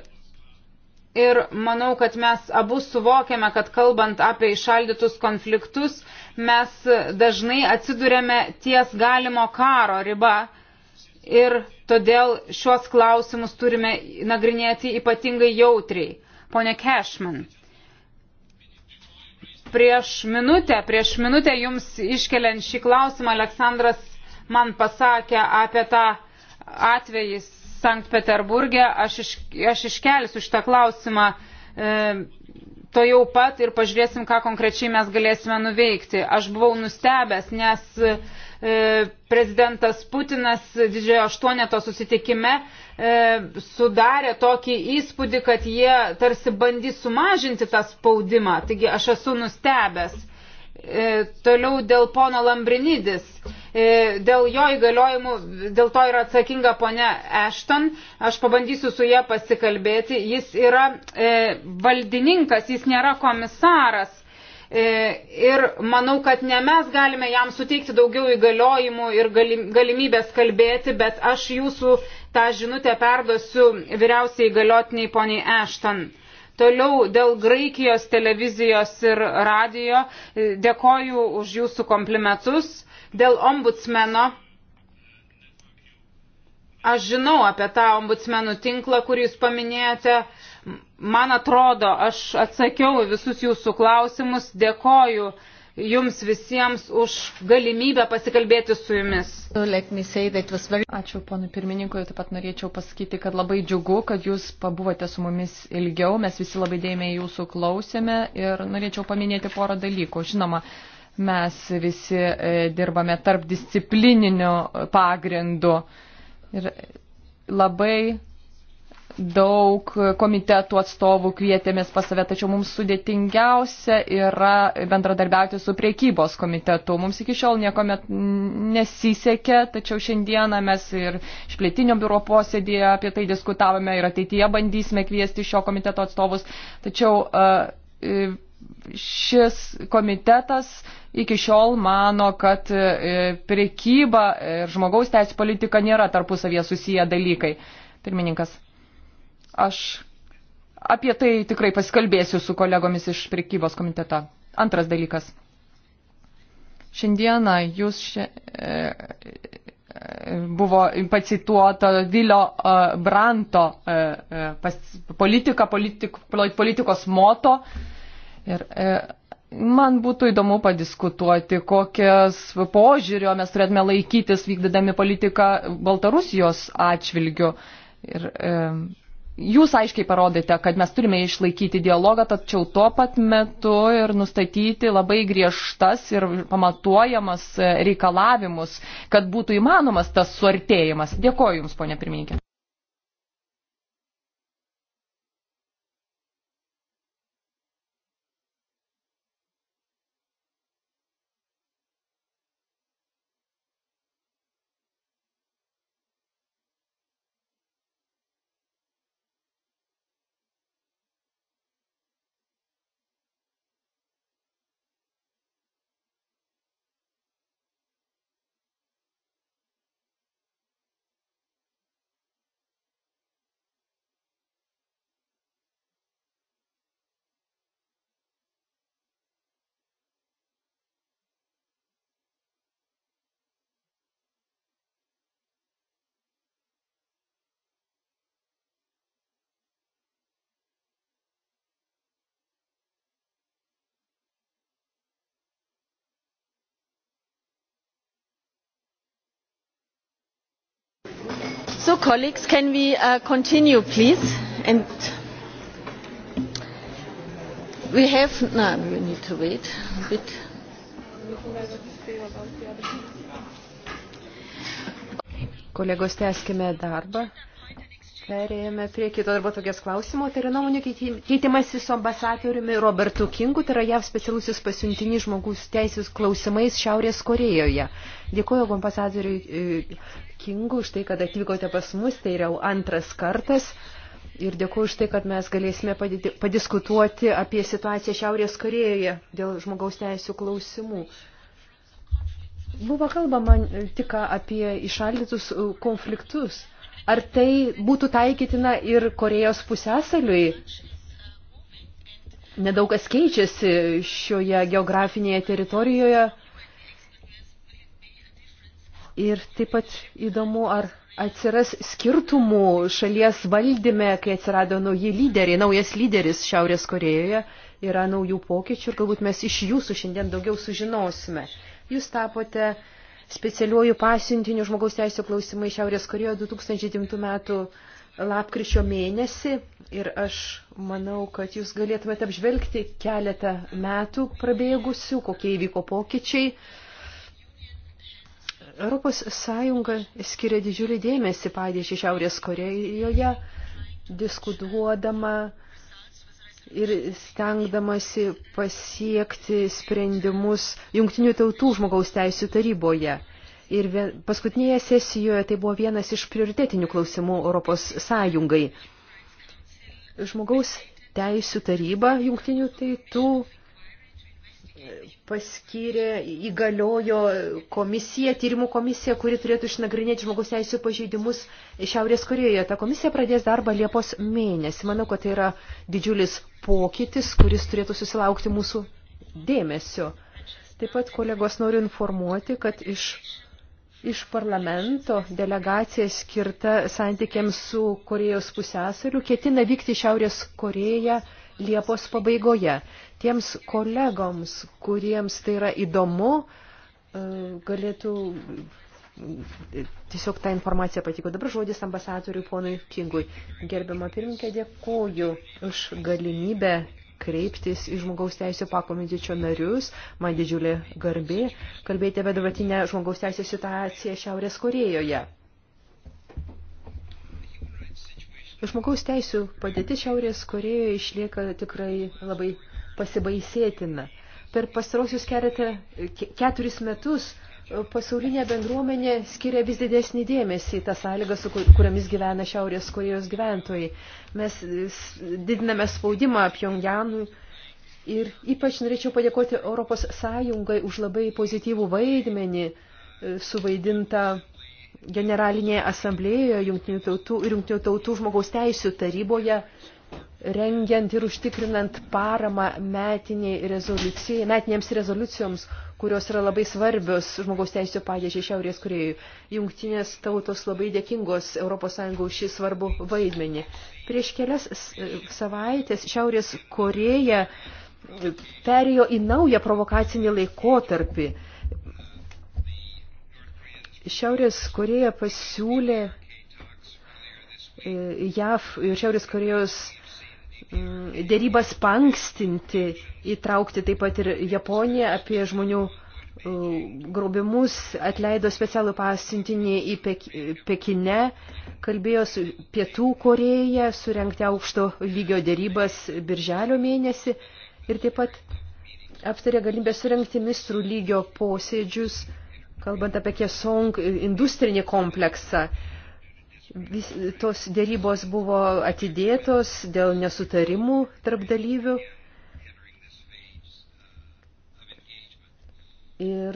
ir manau, kad mes abu suvokiame, kad kalbant apie išaldytus konfliktus, mes dažnai atsidurėme ties galimo karo riba ir todėl šios klausimus turime nagrinėti ypatingai jautriai. Pone Cashman, prieš minutę, prieš minutę jums iškeliant šį klausimą, Aleksandras man pasakė apie tą atvejis Sankt Peterburgė, aš, iš, aš iškelsiu šitą klausimą e, to jau pat ir pažiūrėsim, ką konkrečiai mes galėsime nuveikti. Aš buvau nustebęs, nes e, prezidentas Putinas didžiojo aštuoneto susitikime e, sudarė tokį įspūdį, kad jie tarsi bandys sumažinti tą spaudimą. Taigi aš esu nustebęs. E, toliau dėl pono Lambrinidis. E, dėl jo įgaliojimų, dėl to yra atsakinga ponia Ešton. Aš pabandysiu su ja pasikalbėti. Jis yra e, valdininkas, jis nėra komisaras. Ir manau, kad ne mes galime jam suteikti daugiau įgaliojimų ir galimybės kalbėti, bet aš jūsų tą žinutę perduosiu vyriausiai įgaliotiniai poniai Ešton. Toliau dėl Graikijos televizijos ir radijo dėkoju už jūsų komplimentus. Dėl ombudsmeno. Aš žinau apie tą ombudsmenų tinklą, kurį jūs paminėjote. Man atrodo, aš atsakiau visus jūsų klausimus. Dėkoju jums visiems už galimybę pasikalbėti su jumis. Ačiū, ponui pirmininkui, taip pat norėčiau pasakyti, kad labai džiugu, kad jūs pabuvote su mumis ilgiau, mes visi labai dėmiai jūsų klausėme ir norėčiau paminėti porą dalykų. Žinoma, mes visi e, dirbame tarp disciplininių pagrindų ir labai daug komitetų atstovų kvietėmės pas save, tačiau mums sudėtingiausia yra bendradarbiauti su priekybos komitetu. Mums iki šiol niekuomet nesisekė, tačiau šiandieną mes ir išplėtinio biuro posėdėje apie tai diskutavome ir ateityje bandysime kviesti šio komiteto atstovus. Tačiau e, e, šis komitetas iki šiol mano, kad e, priekyba ir žmogaus teisų politika nėra tarpusavie susiję dalykai. Pirmininkas. Aš apie tai tikrai pasikalbėsiu su kolegomis iš prekybos komiteto. Antras dalykas. Šiandieną jūs šia, e, e, buvo pacituota Vilio e, Branto pas, politika, politik, politikos moto. Ir man būtų įdomu padiskutuoti, kokias požiūrio mes turėtume laikytis vykdydami politiką Baltarusijos atšvilgiu. Ir, e, jūs aiškiai parodėte, kad mes turime išlaikyti dialogą, tačiau tuo pat metu ir nustatyti labai griežtas ir pamatuojamas reikalavimus, kad būtų įmanomas tas suartėjimas. Dėkoju Jums, ponė pirmininkė. So, colleagues, can we uh, continue, please? And we have. No, we need to wait a bit. Kolegos, tęskime darbą. Perėjame prie kito darbo tokias klausimo, tai yra nuomonių keitimasis su ambasadoriumi Robertu Kingu, tai yra JAV specialusis pasiuntinys žmogus teisės klausimais Šiaurės Korejoje. Dėkuoju ambasadoriui e, Kingu už tai, kad atvykote pas mus, tai yra antras kartas. Ir dėkuoju už tai, kad mes galėsime padiskutuoti apie situaciją Šiaurės Korejoje dėl žmogaus teisų klausimų. Buvo kalbama tik apie išaldytus konfliktus. Ar tai būtų taikytina ir Korejos pusėsaliui? Nedaug kas keičiasi šioje geografinėje teritorijoje. Ir taip pat įdomu, ar atsiras skirtumų šalies valdyme, kai atsirado nauji lyderiai, naujas lyderis Šiaurės Korejoje, yra naujų pokyčių ir galbūt mes iš jūsų šiandien daugiau sužinosime. Jūs tapote uh, specialiuoju pasiuntiniu žmogaus teisų klausimai Šiaurės Korejoje 2009 metų lapkričio mėnesį ir aš manau, kad jūs galėtumėte apžvelgti keletą metų prabėgusių, kokie įvyko pokyčiai. Europos Sąjunga skiria didžiulį dėmesį padėčiai Šiaurės Korejoje, diskutuodama uh, ir stengdamasi pasiekti sprendimus Junktinių tautų žmogaus teisų taryboje. Ir paskutinėje sesijoje tai buvo vienas iš prioritetinių klausimų Europos Sąjungai. Žmogaus teisų taryba Junktinių tautų paskyrė, įgaliojo komisiją, tyrimų komisiją, kuri turėtų išnagrinėti žmogus teisų pažeidimus Šiaurės Korejoje. Ta komisija pradės darbą Liepos mėnesį. Manau, kad tai yra didžiulis pokytis, kuris turėtų susilaukti mūsų dėmesio. Taip pat kolegos noriu informuoti, kad iš, iš parlamento delegacija skirta santykiams su Korejos pusėsariu ketina vykti Šiaurės Koreją Liepos pabaigoje. Tiems kolegoms, kuriems tai yra įdomu, e, galėtų e, tiesiog tą informaciją patiko. Dabar žodis ambasadoriui ponui Kingui. Gerbiama pirmininkė, dėkoju už galimybę kreiptis į žmogaus teisų pakomitečio narius. Man didžiulė garbė kalbėti apie dabartinę žmogaus teisų situaciją Šiaurės Korejoje. Žmogaus teisų padėtis Šiaurės Korejoje išlieka tikrai labai pasibaisėtina. Per pastarosius keletą keturis metus pasaulinė bendruomenė skiria vis didesnį dėmesį į tą sąlygą, su kuriamis gyvena Šiaurės Korejos gyventojai. Mes didiname spaudimą Pjongjanui ir ypač norėčiau padėkoti Europos Sąjungai už labai pozityvų vaidmenį e, suvaidintą Generalinėje asamblėjoje Jungtinių tautų ir Jungtinių tautų žmogaus teisų taryboje rengiant ir užtikrinant paramą metiniai rezoliucijai, metinėms rezoliucijoms, kurios yra labai svarbios žmogaus teisų padėžiai Šiaurės Korėjai. Jungtinės tautos labai dėkingos ES už šį svarbų vaidmenį. Prieš kelias savaitės Šiaurės Koreja perėjo į naują provokacinį laikotarpį Šiaurės Koreja pasiūlė e, JAV ir Šiaurės Korejos mm, dėrybas pankstinti, įtraukti taip pat ir Japoniją apie žmonių e, grobimus, atleido specialų pasiuntinį į Pekine, kalbėjo su Pietų Koreja, surengti aukšto lygio dėrybas birželio mėnesį ir taip pat aptarė galimybę surengti mistrų lygio posėdžius kalbant apie Kiesong industrinį kompleksą, vis, tos dėrybos buvo atidėtos dėl nesutarimų tarp dalyvių. Ir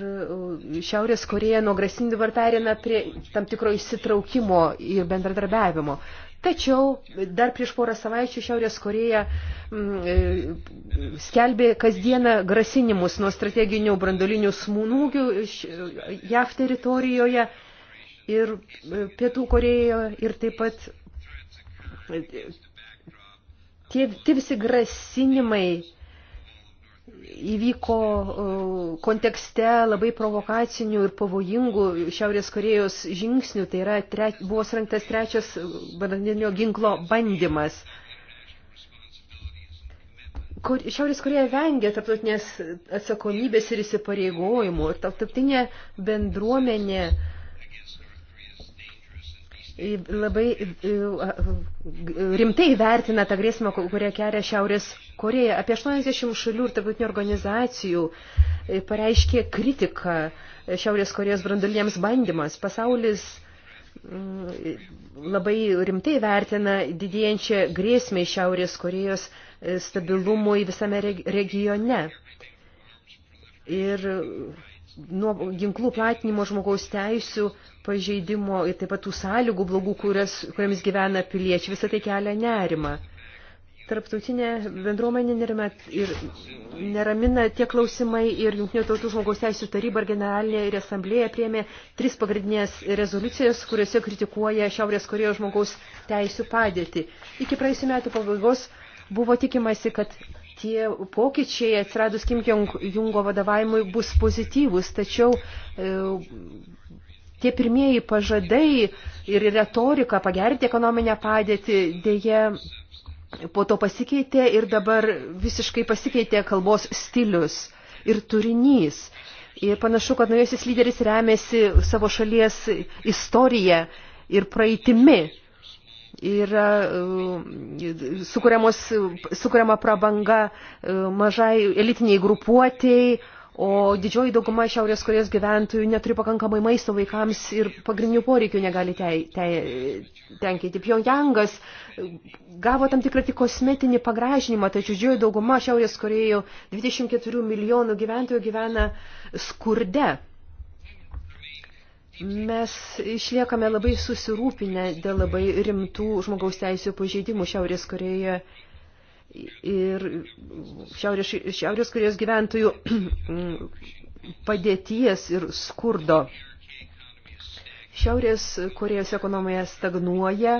e, Šiaurės Koreja nuo grasinį dabar perėna prie tam tikro įsitraukimo ir bendradarbiavimo. Tačiau dar prieš porą savaičių Šiaurės Koreja m, mm, e, skelbė kasdieną grasinimus nuo strateginių brandolinių smūgių e, JAV teritorijoje ir Pietų Korejoje ir taip pat tie, tie visi grasinimai įvyko e, kontekste labai provokacinių ir pavojingų Šiaurės Korejos žingsnių, tai yra tre, buvo surinktas trečias brandaninio ginklo bandymas. Kur, Šiaurės Koreja vengia tarptautinės atsakomybės ir įsipareigojimų ir tarptautinė bendruomenė uh, labai rimtai vertina tą grėsmę, kurią kelia Šiaurės Koreja. Apie 80 šalių ir tarptautinių organizacijų e, pareiškė kritiką e, Šiaurės Korejos branduliniams bandymas. Pasaulis mm, labai rimtai vertina didėjančią grėsmę Šiaurės Korejos e, stabilumui visame regione. Ir nuo ginklų platinimo žmogaus teisių pažeidimo ir taip pat tų sąlygų blogų, kurias, kuriamis gyvena piliečiai, visą tai kelia nerimą. Tarptautinė bendruomenė nerimet ir neramina tie klausimai ir Junktinių tautų žmogaus teisų taryba ir generalinė ir asamblėje priėmė tris pagrindinės rezoliucijas, kuriuose kritikuoja Šiaurės Korejos žmogaus teisų padėtį. Iki praėjusių metų pabaigos buvo tikimasi, kad tie pokyčiai atsiradus Kim Jong-jungo vadovavimui bus pozityvus, tačiau e, tie pirmieji pažadai ir retorika pagerinti ekonominę padėtį, dėje po to pasikeitė ir dabar visiškai pasikeitė kalbos stilius ir turinys. Ir panašu, kad naujasis lyderis remiasi savo šalies istoriją ir praeitimi. Ir e, sukuriama prabanga e, mažai elitiniai grupuotėjai, o didžioji dauguma Šiaurės Korejos gyventojų neturi pakankamai maisto vaikams ir pagrindinių poreikių negali te, te, tenkinti. Pjongjangas gavo tam tikrą tik kosmetinį pagražinimą, tačiau didžioji dauguma Šiaurės Korejų 24 milijonų gyventojų gyvena skurde. Mes išliekame labai susirūpinę dėl labai rimtų žmogaus teisų pažeidimų Šiaurės Korejoje ir Šiaurės, šiaurės Korejos gyventojų padėties ir skurdo. Šiaurės Korejos ekonomija stagnuoja,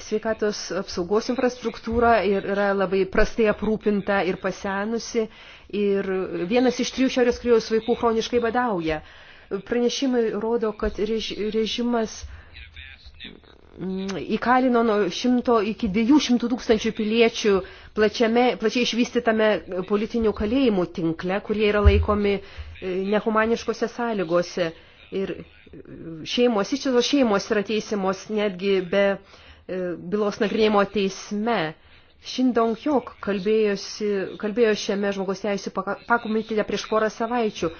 sveikatos apsaugos infrastruktūra ir yra labai prastai aprūpinta ir pasenusi. Ir vienas iš trijų Šiaurės Korejos vaikų chroniškai badauja. Pranešimai rodo, kad režimas įkalino nuo 100 iki 200 tūkstančių piliečių plačiame, plačiai išvystytame politinių kalėjimų tinkle, kurie yra laikomi e, nehumaniškose sąlygose. Ir e, šeimos, ištisos šeimos yra teisimos netgi be e, bylos nagrinėjimo teisme. Šindong Jok kalbėjo šiame žmogaus teisų pakomitete prieš porą savaičių.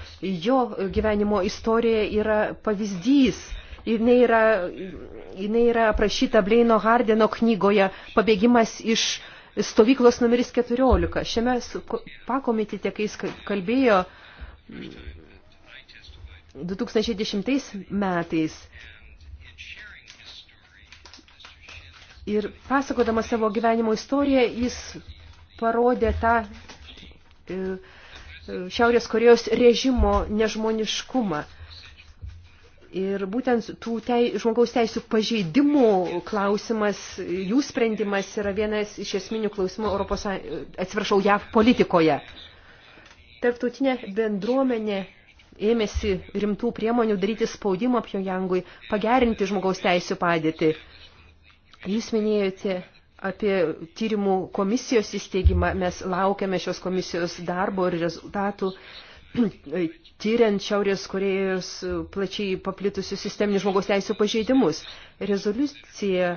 Jo gyvenimo istorija yra pavyzdys jinai yra, jinai yra aprašyta Bleino Hardeno knygoje Pabėgimas iš stovyklos numeris 14. Šiame pakomitete, kai jis kalbėjo 2010 mm, metais, Ir pasakodama savo gyvenimo istoriją, jis parodė tą e, e, Šiaurės Korejos režimo nežmoniškumą. Ir būtent tų tei, žmogaus teisų pažeidimų klausimas, jų sprendimas yra vienas iš esminių klausimų Europos, atsiprašau, JAV politikoje. Tarptautinė bendruomenė ėmėsi rimtų priemonių daryti spaudimą Pjojangui, pagerinti žmogaus teisų padėtį. Jūs minėjote apie tyrimų komisijos įsteigimą, mes laukiame šios komisijos darbo ir rezultatų. Uh, tyriant Šiaurės Korejos plačiai paplitusius sisteminius žmogaus teisų pažeidimus. Rezoliucija,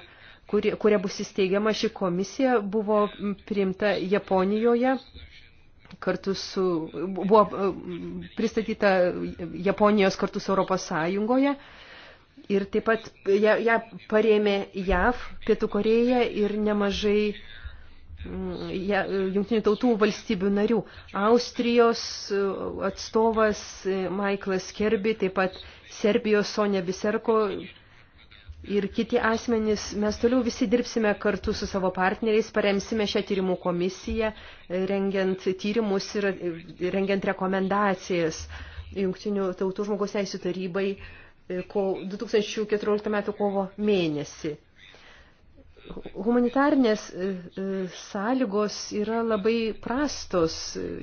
kuria, kuria bus įsteigiama ši komisija, buvo priimta Japonijoje kartu su, buvo e, pristatyta Japonijos kartu su Europos Sąjungoje. Ir taip pat ją, ją parėmė JAV, Pietų Koreja ir nemažai uh, jungtinių tautų valstybių narių. Austrijos e, atstovas e, Maiklas Kerbi, taip pat Serbijos Sonja Biserko ir kiti asmenys. Mes toliau visi dirbsime kartu su savo partneriais, paremsime šią tyrimų komisiją, e, rengiant tyrimus ir rengiant rekomendacijas jungtinių tautų žmogaus teisų tarybai 2014 m. kovo mėnesį. Humanitarnės e, e, sąlygos yra labai prastos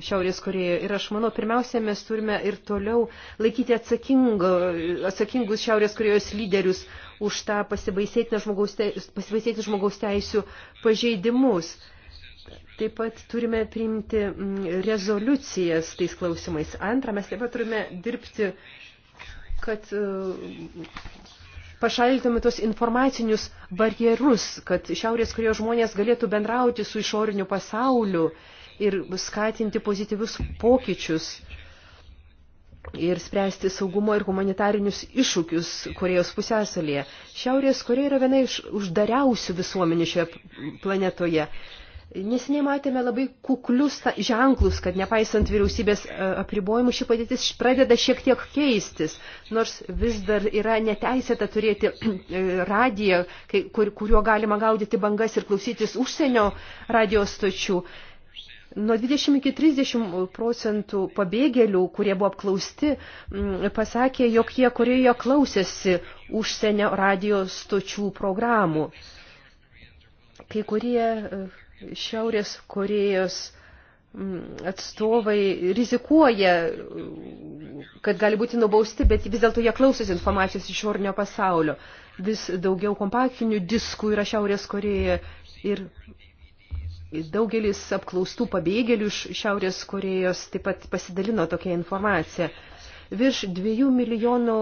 Šiaurės Korejoje ir aš manau, pirmiausia, mes turime ir toliau laikyti atsakingus Šiaurės Korejos lyderius už tą pasibaisėtiną žmogaus, pasibaisėtiną žmogaus teisių pažeidimus. Taip pat turime priimti mm, rezoliucijas tais klausimais. Antra, mes taip pat turime dirbti kad e, pašalintume tos informacinius barjerus, kad Šiaurės Korejos žmonės galėtų bendrauti su išoriniu pasauliu ir skatinti pozityvius pokyčius ir spręsti saugumo ir humanitarinius iššūkius Korejos pusėsalėje. Šiaurės Koreja yra viena iš uždariausių visuomenių šioje planetoje. Nesiniai matėme labai kuklius ženklus, kad nepaisant vyriausybės e, apribojimų, ši padėtis pradeda šiek tiek keistis, nors vis dar yra neteisėta turėti e, radiją, kur, kuriuo galima gaudyti bangas ir klausytis užsienio radijos stočių. Nuo 20 iki 30 procentų pabėgėlių, kurie buvo apklausti, mm, pasakė, jog jie Korejoje klausėsi užsienio radijos stočių programų. Kai kurie e, Šiaurės Korejos mm, atstovai rizikuoja, kad gali būti nubausti, bet vis dėlto jie klausosi informacijos iš ornio pasaulio. Vis daugiau kompaktinių diskų yra Šiaurės Korejoje ir daugelis apklaustų pabėgėlių iš Šiaurės Korejos taip pat pasidalino tokią informaciją. Virš dviejų milijonų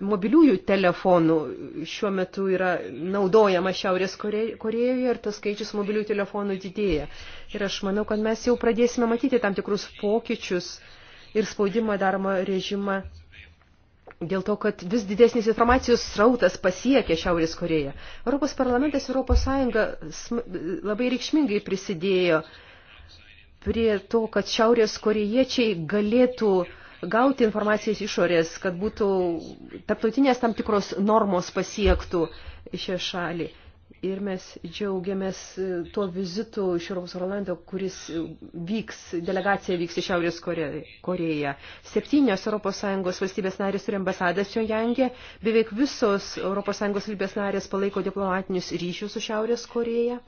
mobiliųjų telefonų šiuo metu yra naudojama Šiaurės Korejoje ir tas skaičius mobiliųjų telefonų didėja. Ir aš manau, kad mes jau pradėsime matyti tam tikrus pokyčius ir spaudimą daromą režimą dėl to, kad vis didesnis informacijos srautas pasiekia Šiaurės Koreją. Europos parlamentas ir Europos Sąjunga labai reikšmingai prisidėjo prie to, kad Šiaurės Korejiečiai galėtų uh, gauti informacijos išorės, kad būtų tarptautinės tam tikros normos pasiektų šią šalį. Ir mes džiaugiamės e, tuo vizitu iš Europos Orlando, kuris e, vyks, delegacija vyks į Šiaurės Koreją. Septynios ES valstybės narės turi ambasadas Jojangė, beveik visos ES valstybės narės palaiko diplomatinius ryšius su Šiaurės Koreja.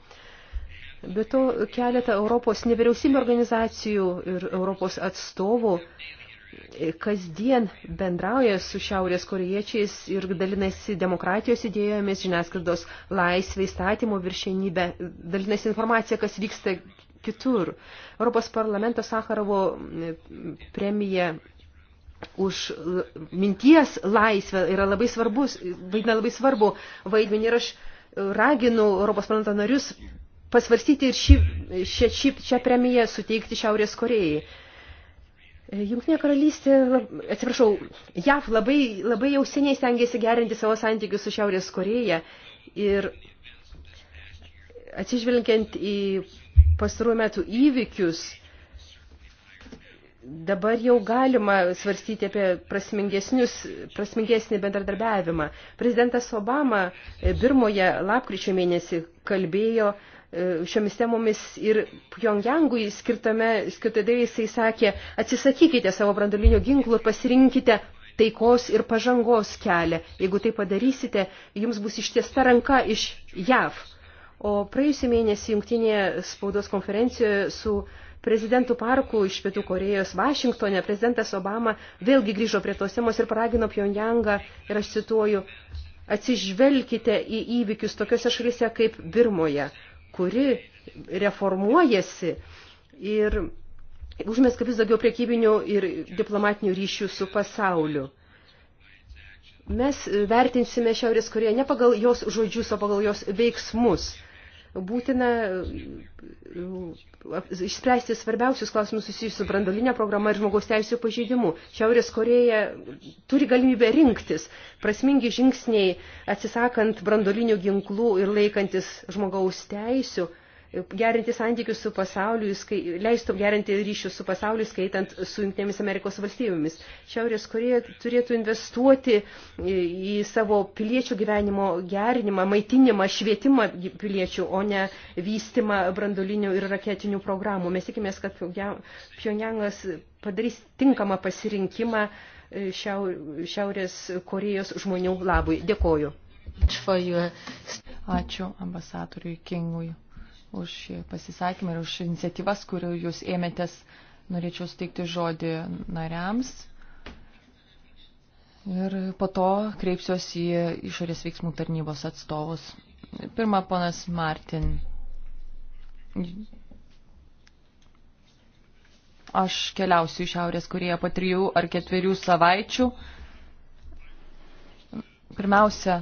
Be to keletą Europos nevyriausybių organizacijų ir Europos atstovų kasdien bendrauja su šiaurės koriečiais ir dalinasi demokratijos idėjomis, žiniasklaidos laisvė, įstatymo viršenybė, dalinasi informacija, kas vyksta kitur. Europos parlamento Sakarovo premija už minties laisvę yra labai svarbus, vaidina labai svarbu vaidmenį ir aš raginu Europos parlamento narius pasvarstyti ir šį, šią, šį, šią premiją suteikti Šiaurės Korejai. Jungtinė karalystė, atsiprašau, JAV labai, labai jau seniai stengiasi gerinti savo santykius su Šiaurės Koreja ir atsižvelgiant į pastaruoju metų įvykius, dabar jau galima svarstyti apie prasmingesnį bendradarbiavimą. Prezidentas Obama Birmoje e, lapkričio mėnesį kalbėjo šiomis temomis ir Pjongjangui skirtame skirtadėjai jisai sakė, atsisakykite savo brandolinio ginklų ir pasirinkite taikos ir pažangos kelią. Jeigu tai padarysite, jums bus ištiesta ranka iš JAV. O praėjusį mėnesį jungtinėje spaudos konferencijoje su prezidentų parku iš Pietų Korejos Vašingtone prezidentas Obama vėlgi grįžo prie tos temos ir paragino Pjongjangą ir aš cituoju, atsižvelkite į įvykius tokiuose šalyse kaip Birmoje, kuri reformuojasi ir užmeska vis daugiau priekybinių ir diplomatinių ryšių su pasauliu. Mes vertinsime Šiaurės Koreją ne pagal jos žodžius, o pagal jos veiksmus būtina uh, išspręsti svarbiausius klausimus susijusius su brandolinė programa ir žmogaus teisų pažeidimu. Šiaurės Koreja turi galimybę rinktis prasmingi žingsniai atsisakant brandolinių ginklų ir laikantis žmogaus teisų gerinti santykius su pasauliu, leistų gerinti ryšius su pasauliu, skaitant su Junktinėmis Amerikos valstybėmis. Šiaurės Korėja turėtų investuoti į savo piliečių gyvenimo gerinimą, maitinimą, švietimą piliečių, o ne vystimą brandolinių ir raketinių programų. Mes tikimės, kad Pjonjangas padarys tinkamą pasirinkimą e, Šiaurės Korejos žmonių labui. Dėkoju. Ačiū ambasadoriui Kingui už šį pasisakymą ir už iniciatyvas, kurių jūs ėmėtės. Norėčiau steigti žodį nariams. Ir po to kreipsiuosi į išorės veiksmų tarnybos atstovus. Pirma, ponas Martin. Aš keliausiu į Šiaurės Koreją po trijų ar ketverių savaičių. Pirmiausia,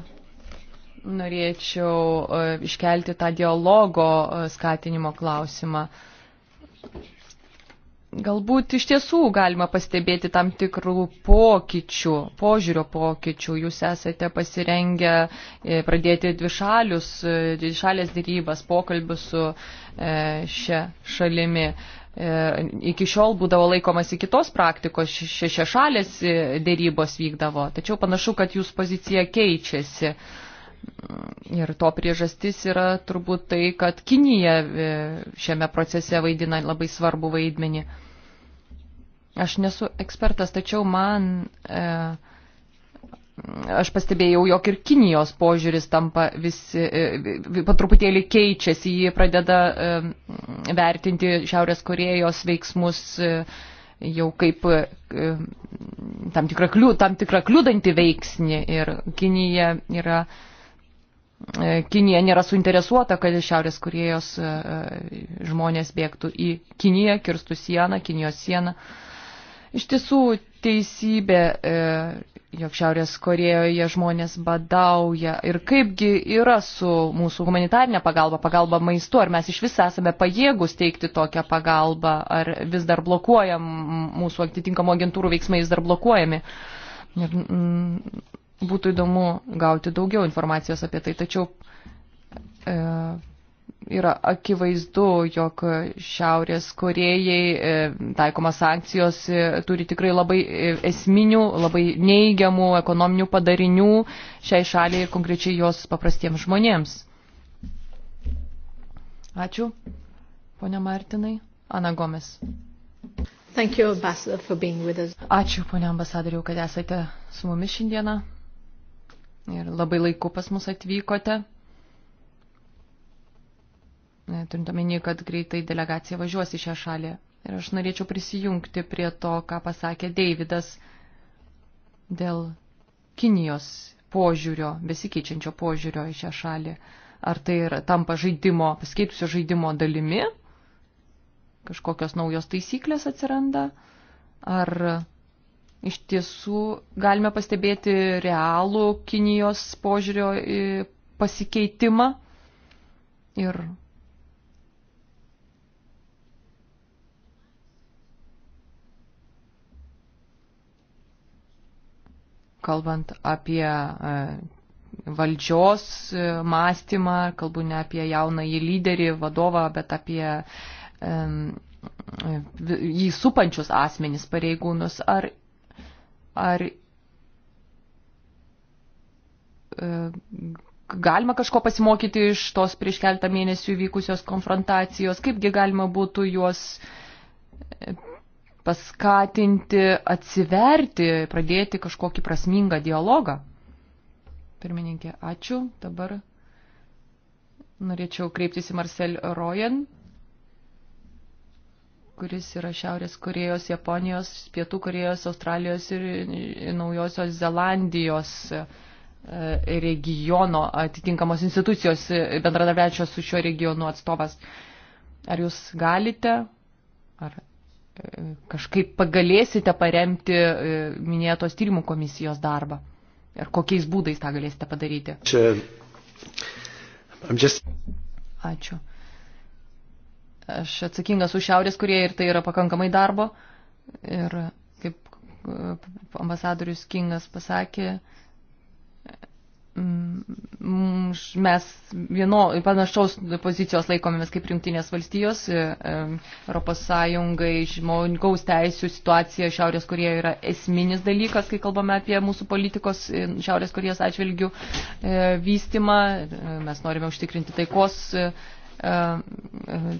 norėčiau e, iškelti tą dialogo e, skatinimo klausimą. Galbūt iš tiesų galima pastebėti tam tikrų pokyčių, požiūrio pokyčių. Jūs esate pasirengę e, pradėti dvišalius, dvišalės dėrybas, pokalbius su šia šalimi. Iki šiol būdavo laikomasi kitos praktikos, šešia šalės dėrybos vykdavo, tačiau panašu, kad jūs pozicija keičiasi. Ir to priežastis yra turbūt tai, kad Kinija e, šiame procese vaidina labai svarbu vaidmenį. Aš nesu ekspertas, tačiau man, e, aš pastebėjau, jog ir Kinijos požiūris tampa visi, e, e patruputėlį keičiasi, jie pradeda e, vertinti Šiaurės Korejos veiksmus. E, jau kaip e, tam tikrą, kliū, tam tikrą kliūdantį veiksnį ir Kinija yra uh, E, Kinija nėra suinteresuota, kad Šiaurės Korejos e, e, žmonės bėgtų į Kiniją, kirstų sieną, Kinijos sieną. Iš tiesų teisybė, jog Šiaurės Korejoje žmonės badauja ir kaipgi yra su mūsų humanitarinė pagalba, pagalba maistu, ar mes iš vis esame pajėgus teikti tokią pagalbą, ar vis dar blokuojam mūsų atitinkamų agentūrų veiksmai, vis dar blokuojami. Ir, mm, būtų įdomu gauti daugiau informacijos apie tai, tačiau e, yra akivaizdu, jog Šiaurės Korejai e, taikomas sankcijos e, turi tikrai labai e, esminių, labai neįgiamų ekonominių padarinių šiai šaliai ir konkrečiai jos paprastiems žmonėms. Ačiū, ponia Martinai. Ana Gomes. Thank you, Ambassador, for being with us. Ačiū, ponia ambasadoriau, kad esate su mumis šiandieną ir labai laiku pas mus atvykote. E, turint omeny, kad greitai delegacija važiuos į šią šalį. Ir aš norėčiau prisijungti prie to, ką pasakė Deividas dėl Kinijos požiūrio, besikeičiančio požiūrio į šią šalį. Ar tai yra tampa žaidimo, paskeitusio žaidimo dalimi, kažkokios naujos taisyklės atsiranda, ar iš tiesų galime pastebėti realų Kinijos požiūrio pasikeitimą ir kalbant apie e, valdžios e, mąstymą, kalbu ne apie jaunąjį lyderį, vadovą, bet apie jį supančius asmenys pareigūnus. Ar Ar e, galima kažko pasimokyti iš tos prieš keltą mėnesių vykusios konfrontacijos, kaipgi galima būtų juos e, paskatinti, atsiverti, pradėti kažkokį prasmingą dialogą. Pirmininkė, ačiū. Dabar norėčiau kreiptis į Marcel Royen kuris yra Šiaurės Korejos, Japonijos, Pietų Korejos, Australijos ir Naujosios Zelandijos e, regiono atitinkamos institucijos e, bendradarbiačios su šiuo regionu atstovas. Ar jūs galite, ar e, kažkaip pagalėsite paremti minėtos tyrimų komisijos darbą? Ir kokiais būdais tą galėsite padaryti? Čia... Just... Ačiū Aš atsakingas už Šiaurės Koreją ir tai yra pakankamai darbo. Ir kaip e, ambasadorius Kingas pasakė, mm, mes vieno panašaus pozicijos laikomėmės kaip Junktinės valstijos. E, e, Europos Sąjungai žmogaus teisų situacija Šiaurės Korėjoje yra esminis dalykas, kai kalbame apie mūsų politikos Šiaurės Korėjos atžvilgių vystimą. Mes norime užtikrinti taikos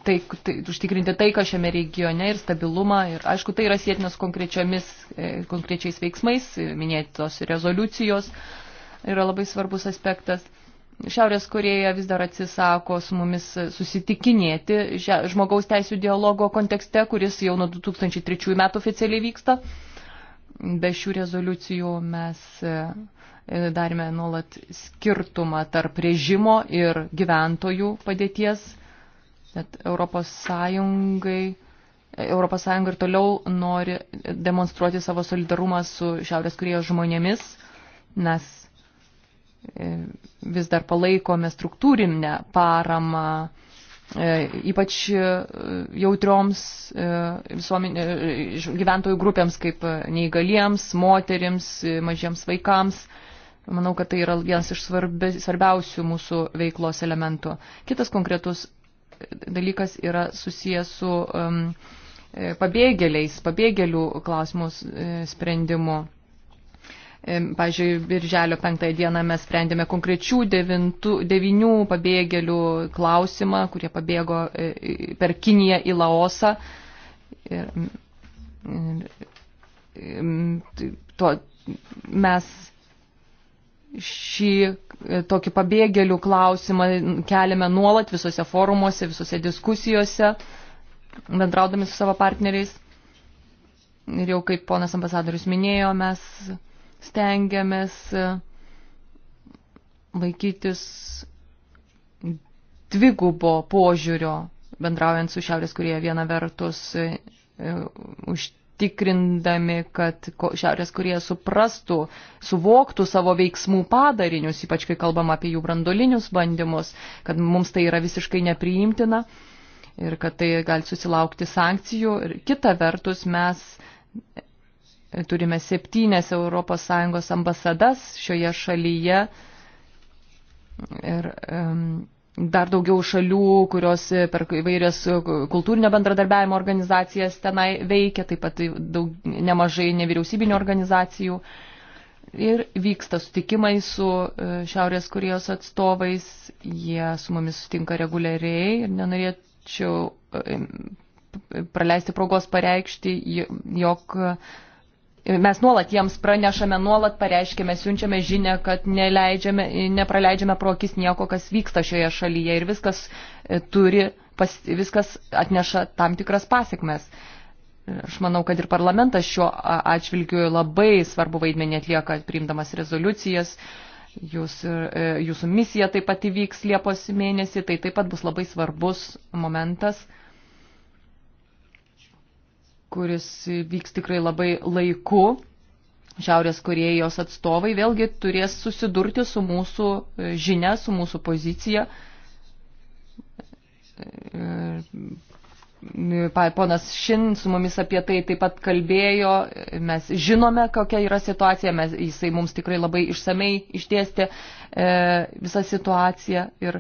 tai, tai, užtikrinti taiką šiame regione ir stabilumą. Ir aišku, tai yra sėtinas konkrečiomis, e, konkrečiais veiksmais, minėtos rezoliucijos yra labai svarbus aspektas. Šiaurės Koreja vis dar atsisako su mumis susitikinėti žmogaus teisų dialogo kontekste, kuris jau nuo 2003 metų oficialiai vyksta. Be šių rezoliucijų mes. E, E, darėme nuolat skirtumą tarp režimo ir gyventojų padėties. Net Europos Sąjungai. E, Europos Sąjunga ir toliau nori demonstruoti savo solidarumą su Šiaurės Korejos žmonėmis. Mes e, vis dar palaikome struktūrinę paramą ypač jautrioms visuomenė, gyventojų grupėms kaip neįgaliems, moterims, mažiems vaikams. Manau, kad tai yra vienas iš svarbi, svarbiausių mūsų veiklos elementų. Kitas konkretus dalykas yra susijęs su um, e, pabėgėliais, pabėgėlių klausimus e, sprendimu. E, pavyzdžiui, birželio penktąją dieną mes sprendėme konkrečių devintų, devinių pabėgėlių klausimą, kurie pabėgo e, per Kiniją į Laosą. Ir, ir, to, mes šį e, tokį pabėgėlių klausimą keliame nuolat visose forumuose, visose diskusijose, bendraudami su savo partneriais. Ir jau kaip ponas ambasadorius minėjo, mes stengiamės e, laikytis dvigubo požiūrio bendraujant su Šiaurės Korėja viena vertus e, už užtikrindami, kad Šiaurės Korėja suprastų, suvoktų savo veiksmų padarinius, ypač kai kalbam apie jų brandolinius bandymus, kad mums tai yra visiškai nepriimtina ir kad tai gali susilaukti sankcijų. Ir kita vertus, mes turime septynes ES ambasadas šioje šalyje. Ir, um, dar daugiau šalių, kurios e, per įvairias e, kultūrinio bendradarbiavimo organizacijas tenai veikia, taip pat daug, nemažai nevyriausybinio organizacijų. Ir vyksta sutikimai su e, Šiaurės Korejos atstovais, jie su mumis sutinka reguliariai ir nenorėčiau praleisti progos pareikšti, jog Mes nuolat jiems pranešame, nuolat pareiškime, siunčiame žinę, kad nepraleidžiame pro akis nieko, kas vyksta šioje šalyje ir viskas, e, turi, pas, viskas atneša tam tikras pasiekmes. Aš manau, kad ir parlamentas šiuo atžvilgiu labai svarbu vaidmenį atlieka, priimdamas rezoliucijas. Jūs, e, jūsų misija taip pat įvyks Liepos mėnesį, tai taip pat bus labai svarbus momentas kuris vyks tikrai labai laiku. Šiaurės Korejos atstovai vėlgi turės susidurti su mūsų e, žinia, su mūsų pozicija. E, Ponas Šin su mumis apie tai taip pat kalbėjo, mes žinome, kokia yra situacija, mes, jisai mums tikrai labai išsamei išdėstė e, visą situaciją ir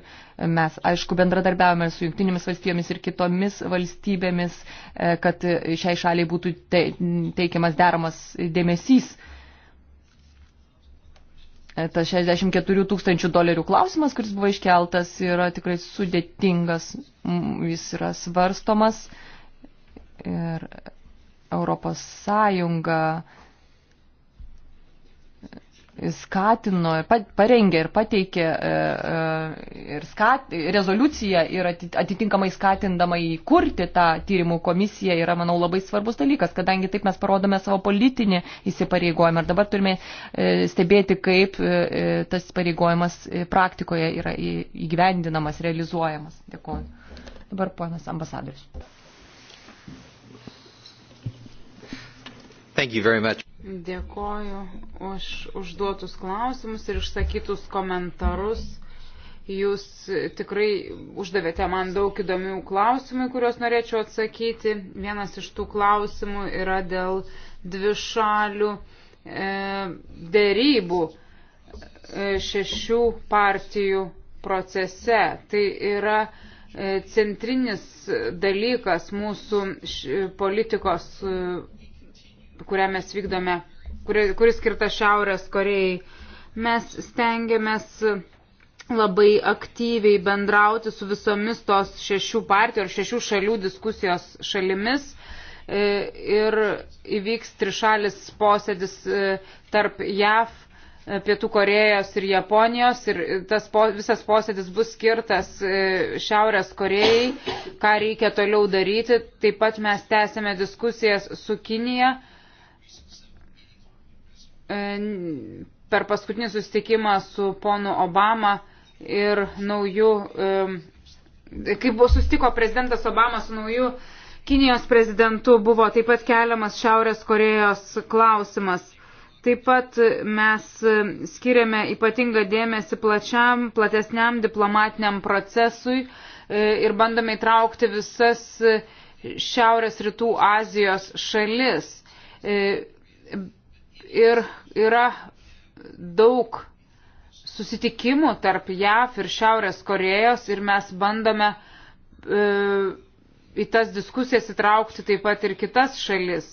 mes, aišku, bendradarbiavome su jungtinėmis valstybėmis ir kitomis valstybėmis, e, kad šiai šaliai būtų te, teikiamas deramas dėmesys. E, E, tas 64 tūkstančių dolerių klausimas, kuris buvo iškeltas, yra tikrai sudėtingas, jis yra svarstomas ir Europos Sąjunga skatino, parengė ir pateikė e, e, ir skat, rezoliuciją ir atitinkamai skatindama įkurti tą tyrimų komisiją yra, manau, labai svarbus dalykas, kadangi taip mes parodome savo politinį įsipareigojimą ir dabar turime e, stebėti, kaip tas įsipareigojimas praktikoje yra įgyvendinamas, realizuojamas. Dėkuoju. Dabar ponas ambasadorius. Thank you very much. Dėkoju už užduotus klausimus ir išsakytus komentarus. Jūs tikrai uždavėte man daug įdomių klausimų, kuriuos norėčiau atsakyti. Vienas iš tų klausimų yra dėl dvišalių e, dėrybų e, šešių partijų procese. Tai yra e, centrinis dalykas mūsų š, politikos. E, kurią mes vykdome, kuris kuri skirta Šiaurės Korejai, mes stengiamės labai aktyviai bendrauti su visomis tos šešių partijų ar šešių šalių diskusijos šalimis e, ir įvyks trišalis posėdis e, tarp JAV, e, Pietų Korejos ir Japonijos ir tas po, visas posėdis bus skirtas Šiaurės Korejai, ką reikia toliau daryti. Taip pat mes tęsėme diskusijas su Kinija E, per paskutinį susitikimą su ponu Obama ir nauju, e, kai buvo sustiko prezidentas Obama su nauju Kinijos prezidentu, buvo taip pat keliamas Šiaurės Korejos klausimas. Taip pat mes skiriame ypatingą dėmesį plačiam, platesniam diplomatiniam procesui e, ir bandome įtraukti visas Šiaurės rytų Azijos šalis ir yra daug susitikimų tarp JAF ir Šiaurės Korejos ir mes bandome e, į tas diskusijas įtraukti taip pat ir kitas šalis.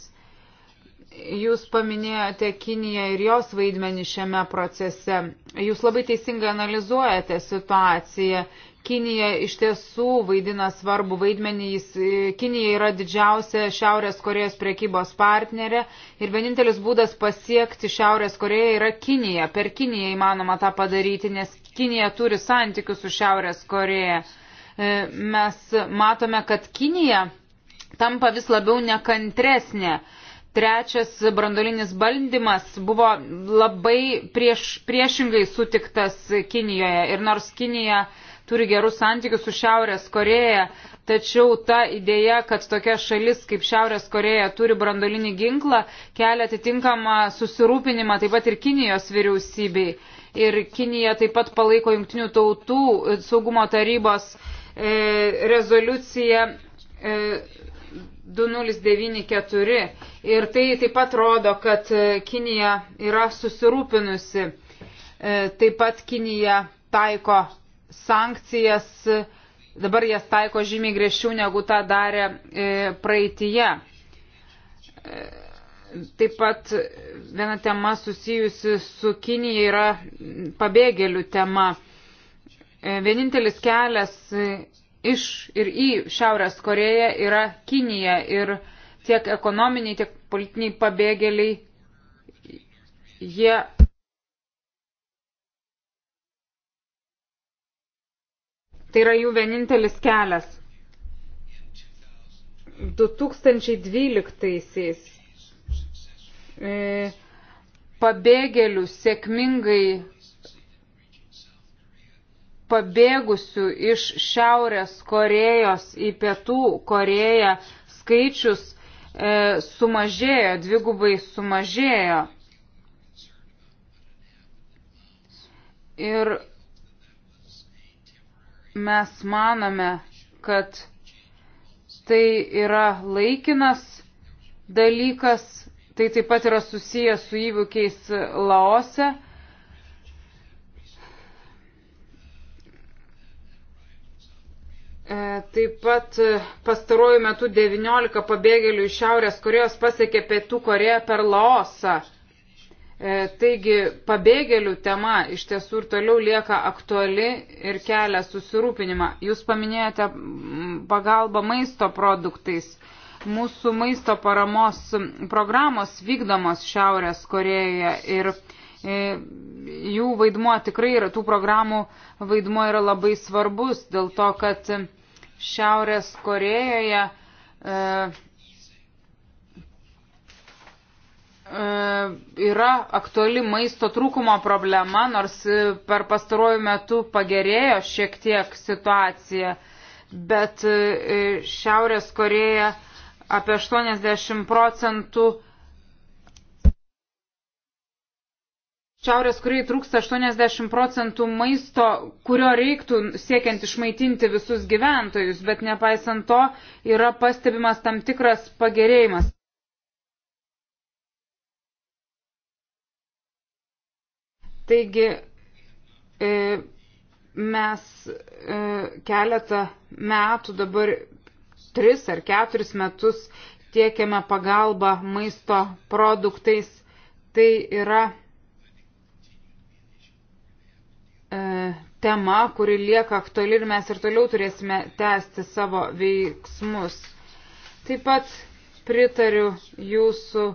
Jūs paminėjote Kiniją ir jos vaidmenį šiame procese. Jūs labai teisingai analizuojate situaciją Kinija iš tiesų vaidina svarbu vaidmenį. Jis, e, Kinija yra didžiausia Šiaurės Korejos priekybos partnerė ir vienintelis būdas pasiekti Šiaurės Koreją yra Kinija. Per Kiniją įmanoma tą padaryti, nes Kinija turi santykių su Šiaurės Koreja. E, mes matome, kad Kinija tampa vis labiau nekantresnė trečias brandolinis bandymas buvo labai prieš, priešingai sutiktas Kinijoje. Ir nors Kinija e, turi gerus santykius su Šiaurės Koreja, tačiau ta idėja, kad tokia šalis kaip Šiaurės Koreja turi brandolinį ginklą, kelia atitinkamą susirūpinimą taip pat ir Kinijos vyriausybei. Ir Kinija taip pat palaiko Junktinių tautų e, saugumo tarybos e, rezoliuciją. E, 2094 ir tai taip pat rodo, kad e, Kinija yra susirūpinusi. E, taip pat Kinija taiko sankcijas, dabar jas taiko žymiai griežčiau negu tą darė e, praeitie. E, taip pat viena tema susijusi su Kinija yra pabėgėlių tema. E, vienintelis kelias iš ir į Šiaurės Koreją yra Kinija ir tiek ekonominiai, tiek politiniai pabėgėliai jie Tai yra jų vienintelis kelias. 2012-aisiais e, pabėgėlių sėkmingai pabėgusių iš Šiaurės Korejos į Pietų Koreją skaičius e, sumažėjo, dvigubai sumažėjo. Ir mes manome, kad tai yra laikinas dalykas, tai taip pat yra susijęs su įvykiais Laose. E, taip pat pastaruoju metu 19 pabėgėlių iš Šiaurės Korejos pasiekė Pietų Koreją per Laosą. E, taigi pabėgėlių tema iš tiesų ir toliau lieka aktuali ir kelia susirūpinimą. Jūs paminėjote mm, pagalbą maisto produktais. Mūsų maisto paramos programos vykdomos Šiaurės Korejoje ir e, jų vaidmuo tikrai yra, tų programų vaidmuo yra labai svarbus dėl to, kad Šiaurės Korejoje e, E, yra aktuali maisto trūkumo problema, nors e, per pastaruoju metu pagerėjo šiek tiek situacija, bet e, Šiaurės Koreja apie 80 procentų Šiaurės Korejai trūksta 80 procentų maisto, kurio reiktų siekiant išmaitinti visus gyventojus, bet nepaisant to yra pastebimas tam tikras pagerėjimas. Taigi e, mes e, keletą metų dabar tris ar keturis metus tiekiame pagalbą maisto produktais. Tai yra e, tema, kuri lieka aktuali ir mes ir toliau turėsime tęsti savo veiksmus. Taip pat pritariu jūsų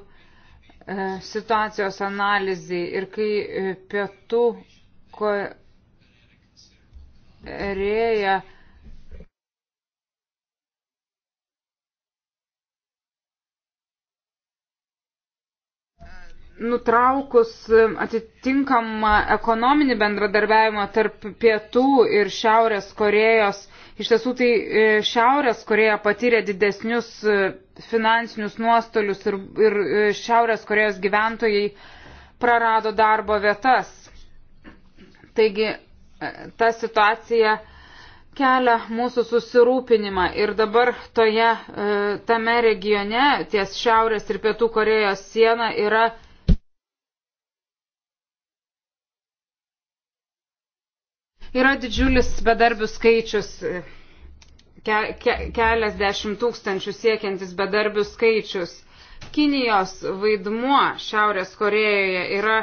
E, situacijos analizai ir kai e, pietų Koreja nutraukus e, atitinkamą ekonominį bendradarbiavimą tarp pietų ir šiaurės Korejos Iš tiesų tai e, Šiaurės Koreja patyrė didesnius e, finansinius nuostolius ir, ir e, Šiaurės Korejos gyventojai prarado darbo vietas. Taigi ta situacija kelia mūsų susirūpinimą ir dabar toje, tame regione ties Šiaurės ir Pietų Korejos siena yra Yra didžiulis bedarbių skaičius, ke, ke, keliasdešimt tūkstančių siekiantis bedarbių skaičius. Kinijos vaidmuo Šiaurės Korejoje yra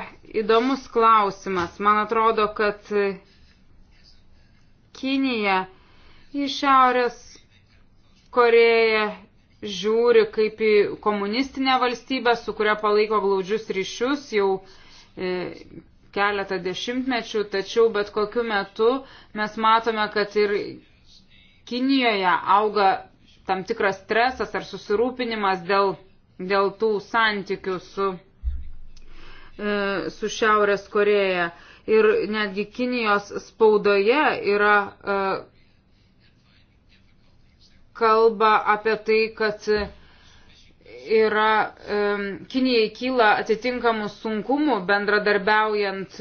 įdomus klausimas. Man atrodo, kad Kinija į Šiaurės Koreją žiūri kaip į komunistinę valstybę, su kuria palaiko glaudžius ryšius jau e, keletą dešimtmečių, tačiau bet kokiu metu mes matome, kad ir Kinijoje auga tam tikras stresas ar susirūpinimas dėl, dėl tų santykių su, e, su Šiaurės Koreja. Ir netgi Kinijos spaudoje yra e, kalba apie tai, kad yra, Kinijai kyla atitinkamų sunkumų bendradarbiaujant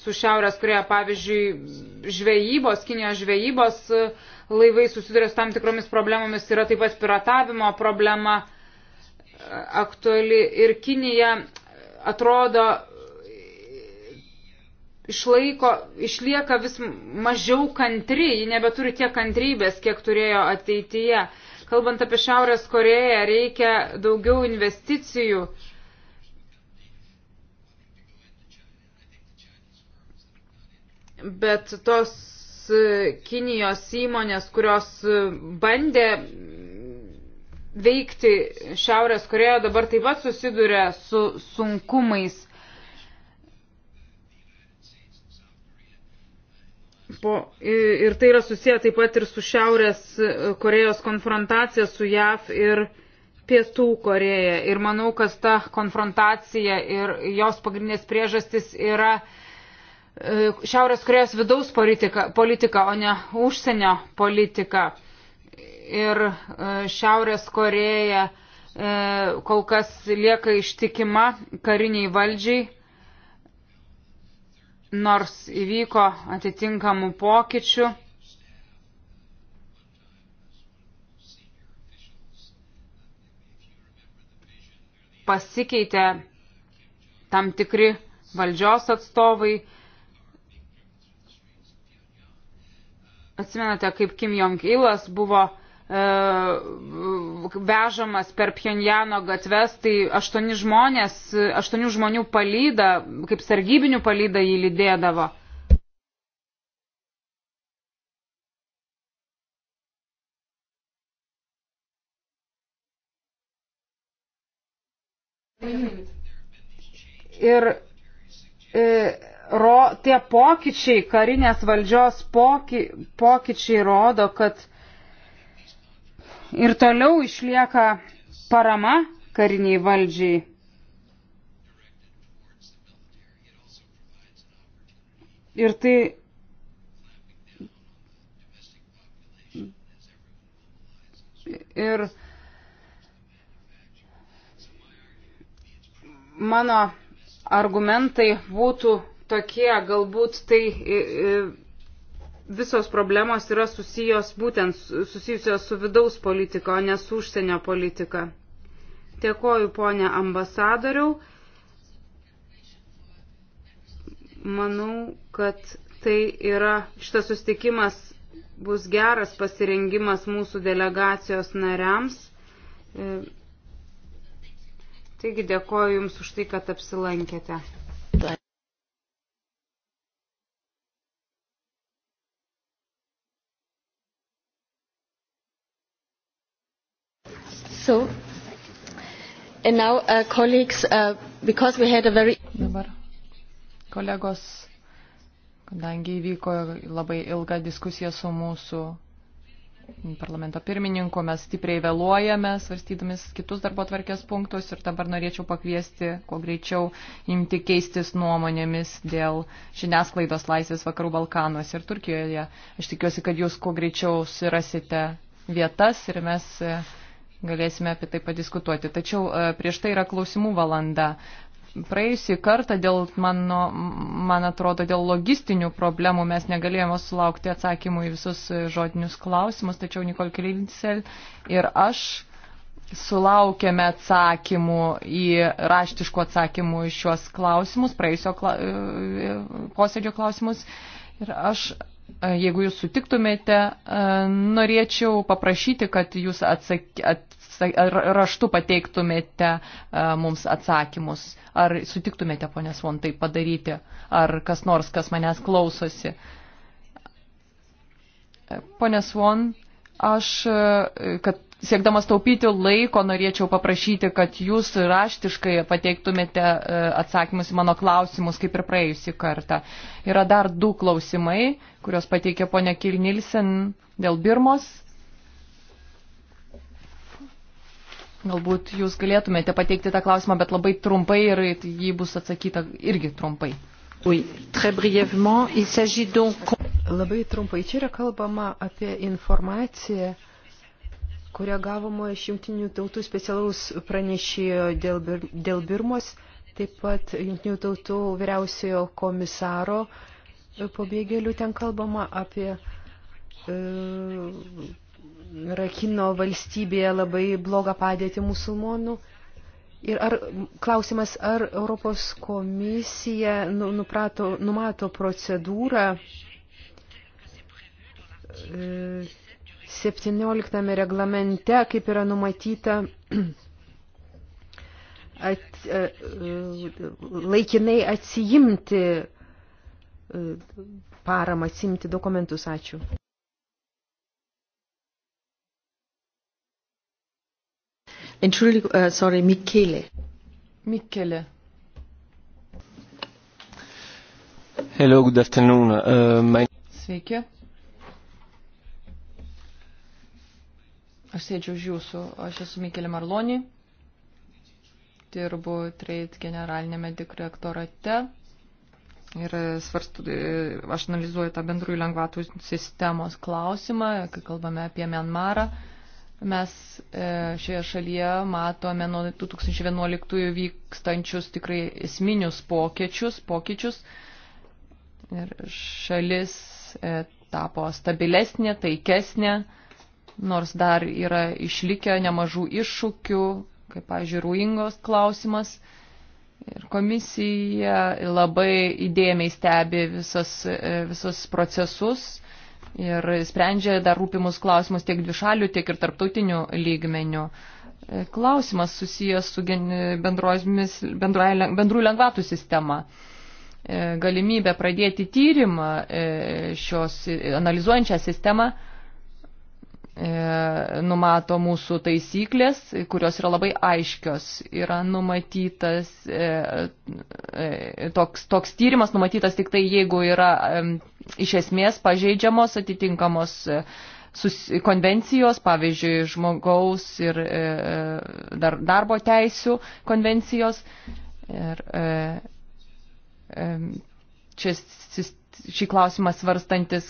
su Šiaurės Koreja, pavyzdžiui, žvejybos, Kinijos žvejybos e, laivai susiduria su tam tikromis problemomis, yra taip pat piratavimo problema e, aktuali ir Kinija e, atrodo išlaiko, išlieka vis mažiau kantry, ji nebeturi tiek kantrybės, kiek turėjo ateityje. Kalbant apie Šiaurės Koreją, reikia daugiau investicijų. Bet tos e, Kinijos įmonės, kurios e, bandė veikti Šiaurės Korejoje, dabar taip pat susiduria su sunkumais. po, ir tai yra susiję taip pat ir su Šiaurės e, Korejos konfrontacija su JAV ir Pietų Koreja. Ir manau, kad ta konfrontacija ir jos pagrindinės priežastis yra e, Šiaurės Korejos vidaus politika, politika o ne užsienio politika. Ir e, Šiaurės Koreja kol kas lieka ištikima kariniai valdžiai nors įvyko atitinkamų pokyčių. Pasikeitė tam tikri valdžios atstovai. Atsimenate, kaip Kim Jong-ilas buvo E, vežamas per Pjongjano gatves, tai aštuoni žmonės, aštuonių žmonių palyda, kaip sargybinių palyda jį lydėdavo. Ir e, ro, tie pokyčiai, karinės valdžios poky, pokyčiai rodo, kad e, ir toliau išlieka parama kariniai valdžiai. Ir tai ir mano argumentai būtų tokie, galbūt tai visos problemos yra susijos būtent susijusios su vidaus politika, o ne su užsienio politika. Dėkoju, ponė ambasadoriau. Manau, kad tai yra, šitas sustikimas bus geras pasirengimas mūsų delegacijos nariams. E, taigi dėkoju Jums už tai, kad apsilankėte. So, and now, uh, colleagues, uh, because we had a very... Dabar, kolegos, kadangi įvyko labai ilga diskusija su mūsų parlamento pirmininku, mes stipriai vėluojame, svarstydamis kitus darbo tvarkės punktus ir dabar norėčiau pakviesti, kuo greičiau imti keistis nuomonėmis dėl žiniasklaidos laisvės Vakarų Balkanuose ir Turkijoje. Aš tikiuosi, kad jūs kuo greičiau surasite vietas ir mes Galėsime apie tai padiskutuoti. Tačiau e, prieš tai yra klausimų valanda. Praėjusį kartą dėl, mano, man atrodo, dėl logistinių problemų mes negalėjome sulaukti atsakymų į visus žodinius klausimus, tačiau Nikol Kilinsel ir aš sulaukėme atsakymų į raštiškų atsakymų į šiuos klausimus, praėjusio kla, e, posėdžio klausimus. Ir aš jeigu jūs sutiktumėte, norėčiau paprašyti, kad jūs atsaky, atsaky, raštu pateiktumėte mums atsakymus. Ar sutiktumėte, ponės Von, tai padaryti, ar kas nors, kas manęs klausosi. Ponės Von, aš, kad siekdamas taupyti laiko, norėčiau paprašyti, kad jūs raštiškai pateiktumėte e, atsakymus į mano klausimus, kaip ir praėjusį kartą. Yra dar du klausimai, kuriuos pateikė ponia Kilnilsen dėl Birmos. Galbūt jūs galėtumėte pateikti tą klausimą, bet labai trumpai ir jį bus atsakyta irgi trumpai. Oui, très brièvement, il s'agit donc... Labai trumpai, čia yra kalbama apie informaciją kurią gavome iš Junktinių tautų specialaus pranešėjo dėl, Bir dėl Birmos, taip pat Junktinių tautų vyriausiojo komisaro e, pabėgėlių. Ten kalbama apie e, Rakino valstybėje labai blogą padėtį musulmonų. Ir ar klausimas, ar Europos komisija nu, nuprato, numato procedūrą e, 17 reglamente, kaip yra numatyta, at, e, laikinai atsijimti e, paramą, atsimti dokumentus. Ačiū. Entschuldigung, uh, e, sorry, Michele. Michele. Hello, good afternoon. Uh, my... Sveiki. Aš sėdžiu už jūsų. Aš esu Mikelė Marlonį. Dirbu Trade generalinėme direktorate. Ir svarstu, aš analizuoju tą bendrųjų lengvatų sistemos klausimą, kai kalbame apie Mianmarą. Mes e, šioje šalyje matome nuo 2011 vykstančius tikrai esminius pokyčius. pokyčius. Ir šalis e, tapo stabilesnė, taikesnė nors dar yra išlikę nemažų iššūkių, kaip, pavyzdžiui, ruingos klausimas. Ir komisija labai įdėmiai stebi visas, e, visus procesus ir sprendžia dar rūpimus klausimus tiek dvišalių, tiek ir tarptautinių lygmenių. E, klausimas susijęs su bendrų lengvatų sistema e, galimybę pradėti tyrimą šios analizuojančią sistemą E, numato mūsų taisyklės, kurios yra labai aiškios. Yra numatytas e, e, toks, toks tyrimas, numatytas tik tai, jeigu yra iš esmės pažeidžiamos atitinkamos konvencijos, pavyzdžiui, žmogaus ir dar, darbo teisų konvencijos. Ir čia šį klausimą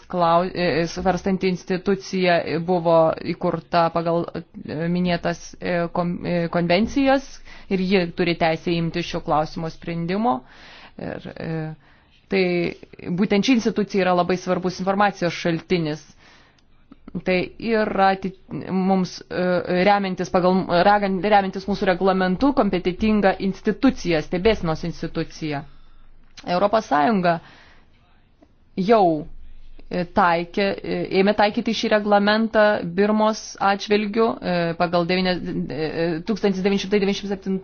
klau, e, svarstanti institucija buvo įkurta pagal e, minėtas e, konvencijas ir ji turi teisę imti šio klausimo sprendimo. Ir, tai būtent ši institucija yra labai svarbus informacijos šaltinis. Tai yra mums remiantis, pagal, remiantis mūsų reglamentu kompetitinga institucija, stebėsinos institucija. Europos Sąjunga uh, jau e, taikė, e, ėmė taikyti šį reglamentą Birmos atžvilgių e, pagal 9, 1997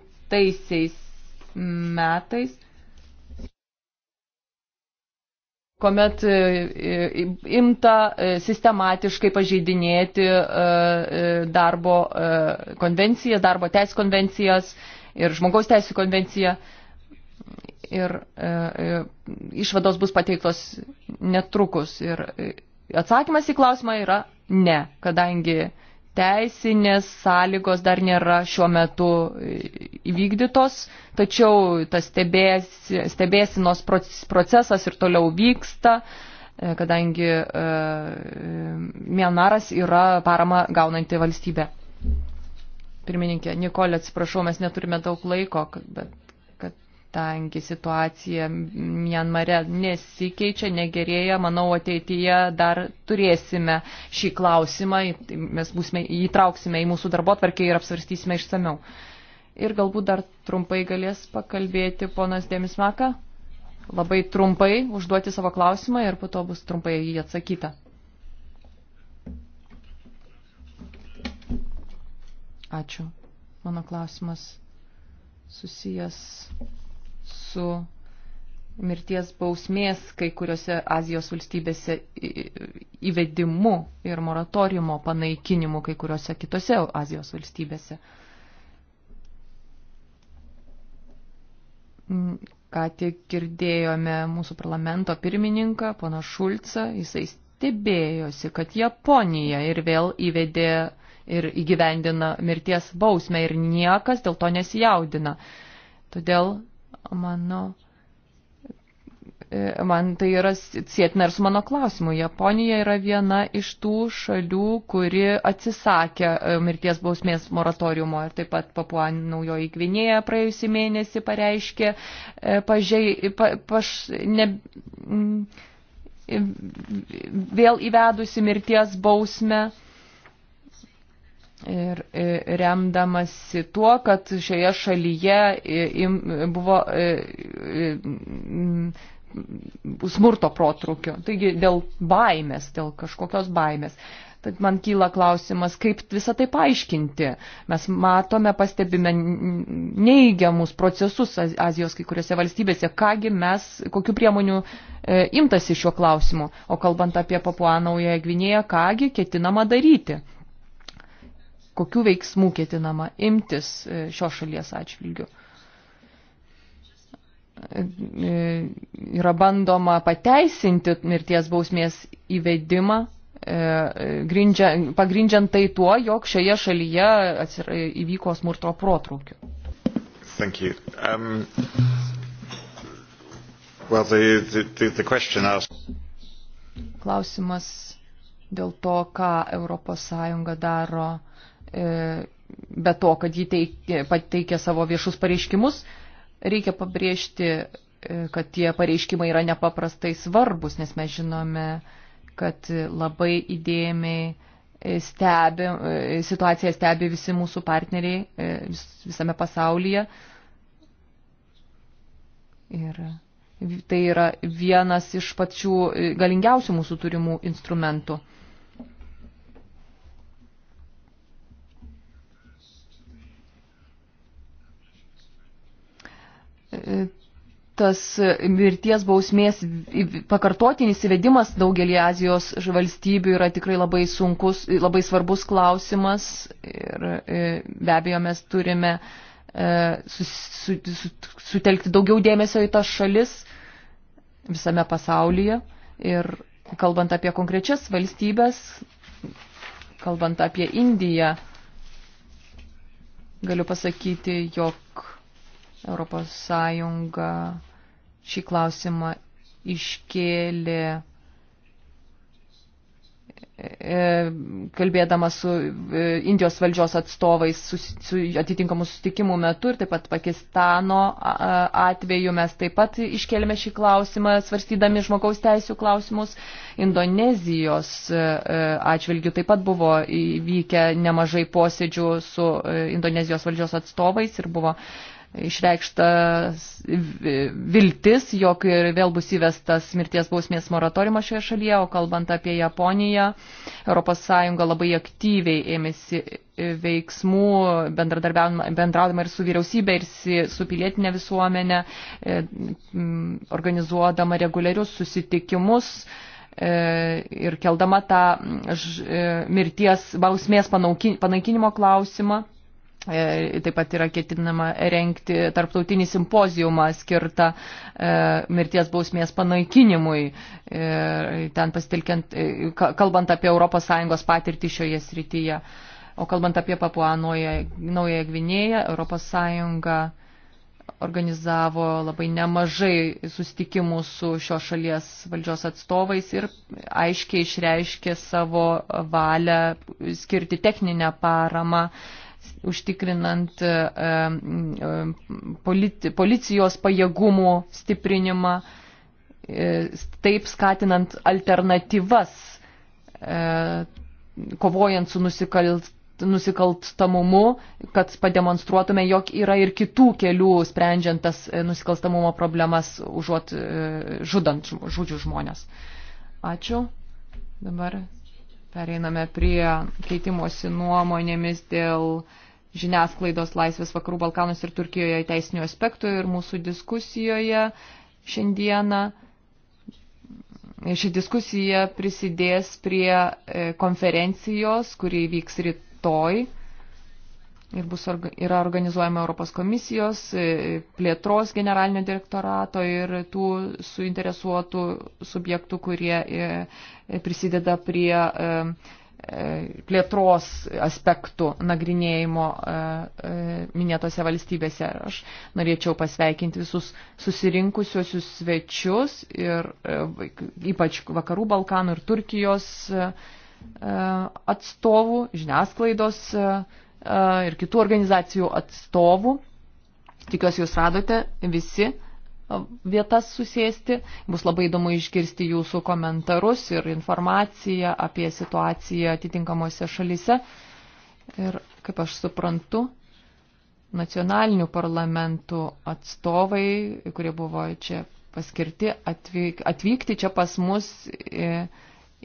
metais, kuomet imta sistematiškai pažeidinėti darbo konvencijas, darbo teisų konvencijas ir žmogaus teisų konvenciją ir e, e, išvados bus pateiktos netrukus. Ir e, atsakymas į klausimą yra ne, kadangi teisinės sąlygos dar nėra šiuo metu e, įvykdytos, tačiau tas stebės, stebėsinos procesas ir toliau vyksta, kadangi e, Mianaras yra parama gaunanti valstybė. Pirmininkė, Nikolė, atsiprašau, mes neturime daug laiko, bet kadangi situacija Mianmare nesikeičia, negerėja, manau, ateityje dar turėsime šį klausimą, tai mes būsime, įtrauksime į mūsų darbo tvarkį ir apsvarstysime išsameu. Ir galbūt dar trumpai galės pakalbėti ponas Demismaka, labai trumpai užduoti savo klausimą ir po to bus trumpai jį atsakyta. Ačiū. Mano klausimas susijęs su mirties bausmės kai kuriuose Azijos valstybėse įvedimu ir moratoriumo panaikinimu kai kuriuose kitose Azijos valstybėse. Mm, ką tik girdėjome mūsų parlamento pirmininką, pana Šulcą, jisai stebėjosi, kad Japonija ir vėl įvedė ir įgyvendina mirties bausmę ir niekas dėl to nesijaudina. Todėl Mano, e, man tai yra sėtina ir su mano klausimu. Japonija yra viena iš tų šalių, kuri atsisakė e, mirties bausmės moratoriumo ir taip pat Papua naujoji Gvinėja praėjusį mėnesį pareiškė e, pažei, pa, paš, ne, vėl įvedusi mirties bausmę. Ir e, remdamasi tuo, kad šioje šalyje e, buvo e, smurto protrukio. Taigi dėl baimės, dėl kažkokios baimės. Tad man kyla klausimas, kaip visą tai paaiškinti. Mes matome, pastebime neįgiamus procesus Azijos kai kuriuose valstybėse, kągi mes, kokiu priemonių e, imtasi šiuo klausimu. O kalbant apie Papuanaują Gvinėją, kągi ketinama daryti kokių veiksmų ketinama imtis e, šios šalies atžvilgiu. E, e, yra bandoma pateisinti mirties bausmės įvedimą, pagrindžiant tai tuo, jog šioje šalyje atsira, įvyko smurto protrūkių. Thank you. Um, well, the, the, the question asked... Klausimas dėl to, ką ES daro E, be to, kad ji teikė, pateikė savo viešus pareiškimus, reikia pabrėžti, e, kad tie pareiškimai yra nepaprastai svarbus, nes mes žinome, kad labai įdėmiai e, stebi, situaciją stebi visi mūsų partneriai visame pasaulyje. Ir tai yra vienas iš pačių galingiausių mūsų turimų instrumentų. tas mirties bausmės pakartotinis įvedimas daugelį Azijos valstybių yra tikrai labai sunkus, labai svarbus klausimas ir e, be abejo mes turime e, sus, su, su, sutelkti daugiau dėmesio į tas šalis visame pasaulyje ir kalbant apie konkrečias valstybės, kalbant apie Indiją, galiu pasakyti, jog Europos Sąjunga šį klausimą iškėlė e, kalbėdama su e, Indijos valdžios atstovais su, su atitinkamų susitikimų metu ir taip pat Pakistano atveju mes taip pat iškelėme šį klausimą, svarstydami žmogaus teisų klausimus. Indonezijos e, atžvilgių taip pat buvo įvykę nemažai posėdžių su Indonezijos valdžios atstovais ir buvo uh, išreikšta viltis, jog ir vėl bus įvestas mirties bausmės moratoriumas šioje šalyje, o kalbant apie Japoniją, ES labai aktyviai ėmėsi veiksmų, bendraudama ir su vyriausybė, ir su pilietinė visuomenė, e, organizuodama reguliarius susitikimus e, ir keldama tą e, mirties bausmės panaikinimo klausimą E, taip pat yra ketinama renkti tarptautinį simpozijumą skirtą e, mirties bausmės panaikinimui, e, ten pasitelkiant, kalbant apie ES patirtį šioje srityje. O kalbant apie Papuą Naująją Gvinėją, ES organizavo labai nemažai sustikimų su šios šalies valdžios atstovais ir aiškiai išreiškė savo valią skirti techninę paramą užtikrinant e, e, policijos pajėgumų stiprinimą, e, taip skatinant alternatyvas, kovojant su nusikalt, nusikalstamumu, kad pademonstruotume, jog yra ir kitų kelių sprendžiant tas nusikalstamumo problemas, užuot žudant žudžių žmonės. Ačiū. Dabar pereiname prie keitimosi nuomonėmis dėl žiniasklaidos laisvės Vakarų Balkanos ir Turkijoje teisinių aspektų ir mūsų diskusijoje šiandieną. Ši diskusija prisidės prie e, konferencijos, kuri vyks rytoj ir bus, yra organizuojama Europos komisijos, e, plėtros generalinio direktorato ir tų suinteresuotų subjektų, kurie e, prisideda prie E, plėtros aspektų nagrinėjimo e, e, minėtose valstybėse. Aš norėčiau pasveikinti visus susirinkusiosius svečius ir ypač Vakarų Balkanų ir Turkijos atstovų, žiniasklaidos ir kitų organizacijų atstovų. Tikiuosi, jūs radote visi vietas susėsti. Bus labai įdomu išgirsti jūsų komentarus ir informaciją apie situaciją atitinkamuose šalise. Ir kaip aš suprantu, nacionalinių parlamentų atstovai, kurie buvo čia paskirti atvyk, atvykti čia pas mus. E,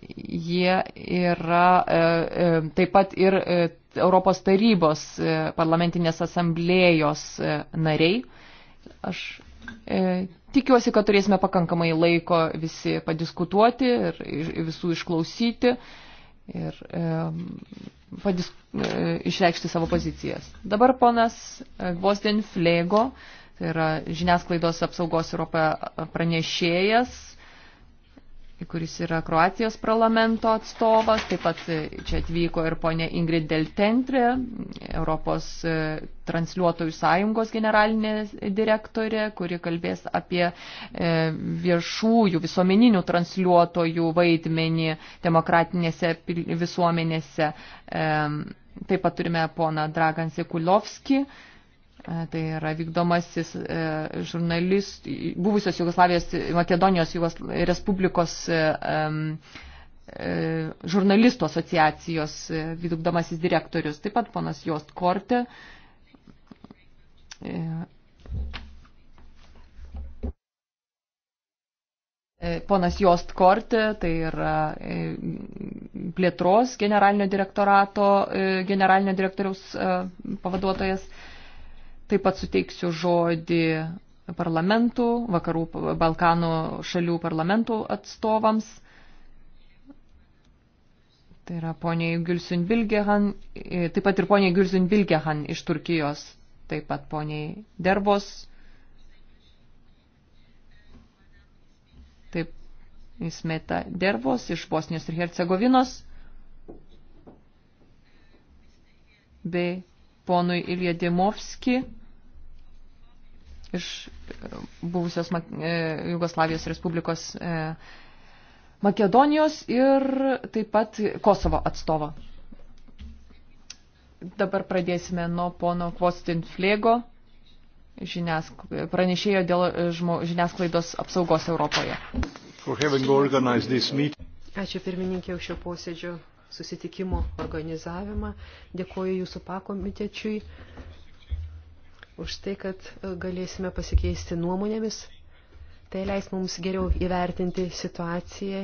jie yra e, e, taip pat ir e, Europos tarybos e, parlamentinės asamblėjos e, nariai. Aš E, tikiuosi, kad turėsime pakankamai laiko visi padiskutuoti ir visų išklausyti ir e, padis, e, išreikšti savo pozicijas. Dabar ponas e, Vosden Flego, tai yra žiniasklaidos apsaugos Europoje pranešėjas, kuris yra Kroatijos parlamento atstovas. Taip pat čia atvyko ir ponė Ingrid Deltentre, Europos e, transliuotojų sąjungos generalinė direktorė, kuri kalbės apie e, viešųjų visuomeninių transliuotojų vaidmenį demokratinėse visuomenėse. E, taip pat turime poną Dragan Sekulovskį E, tai yra vykdomasis e, žurnalist, buvusios Jugoslavijos, Makedonijos Jugos, Respublikos e, žurnalistų asociacijos vykdomasis direktorius, taip pat ponas Jost Korte. Ponas Jost Korte, tai yra plėtros generalinio direktorato, generalinio direktoriaus pavaduotojas Taip pat suteiksiu žodį parlamentų, vakarų Balkanų šalių parlamentų atstovams. Tai yra poniai Gülsün Bilgehan, taip pat ir poniai Gülsün Bilgehan iš Turkijos, taip pat poniai Derbos, taip Ismeta Derbos iš Bosnijos ir Hercegovinos, bei ponui Ilja Demovski iš buvusios e, Jugoslavijos Respublikos e, Makedonijos ir taip pat Kosovo atstovo. Dabar pradėsime nuo pono Kvostin Flego žiniask... pranešėjo dėl e, žmo... žiniasklaidos apsaugos Europoje. Ačiū pirmininkė už šio posėdžio susitikimo organizavimą. Dėkuoju jūsų pakomitečiui už tai, kad e, galėsime pasikeisti nuomonėmis. Tai leis mums geriau įvertinti situaciją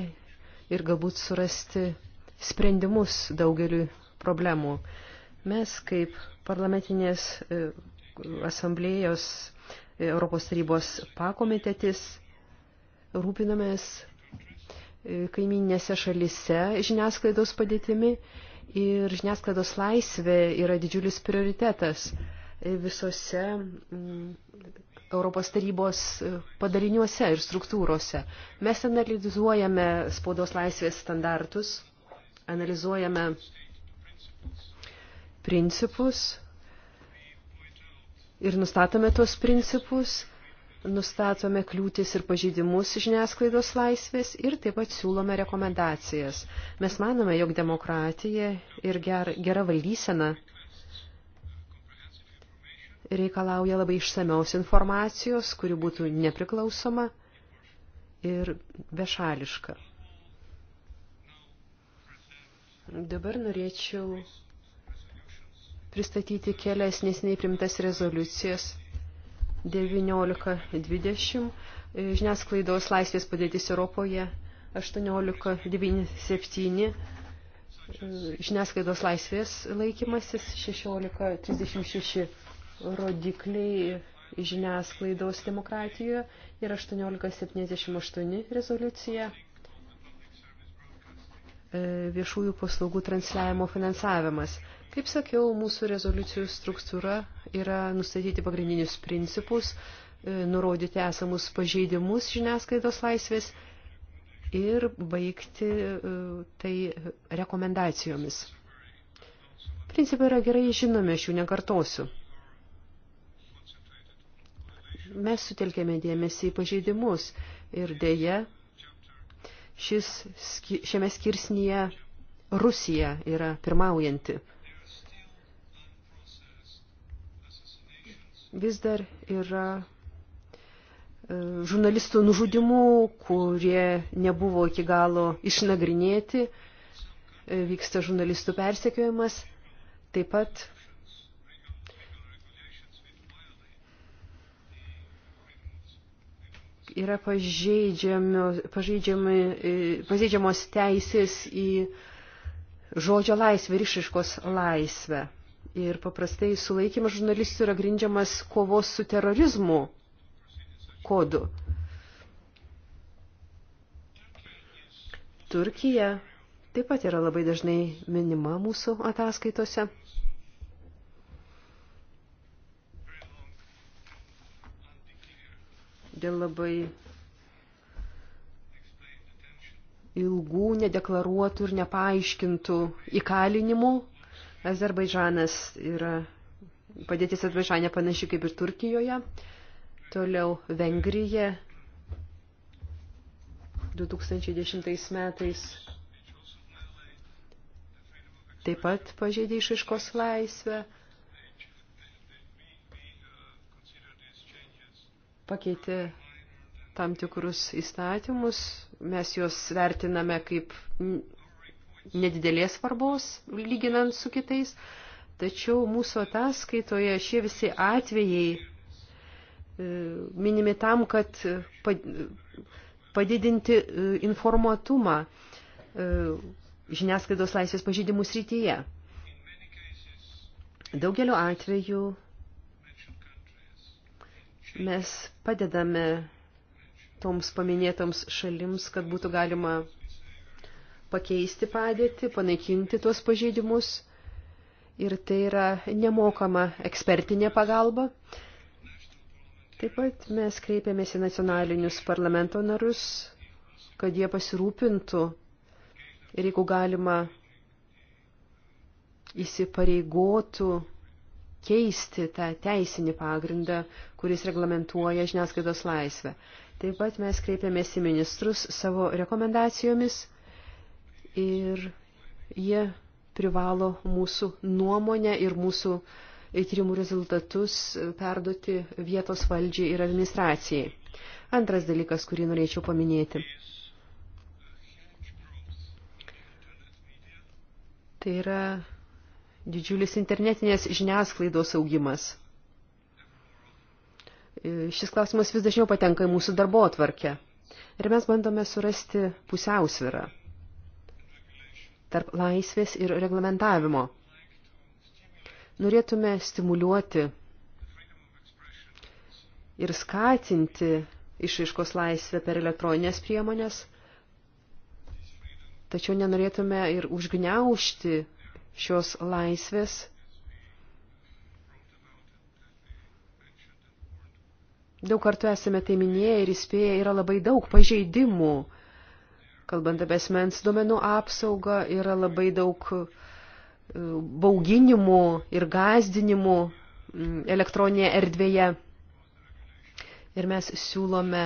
ir galbūt surasti sprendimus daugeliu problemų. Mes kaip parlamentinės e, asamblėjos e, Europos tarybos pakomitetis rūpinamės kaiminėse šalise žiniasklaidos padėtimi ir žiniasklaidos laisvė yra didžiulis prioritetas visose mm, Europos tarybos e, padariniuose ir struktūrose. Mes analizuojame spaudos laisvės standartus, analizuojame principus ir nustatome tuos principus, nustatome kliūtis ir pažeidimus žiniasklaidos laisvės ir taip pat siūlome rekomendacijas. Mes manome, jog demokratija ir gera, gera valdysena reikalauja labai išsamiaus informacijos, kuri būtų nepriklausoma ir bešališka. Dabar norėčiau pristatyti kelias nesiniai primtas rezoliucijas 19.20 žiniasklaidos laisvės padėtis Europoje 18.97 žiniasklaidos laisvės laikymasis 16.36 rodikliai žiniasklaidos demokratijoje ir 1878 rezoliucija e, viešųjų paslaugų transliavimo finansavimas. Kaip sakiau, mūsų rezoliucijų struktūra yra nustatyti pagrindinius principus, e, nurodyti esamus pažeidimus žiniasklaidos laisvės ir baigti e, tai rekomendacijomis. Principai yra gerai žinomi, aš jų nekartosiu. Mes sutelkėme dėmesį į pažeidimus ir dėja šis, šiame skirsnyje Rusija yra pirmaujanti. Vis dar yra e, žurnalistų nužudimų, kurie nebuvo iki galo išnagrinėti, e, vyksta žurnalistų persekiojimas, taip pat yra e, pažeidžiamos teisės į žodžio laisvę ir išiškos laisvę. Ir paprastai sulaikymas žurnalistų yra grindžiamas kovos su terorizmu kodu. Turkija taip pat yra labai dažnai minima mūsų ataskaitose. dėl labai ilgų, nedeklaruotų ir nepaaiškintų įkalinimų. Azerbaidžanas yra, padėtis Azerbaidžane panaši kaip ir Turkijoje. Toliau Vengrija 2010 metais taip pat pažeidė išaiškos laisvę. pakeitė tam tikrus įstatymus, mes juos vertiname kaip nedidelės svarbos lyginant su kitais, tačiau mūsų ataskaitoje šie visi atvejai e, minimi tam, kad e, padidinti e, informatumą žiniasklaidos laisvės pažydimų srityje. Daugeliu atveju Mes padedame toms paminėtoms šalims, kad būtų galima pakeisti padėtį, panaikinti tuos pažeidimus. Ir tai yra nemokama ekspertinė pagalba. Taip pat mes kreipiamės į nacionalinius parlamento narus, kad jie pasirūpintų ir jeigu galima įsipareigotų keisti tą teisinį pagrindą, kuris reglamentuoja žiniasklaidos laisvę. Taip pat mes kreipėmės į ministrus savo rekomendacijomis ir jie privalo mūsų nuomonę ir mūsų tyrimų rezultatus perduoti vietos valdžiai ir administracijai. Antras dalykas, kurį norėčiau paminėti. Tai yra didžiulis internetinės žiniasklaidos augimas. E, šis klausimas vis dažniau patenka į mūsų darbo atvarkę. Ir mes bandome surasti pusiausvirą tarp laisvės ir reglamentavimo. Norėtume stimuliuoti ir skatinti išaiškos laisvę per elektroninės priemonės, tačiau nenorėtume ir užgniaušti šios laisvės. Daug kartų esame tai minėję ir įspėję, yra labai daug pažeidimų. Kalbant apie asmens duomenų apsaugą, yra labai daug e, bauginimų ir gazdinimų elektroninėje erdvėje. Ir mes siūlome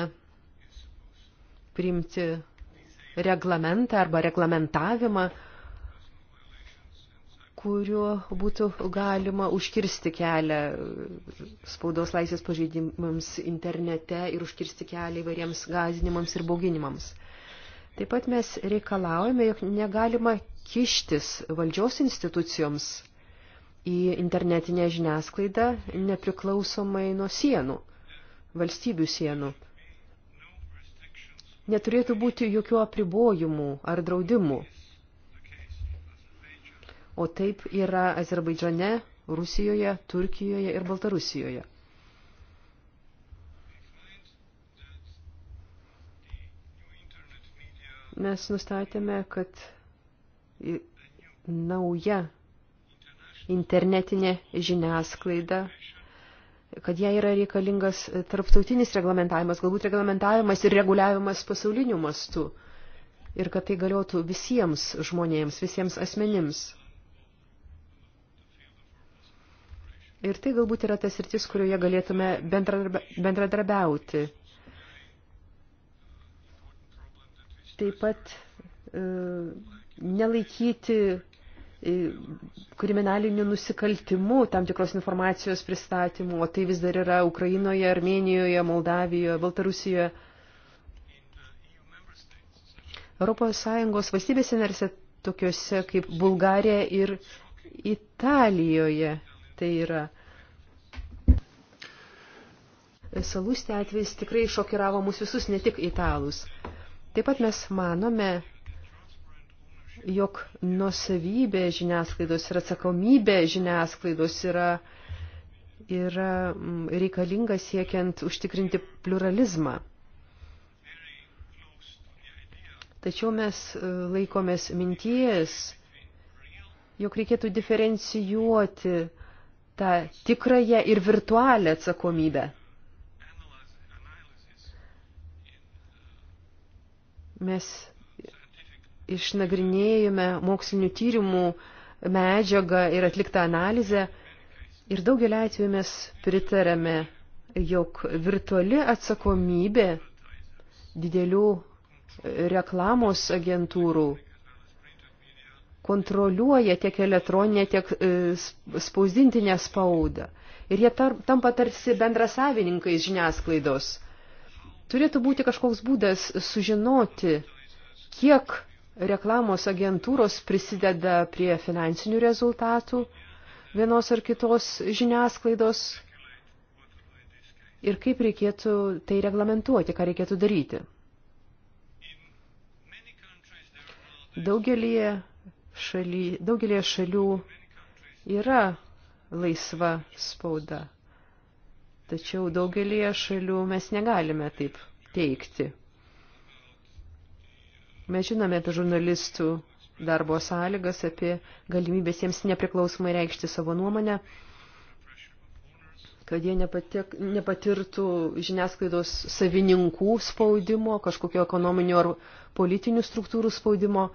priimti reglamentą arba reglamentavimą kuriuo būtų galima užkirsti kelią spaudos laisvės pažeidimams internete ir užkirsti kelią įvairiems gazinimams ir bauginimams. Taip pat mes reikalaujame, jog negalima kištis valdžios institucijoms į internetinę žiniasklaidą nepriklausomai nuo sienų, valstybių sienų. Neturėtų būti jokių apribojimų ar draudimų o taip yra Azerbaidžane, Rusijoje, Turkijoje ir Baltarusijoje. Mes nustatėme, kad nauja internetinė žiniasklaida, kad jai yra reikalingas tarptautinis reglamentavimas, galbūt reglamentavimas ir reguliavimas pasauliniu mastu ir kad tai galiotų visiems žmonėms, visiems asmenims. Ir tai galbūt yra tas rytis, kurioje galėtume bendradarbiauti. Taip pat e, nelaikyti e, kriminaliniu nusikaltimu tam tikros informacijos pristatymu, o tai vis dar yra Ukrainoje, Armenijoje, Moldavijoje, Baltarusijoje. Europos Sąjungos valstybėse narse tokiuose kaip Bulgarija ir Italijoje tai yra. Salūstė atvejs tikrai šokiravo mus visus, ne tik italus. Taip pat mes manome, jog nusavybė žiniasklaidos ir atsakomybė žiniasklaidos yra, yra mm, reikalinga siekiant užtikrinti pluralizmą. Tačiau mes e, laikomės minties, jog reikėtų diferencijuoti uh, tą tikrąją ir virtualią atsakomybę. Mes išnagrinėjome mokslinių tyrimų medžiagą ir atliktą analizę ir daugelį atveju mes pritarėme, jog virtuali atsakomybė didelių reklamos agentūrų kontroliuoja tiek elektroninę, tiek e, spausdintinę spaudą. Ir jie tar, tampa tarsi bendrasavininkais žiniasklaidos. Turėtų būti kažkoks būdas sužinoti, kiek reklamos agentūros prisideda prie finansinių rezultatų vienos ar kitos žiniasklaidos ir kaip reikėtų tai reglamentuoti, ką reikėtų daryti. Daugelį šaly, daugelėje šalių yra laisva spauda, tačiau daugelėje šalių mes negalime taip teikti. Mes žinome apie žurnalistų darbo sąlygas, apie galimybės jiems nepriklausomai reikšti savo nuomonę, kad jie nepatek, nepatirtų žiniasklaidos savininkų spaudimo, kažkokio ekonominio ar politinių struktūrų spaudimo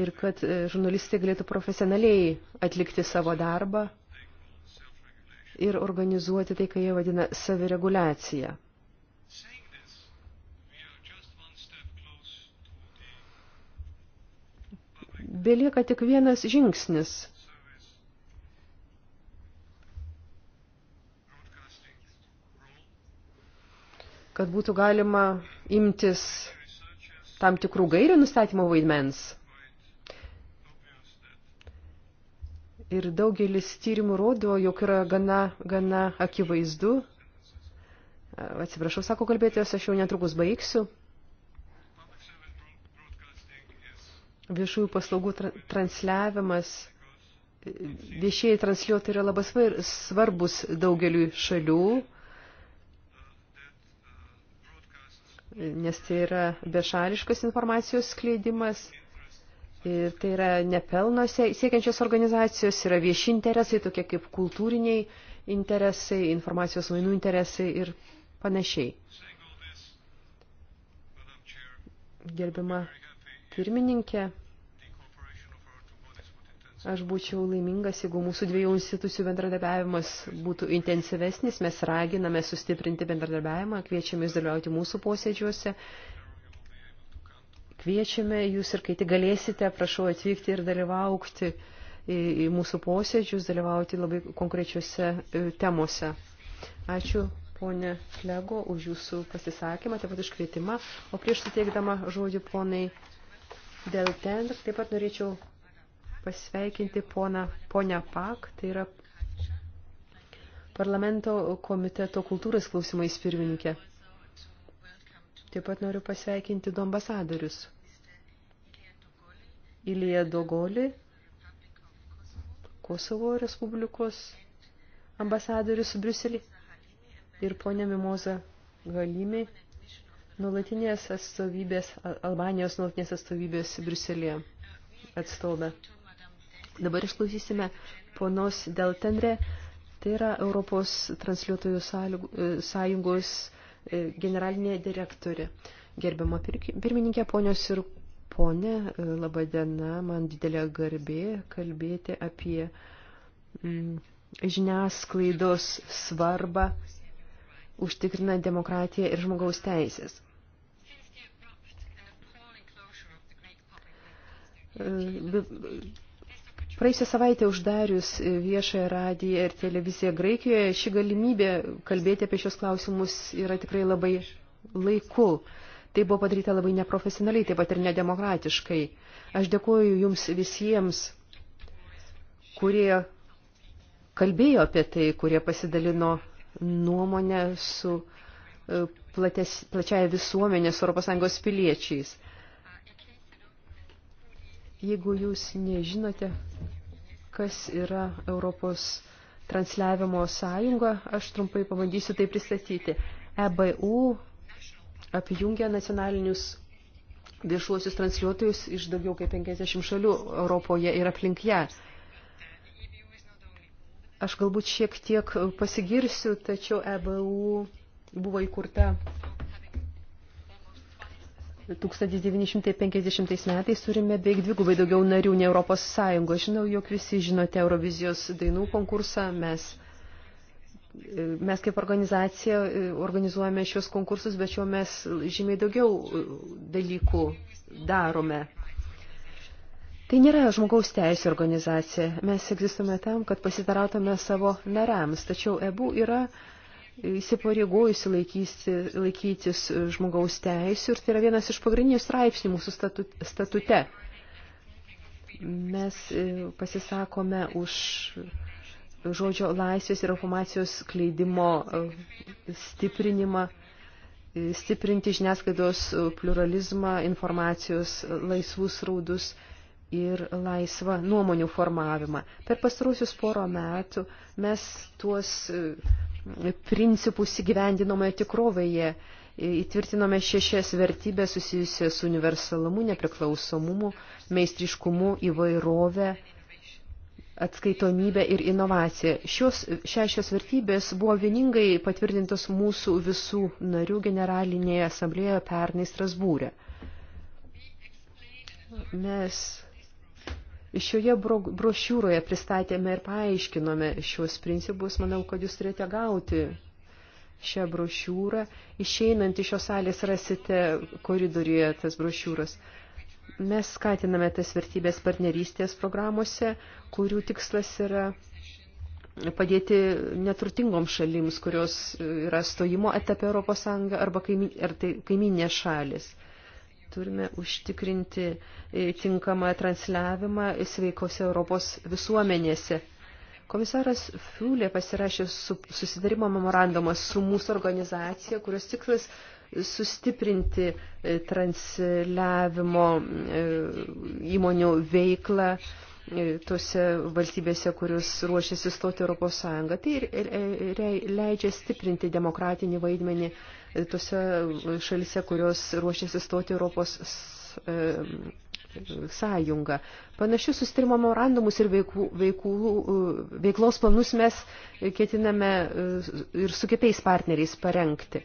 ir kad e, žurnalistai galėtų profesionaliai atlikti savo darbą ir organizuoti tai, ką jie vadina savireguliacija. Belieka tik vienas žingsnis. kad būtų galima imtis tam tikrų gairių nustatymo vaidmens. Ir daugelis tyrimų rodo, jog yra gana, gana akivaizdu. Atsiprašau, sako kalbėtojas, aš jau netrukus baigsiu. Viešųjų paslaugų tra transliavimas, viešieji transliuotojai yra labai svarbus daugeliu šalių, nes tai yra bešališkas informacijos skleidimas – Ir tai yra nepelno siekiančios organizacijos, yra vieši interesai, tokie kaip kultūriniai interesai, informacijos mainų interesai ir panašiai. Gerbima pirmininkė, aš būčiau laimingas, jeigu mūsų dviejų institucijų bendradarbiavimas būtų intensyvesnis. Mes raginame sustiprinti bendradarbiavimą, kviečiame jūs dalyvauti mūsų posėdžiuose kviečiame jūs ir kai tik galėsite, prašau atvykti ir dalyvaukti į, į mūsų posėdžius, dalyvauti labai konkrečiuose e, temose. Ačiū ponė Flego už jūsų pasisakymą, taip pat už kvietimą. O prieš suteikdama žodį ponai Delten, taip pat norėčiau pasveikinti poną, ponę Pak, tai yra parlamento komiteto kultūros klausimais pirmininkė. Taip pat noriu pasveikinti du ambasadorius. Ilija Dogoli, Kosovo Respublikos ambasadorius Briuselį ir ponė Mimoza Galimi, nuolatinės atstovybės, Albanijos nuolatinės atstovybės Briuselėje atstovę. Dabar išklausysime ponos Deltenre, tai yra Europos transliuotojų e, sąjungos e, generalinė direktorė. Gerbiama pirmininkė, ponios ir Pone, laba diena, man didelė garbė kalbėti apie mm, žiniasklaidos svarbą užtikrinant demokratiją ir žmogaus teisės. Praėjusią savaitę uždarius viešąją radiją ir televiziją Graikijoje, ši galimybė kalbėti apie šios klausimus yra tikrai labai laiku. Tai buvo padaryta labai neprofesionaliai, taip pat ir nedemokratiškai. Aš dėkuoju jums visiems, kurie kalbėjo apie tai, kurie pasidalino nuomonę su e, plates, plačiaja visuomenė, su ES piliečiais. Jeigu jūs nežinote, kas yra Europos transliavimo sąjunga, aš trumpai pabandysiu tai pristatyti. EBU apjungia nacionalinius viešuosius transliuotojus iš daugiau kaip 50 šalių Europoje ir aplink ją. Aš galbūt šiek tiek pasigirsiu, tačiau EBU buvo įkurta 1950 metais turime beveik dvigubai daugiau narių nei Europos Sąjungo. Žinau, jog visi žinote Eurovizijos dainų konkursą, mes Mes kaip organizacija e, organizuojame šios konkursus, bet šiuo mes žymiai daugiau e, dalykų darome. Tai nėra žmogaus teisų organizacija. Mes egzistuome tam, kad pasitarautume savo nariams. Tačiau EBU yra įsipareigojusi laikytis žmogaus teisų ir tai yra vienas iš pagrindinių straipsnių mūsų statute. Mes e, pasisakome už žodžio laisvės ir informacijos kleidimo e, stiprinimą, e, stiprinti žiniasklaidos e, pluralizmą, informacijos laisvus raudus ir laisvą nuomonių formavimą. Per pastarusius poro metų mes tuos principus įgyvendinome tikrovėje, įtvirtinome šešias vertybės susijusias su universalumu, nepriklausomumu, meistriškumu, įvairovę atskaitomybė ir inovacija. Šios šešios vertybės buvo vieningai patvirtintos mūsų visų narių generalinėje asamblėje pernai Strasbūrė. Mes šioje bro brošiūroje pristatėme ir paaiškinome šios principus. Manau, kad jūs turite gauti šią brošiūrą. Išeinant iš šios salės rasite koridoriuje tas brošiūras. Mes skatiname tas vertybės partnerystės programuose, kurių tikslas yra padėti neturtingoms šalims, kurios yra stojimo etape Europos Sąjunga arba kaimin, ar tai kaiminės šalis. Turime užtikrinti e, tinkamą transliavimą sveikose Europos visuomenėse. Komisaras Fiulė pasirašė su, susidarimo memorandumą su mūsų organizacija, kurios tikslas sustiprinti e, transliavimo e, įmonių veiklą e, tose valstybėse, kurios ruošiasi stoti Europos Sąjungą. Tai leidžia stiprinti demokratinį vaidmenį tose šalise, kurios ruošiasi stoti Europos sąjungą. Panašius sustarimo memorandumus ir veikų, veikų, veiklos planus mes ketiname ir su kitais partneriais parengti.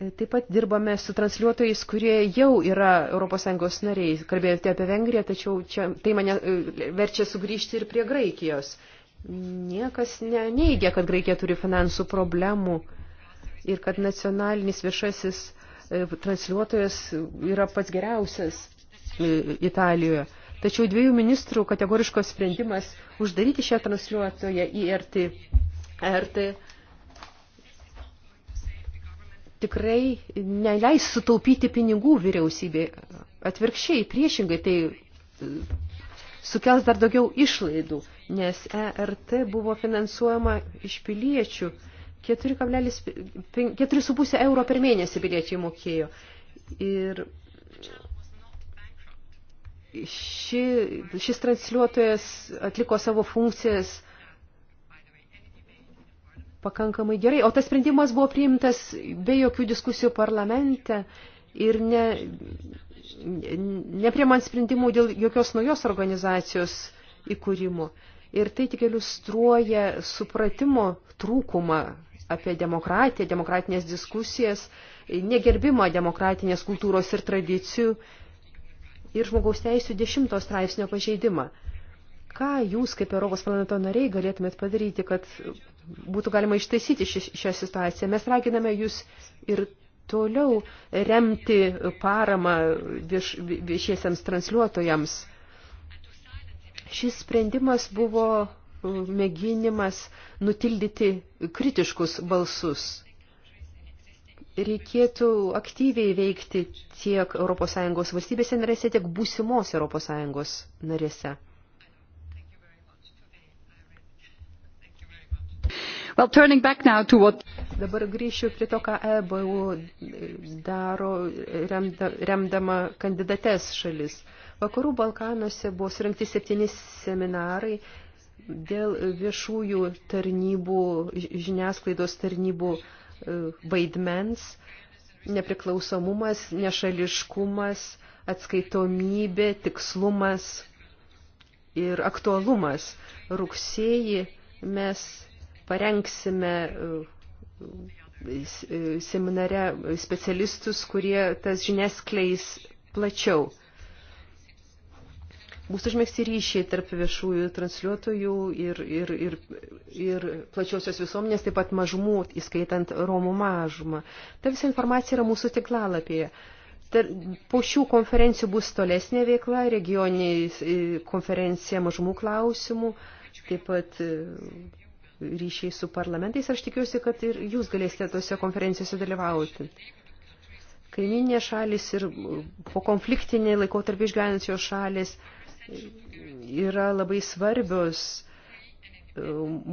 Taip pat dirbame su transliuotojais, kurie jau yra ES nariai. Kalbėjote apie Vengriją, tačiau čia, tai mane e, verčia sugrįžti ir prie Graikijos. Niekas neneigia, kad Graikija turi finansų problemų ir kad nacionalinis viešasis e, transliuotojas yra pats geriausias e, Italijoje. Tačiau dviejų ministrų kategoriškos sprendimas uždaryti šią transliuotoją į RT, RT tikrai neleis sutaupyti pinigų vyriausybė. Atvirkščiai, priešingai, tai e, sukels dar daugiau išlaidų, nes ERT buvo finansuojama iš piliečių. 4,5 euro per mėnesį piliečiai mokėjo. Ir ši, šis transliuotojas atliko savo funkcijas pakankamai gerai. O tas sprendimas buvo priimtas be jokių diskusijų parlamente ir ne, nepriemant sprendimų dėl jokios naujos organizacijos įkūrimo. Ir tai tik iliustruoja supratimo trūkumą apie demokratiją, demokratinės diskusijas, negerbimą demokratinės kultūros ir tradicijų ir žmogaus teisų dešimto straipsnio pažeidimą. Ką jūs kaip Europos parlamento nariai galėtumėt padaryti, kad būtų galima ištaisyti ši, šią situaciją. Mes raginame jūs ir toliau remti paramą vieš, viešiesiams transliuotojams. Šis sprendimas buvo mėginimas nutildyti kritiškus balsus. Reikėtų aktyviai veikti tiek ES valstybėse narėse, tiek būsimos ES narėse. Well, turning back now to what... Dabar grįšiu prie to, ką EBU daro remda, remdama kandidates šalis. Vakarų Balkanuose buvo surinkti septyni seminarai dėl viešųjų tarnybų, žiniasklaidos tarnybų e, vaidmens, nepriklausomumas, nešališkumas, atskaitomybė, tikslumas ir aktualumas. Rugsėjį mes parengsime e, e, seminare specialistus, kurie tas žinias kleis plačiau. Bus užmėgsti ryšiai tarp viešųjų transliuotojų ir, ir, ir, ir plačiosios visuomenės, taip pat mažumų, įskaitant Romų mažumą. Ta visa informacija yra mūsų tiklalapyje. Po šių konferencijų bus tolesnė veikla, regioninė e, konferencija mažumų klausimų, taip pat ryšiai su parlamentais. Aš tikiuosi, kad ir jūs galėsite tose konferencijose dalyvauti. Kaiminė šalis ir po konfliktinė laikotarpį išgyvenančios šalis yra labai svarbios e,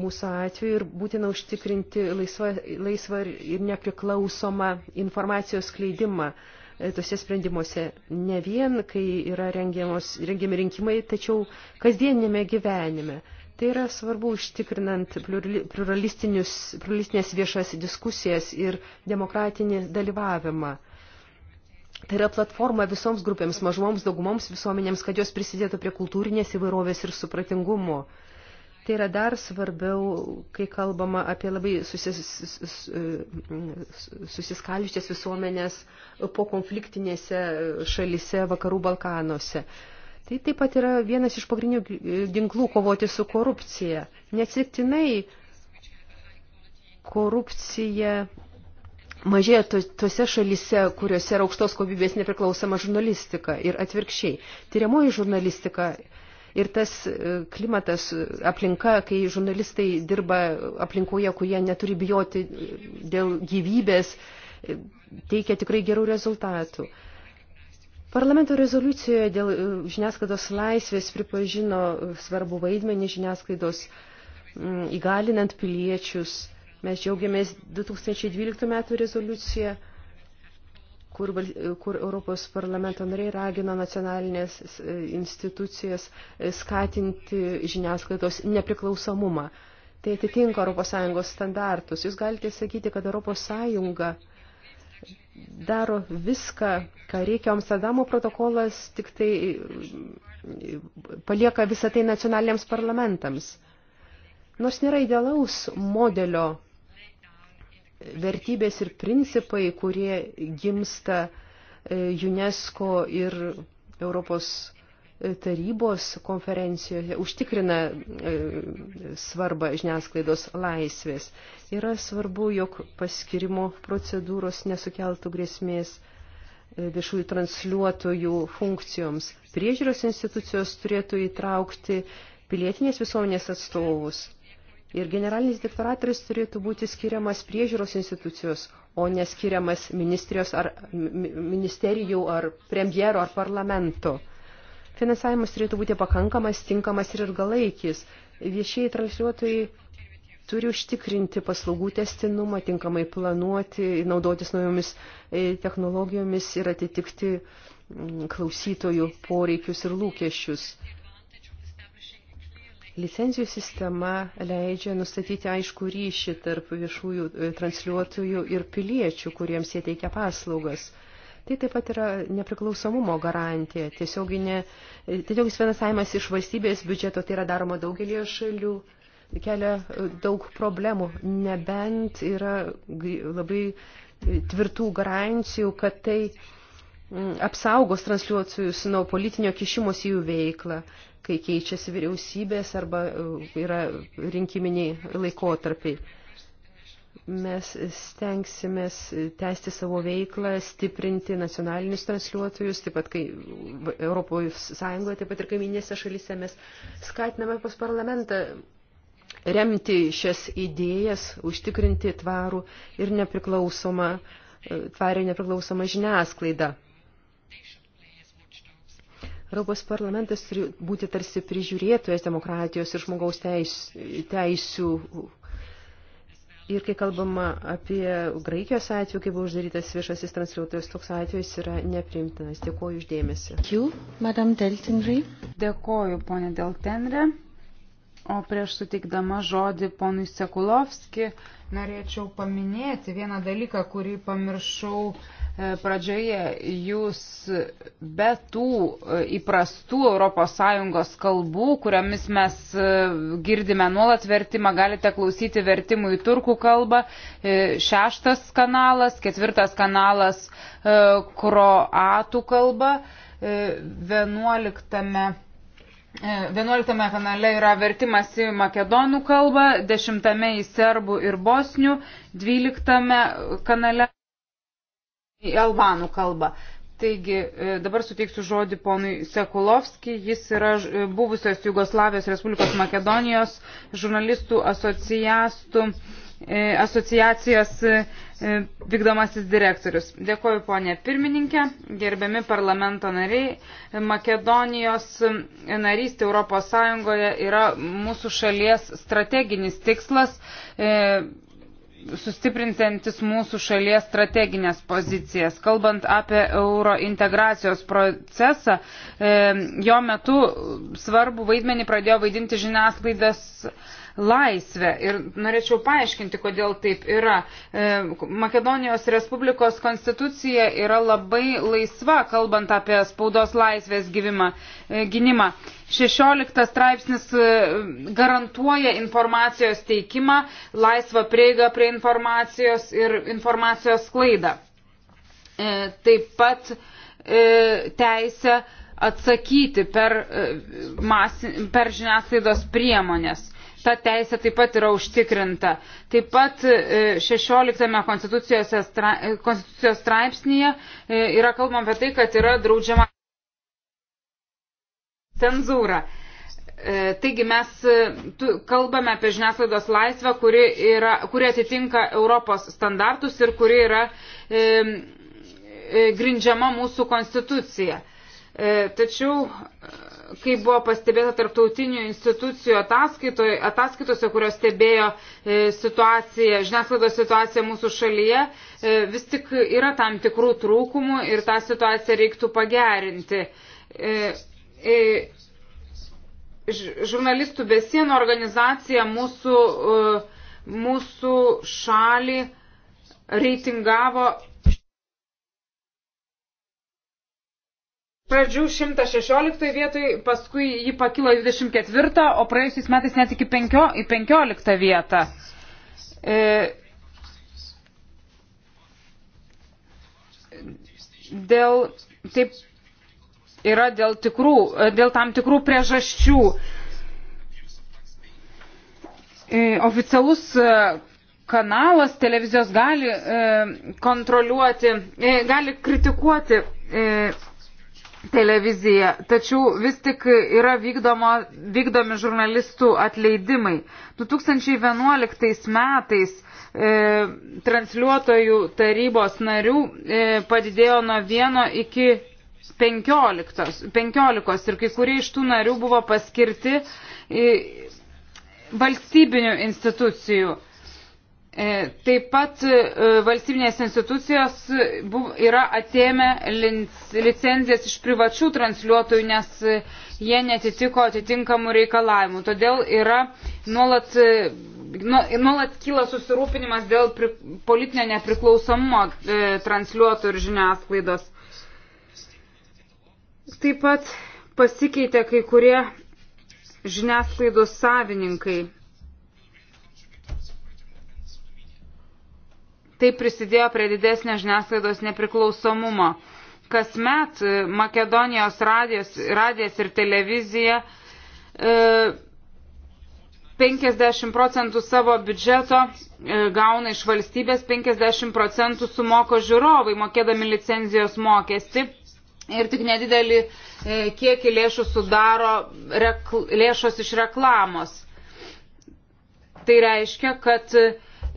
mūsų atveju ir būtina užtikrinti laisvą, laisvą ir nepriklausomą informacijos skleidimą e, tose sprendimuose. Ne vien, kai yra rengiami rinkimai, tačiau kasdienėme gyvenime. Tai yra svarbu užtikrinant pluralistinės viešas diskusijas ir demokratinį dalyvavimą. Tai yra platforma visoms grupėms, mažumoms, daugumoms visuomenėms, kad jos prisidėtų prie kultūrinės įvairovės ir supratingumo. Tai yra dar svarbiau, kai kalbama apie labai susis, susiskališčias visuomenės po konfliktinėse šalise vakarų Balkanuose. Tai taip pat yra vienas iš pagrindinių e, ginklų kovoti su korupcija. Neatsitiktinai korupcija mažėja tose šalise, kuriuose yra aukštos kovybės nepriklausoma žurnalistika ir atvirkščiai. Tyriamoji žurnalistika ir tas e, klimatas, e, aplinka, kai žurnalistai dirba aplinkoje, kur jie neturi bijoti dėl gyvybės, teikia tikrai gerų rezultatų. Parlamento rezoliucijoje dėl e, žiniasklaidos laisvės pripažino e, svarbu vaidmenį žiniasklaidos įgalinant piliečius. Mes džiaugiamės 2012 metų rezoliuciją, kur, e, kur Europos parlamento nariai ragino nacionalinės institucijas skatinti žiniasklaidos nepriklausomumą. Tai atitinka ES standartus. Jūs galite sakyti, kad ES daro viską, ką reikia. Amsterdamo protokolas tik tai e, palieka visą tai nacionaliniams parlamentams. Nors nėra idealaus modelio vertybės ir principai, kurie gimsta e, UNESCO ir Europos tarybos konferencijoje užtikrina e, svarbą žiniasklaidos laisvės. Yra svarbu, jog paskirimo procedūros nesukeltų grėsmės e, viešųjų transliuotojų funkcijoms. Priežiūros institucijos turėtų įtraukti pilietinės visuomenės atstovus. Ir generalinis diktoratorius turėtų būti skiriamas priežiūros institucijos, o neskiriamas ministerijos ar ministerijų ar premjero ar parlamento. Finansavimas turėtų būti pakankamas, tinkamas ir ilgalaikis. Viešieji transliuotojai turi užtikrinti paslaugų testinumą, tinkamai planuoti, naudotis naujomis e, technologijomis ir atitikti mm, klausytojų poreikius ir lūkesčius. Licencijų sistema leidžia nustatyti aišku ryšį tarp viešųjų e, transliuotojų ir piliečių, kuriems jie teikia paslaugas. Tai taip pat yra nepriklausomumo garantija, tiesioginė, tiesiogis finansavimas iš valstybės biudžeto, tai yra daroma daugelie šalių kelia e, daug problemų, nebent yra labai tvirtų garantijų, kad tai apsaugos transliuotojus nuo politinio kišimos į jų veiklą, kai keičiasi vyriausybės arba e, yra rinkiminiai laikotarpiai mes stengsimės tęsti savo veiklą, stiprinti nacionalinius transliuotojus, taip pat kai Europos Sąjungoje, taip pat ir kaiminėse šalyse mes skatiname pas parlamentą remti šias idėjas, užtikrinti tvarų ir nepriklausomą, tvarę nepriklausomą žiniasklaidą. Europos parlamentas turi būti tarsi prižiūrėtojas demokratijos ir žmogaus teis, teisių Ir kai kalbama apie Graikijos atveju, kai buvo uždarytas viešasis transliuotojas, toks atvejis yra neprimtinas. Dėkuoju uždėmesi. Dėkuoju, ponė Deltenre. O prieš sutikdama žodį ponui Sekulovski, norėčiau paminėti vieną dalyką, kurį pamiršau pradžioje jūs be tų e, įprastų ES kalbų, kuriomis mes e, girdime nuolat vertimą, galite klausyti vertimų į turkų kalbą. E, šeštas kanalas, ketvirtas kanalas kroatų kalba, vienuoliktame. 11 kanale yra vertimas į makedonų kalbą, 10 į serbų ir bosnių, 12 kanale į albanų kalbą. Taigi e, dabar suteiksiu žodį ponui Sekulovski, jis yra e, buvusios Jugoslavijos Respublikos Makedonijos žurnalistų e, asociacijos vykdomasis direktorius. Dėkoju ponė pirmininkė, gerbiami parlamento nariai. Makedonijos narystė Europos Sąjungoje yra mūsų šalies strateginis tikslas. E, sustiprinsantis mūsų šalies strateginės pozicijas. Kalbant apie euro integracijos procesą, e, jo metu svarbu vaidmenį pradėjo vaidinti žiniasklaidas laisvę. Ir norėčiau paaiškinti, kodėl taip yra. E, Makedonijos Respublikos konstitucija yra labai laisva, kalbant apie spaudos laisvės gyvimą, e, gynimą. 16 straipsnis e, garantuoja informacijos teikimą, laisvą prieigą prie informacijos ir informacijos sklaidą. Taip pat teisę atsakyti per, mas, per žiniasklaidos priemonės šita teisė taip pat yra užtikrinta. Taip pat 16 e, konstitucijos, konstitucijos straipsnėje e, yra kalbama apie tai, kad yra draudžiama cenzūra. E, taigi mes kalbame apie žiniasklaidos laisvę, kuri, yra, kuri atitinka Europos standartus ir kuri yra e, grindžiama mūsų konstitucija. E, tačiau kaip buvo pastebėta tarptautinių institucijų ataskaitose, kurios stebėjo e, situaciją, žiniasklaidos situaciją mūsų šalyje, e, vis tik yra tam tikrų trūkumų ir tą situaciją reiktų pagerinti. E, žurnalistų besienų organizacija mūsų, mūsų šalį reitingavo pradžių 116 vietoj, paskui jį pakilo 24, o praėjusiais metais net iki 5, 15 vietą. E, dėl, taip yra dėl, tikrų, e, dėl tam tikrų priežasčių. E, oficialus e, kanalas televizijos gali e, kontroliuoti, e, gali kritikuoti e, televiziją, tačiau vis tik yra vykdomo, vykdomi žurnalistų atleidimai. 2011 metais e, transliuotojų tarybos narių e, padidėjo nuo 1 iki 15, 15 ir kai kurie iš tų narių buvo paskirti e, valstybinių institucijų. E, taip pat e, valstybinės institucijos yra atėmę licenzijas iš privačių transliuotojų, nes e, jie netitiko atitinkamų reikalavimų. Todėl yra nuolat, nu, nuolat kyla susirūpinimas dėl pri, politinio nepriklausomumo transliuotojų ir žiniasklaidos. Taip pat pasikeitė kai kurie žiniasklaidos savininkai tai prisidėjo prie didesnio žiniasklaidos nepriklausomumo. Kasmet e, Makedonijos radijas, radijas ir televizija e, 50 procentų savo biudžeto e, gauna iš valstybės, 50 procentų sumoko žiūrovai, mokėdami licenzijos mokestį. Ir tik nedidelį e, kiekį lėšų sudaro rekl, lėšos iš reklamos. Tai reiškia, kad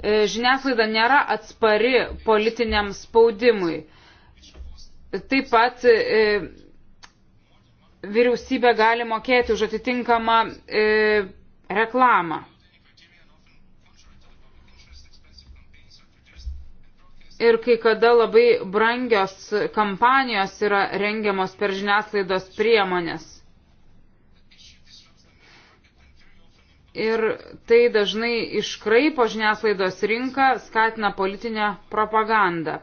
E, žiniasklaida nėra atspari politiniam spaudimui. Taip pat e, vyriausybė gali mokėti už atitinkamą e, reklamą. ir kai kada labai brangios kampanijos yra rengiamos per žiniasklaidos priemonės. ir tai dažnai iškraipo žiniasklaidos rinką, skatina politinę propagandą.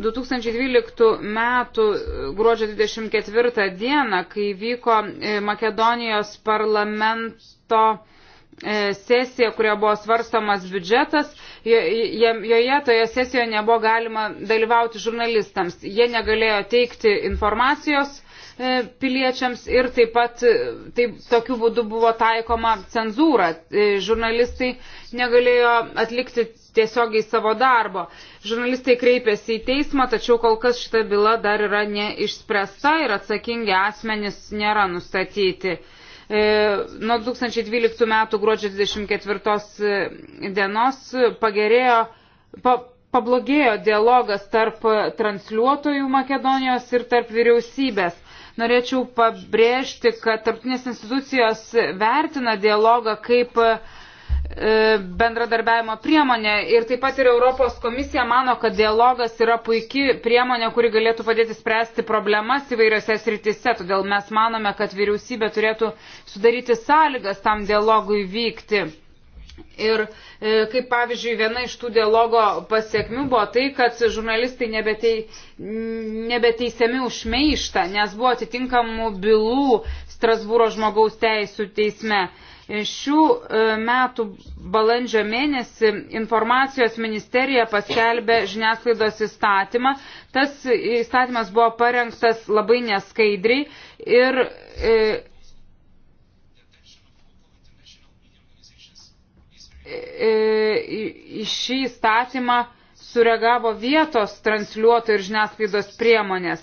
2012 metų e, gruodžio 24 dieną, kai vyko e, Makedonijos parlamento e, sesija, kurioje buvo svarstomas biudžetas, joje toje sesijoje nebuvo galima dalyvauti žurnalistams. Jie negalėjo teikti informacijos E, piliečiams ir taip pat e, taip, tokiu būdu buvo taikoma cenzūra. E, žurnalistai negalėjo atlikti tiesiogiai savo darbo. Žurnalistai kreipėsi į teismą, tačiau kol kas šita byla dar yra neišspręsta ir atsakingi asmenys nėra nustatyti. Nuo 2012 metų gruodžio 24 dienos pagerėjo, pa, pablogėjo dialogas tarp transliuotojų Makedonijos ir tarp vyriausybės. Norėčiau pabrėžti, kad tarptinės institucijos vertina dialogą kaip e, bendradarbiavimo priemonė ir taip pat ir Europos komisija mano, kad dialogas yra puikia priemonė, kuri galėtų padėti spręsti problemas įvairiose sritise. Todėl mes manome, kad vyriausybė turėtų sudaryti sąlygas tam dialogui vykti. Ir e, kaip pavyzdžiui, viena iš tų dialogo pasiekmių buvo tai, kad žurnalistai nebetei, nebeteisiami už meištą, nes buvo atitinkamų bylų Strasbūro žmogaus teisų teisme. E, šių e, metų balandžio mėnesį informacijos ministerija paskelbė žiniasklaidos įstatymą. Tas įstatymas buvo parengtas labai neskaidriai ir E, į šį įstatymą sureagavo vietos transliuotojų ir žiniasklaidos priemonės.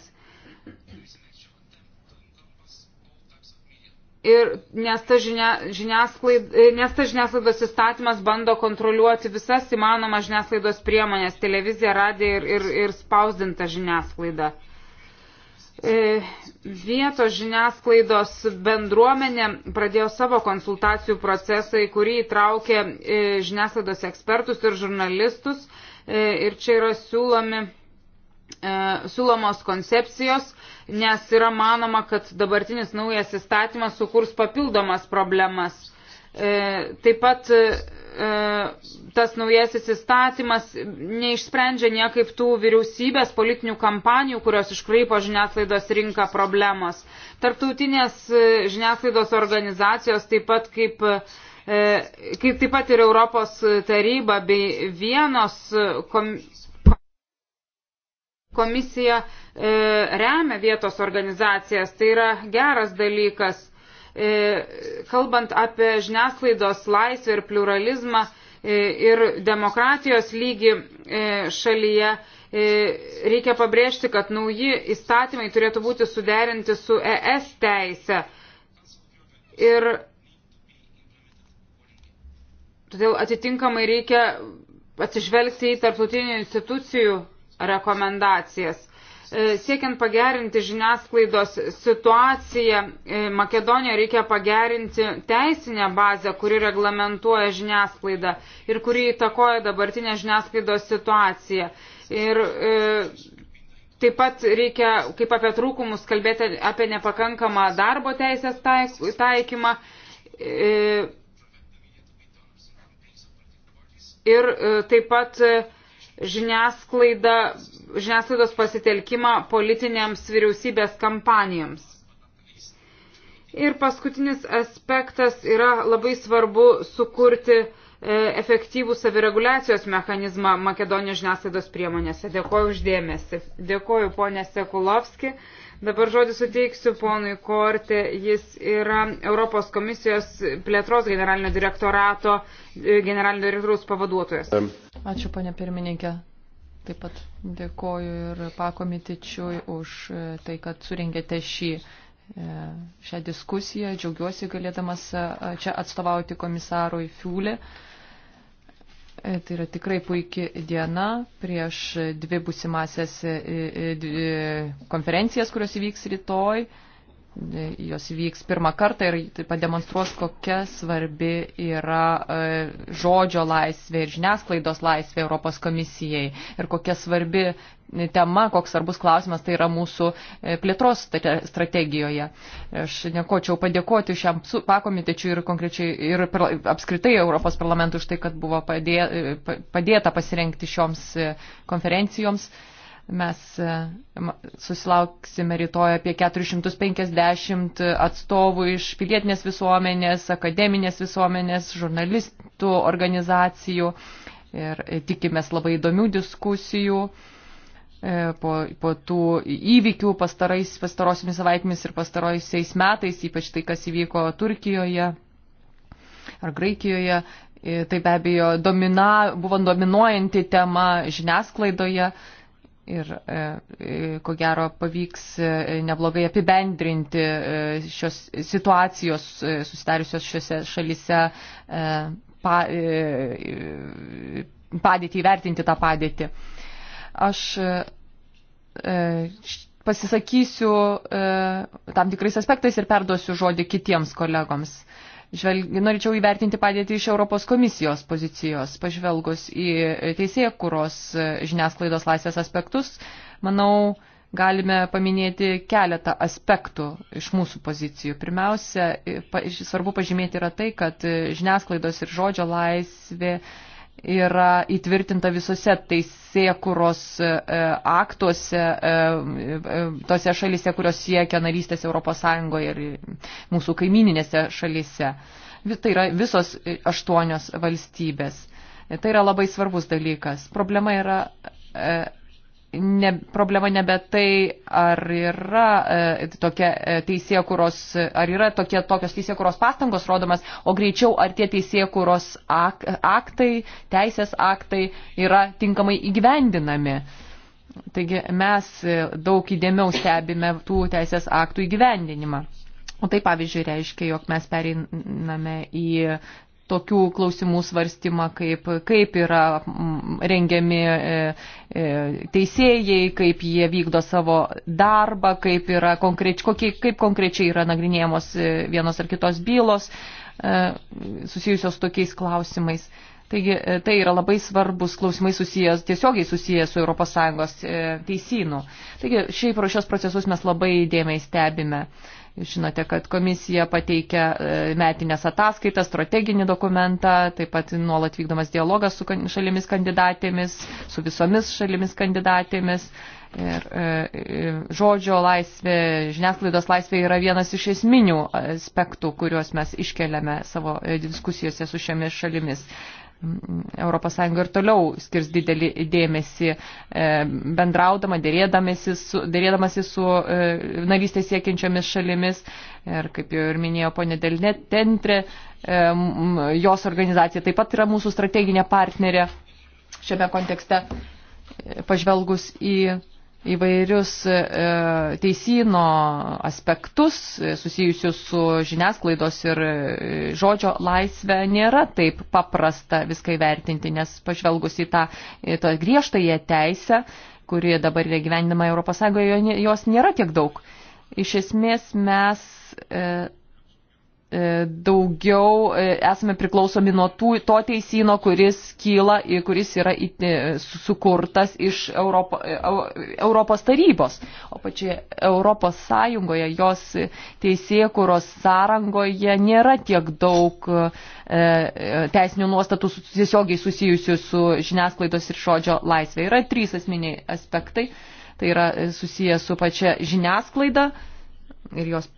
Ir nes ta, žinia, žiniasklaid, e, nes ta žiniasklaidos įstatymas bando kontroliuoti visas įmanomas žiniasklaidos priemonės - televiziją, radiją ir, ir, ir spausdintą žiniasklaidą. E, vietos žiniasklaidos bendruomenė pradėjo savo konsultacijų procesą, į kurį įtraukė e, žiniasklaidos ekspertus ir žurnalistus. E, ir čia yra siūlomi, siūlomos koncepcijos, nes yra manoma, kad dabartinis naujas įstatymas sukurs papildomas problemas. Taip pat E, tas naujasis įstatymas neišsprendžia niekaip tų vyriausybės politinių kampanijų, kurios iškraipo žiniasklaidos rinką problemos. Tarptautinės e, žiniasklaidos organizacijos taip pat kaip e, kaip taip pat ir Europos taryba bei vienos komisija remia vietos organizacijas. Tai yra geras dalykas E, kalbant apie žiniasklaidos laisvę ir pluralizmą e, ir demokratijos lygį e, šalyje, reikia pabrėžti, kad nauji įstatymai turėtų būti suderinti su ES teise. Ir todėl atitinkamai reikia atsižvelgti į tarptautinių institucijų rekomendacijas. E, siekiant pagerinti žiniasklaidos situaciją, e, Makedonijoje reikia pagerinti teisinę bazę, kuri reglamentuoja žiniasklaidą ir kuri įtakoja dabartinę žiniasklaidos situaciją. Ir e, taip pat reikia, kaip apie trūkumus, kalbėti apie nepakankamą darbo teisės taik, taikymą. E, ir e, taip pat. E, žiniasklaida, žiniasklaidos pasitelkimą politinėms vyriausybės kampanijoms. Ir paskutinis aspektas yra labai svarbu sukurti e, efektyvų savireguliacijos mechanizmą Makedonijos žiniasklaidos priemonėse. Dėkoju uždėmesi. Dėkoju ponė Sekulovski. Dabar žodį suteiksiu ponui Kortė. Jis yra Europos komisijos plėtros generalinio direktorato e, generalinio direktoriaus pavaduotojas. Ačiū, ponė pirmininkė. Taip pat dėkoju ir pakomitečiui už e, tai, kad suringėte šį e, šią diskusiją. Džiaugiuosi galėdamas čia atstovauti komisarui Fiulė. E, tai yra tikrai puikia diena prieš dvi busimasias e, e, konferencijas, kurios įvyks rytoj jos vyks pirmą kartą ir taip pat demonstruos, kokia svarbi yra e, žodžio laisvė ir žiniasklaidos laisvė Europos komisijai ir kokia svarbi tema, koks svarbus klausimas tai yra mūsų e, plėtros strategijoje. Aš nekočiau padėkoti šiam pakomitečiui ir konkrečiai ir apskritai Europos parlamentui už tai, kad buvo e, padėta pasirengti šioms konferencijoms mes e, susilauksime rytoj apie 450 atstovų iš pilietinės visuomenės, akademinės visuomenės, žurnalistų organizacijų ir e, tikimės labai įdomių diskusijų e, po, po tų įvykių pastarais, pastarosiomis savaitėmis ir pastaroisiais metais, ypač tai, kas įvyko Turkijoje ar Graikijoje. Tai be abejo domina, buvo dominuojanti tema žiniasklaidoje Ir e, e, ko gero pavyks e, neblogai apibendrinti šios situacijos susidariusios šiuose šalise pa, padėtį, įvertinti tą padėtį. Aš pasisakysiu tam tikrais aspektais ir perduosiu žodį kitiems kolegoms žvelg... norėčiau įvertinti padėtį iš Europos komisijos pozicijos, pažvelgus į teisėjų kuros e, žiniasklaidos laisvės aspektus. Manau, galime paminėti keletą aspektų iš mūsų pozicijų. Pirmiausia, e, svarbu pažymėti yra tai, kad e, žiniasklaidos ir žodžio laisvė yra įtvirtinta visose teisėkuros e, aktuose, e, e, tose šalise, kurios siekia narystės ES ir mūsų kaimininėse šalise. Tai yra visos aštuonios valstybės. Tai yra labai svarbus dalykas. Problema yra ne, problema nebe tai, ar yra e, tokia e, teisėkuros, ar yra tokie, tokios teisėkuros pastangos rodomas, o greičiau ar tie teisėkuros ak, aktai, teisės aktai yra tinkamai įgyvendinami. Taigi mes e, daug įdėmiau stebime tų teisės aktų įgyvendinimą. O tai pavyzdžiui reiškia, jog mes pereiname į tokių klausimų svarstymą, kaip, kaip yra mm, rengiami e, e, teisėjai, kaip jie vykdo savo darbą, kaip, yra konkreč, kokie, kaip konkrečiai yra nagrinėjamos e, vienos ar kitos bylos susijusios tokiais klausimais. Taigi tai yra labai svarbus klausimai susijęs, tiesiogiai susijęs su ES teisynu. Taigi šiaip šios procesus mes labai dėmiai stebime. Žinote, kad komisija pateikia e, metinės ataskaitas, strateginį dokumentą, taip pat nuolat vykdomas dialogas su šalimis kandidatėmis, su visomis šalimis kandidatėmis. Ir e, žodžio laisvė, žiniasklaidos laisvė yra vienas iš esminių aspektų, kuriuos mes iškeliame savo e, diskusijose su šiomis šalimis. ES ir toliau skirs didelį dėmesį e, bendraudama, dėrėdamasi su, dėrėdamasi su e, narystės siekiančiomis šalimis. Ir kaip jau ir minėjo ponė Delne Tentre, e, jos organizacija taip pat yra mūsų strateginė partnerė šiame kontekste pažvelgus į įvairius e, teisino aspektus e, susijusius su žiniasklaidos ir e, žodžio laisvė, nėra taip paprasta viską įvertinti, nes pažvelgus į tą, tą griežtąją teisę, kuri dabar yra gyvenama ES, jos nėra tiek daug. Iš esmės mes E, daugiau e, esame priklausomi nuo tų, to teisino, kuris kyla, kuris yra e, sukurtas iš Europo, Europos tarybos. O pačioje Europos Sąjungoje, jos teisėkuros sąrangoje nėra tiek daug teisinių nuostatų tiesiogiai susijusių su žiniasklaidos ir žodžio laisvė. Yra trys asmeniai aspektai. Tai yra susijęs su pačia žiniasklaida ir jos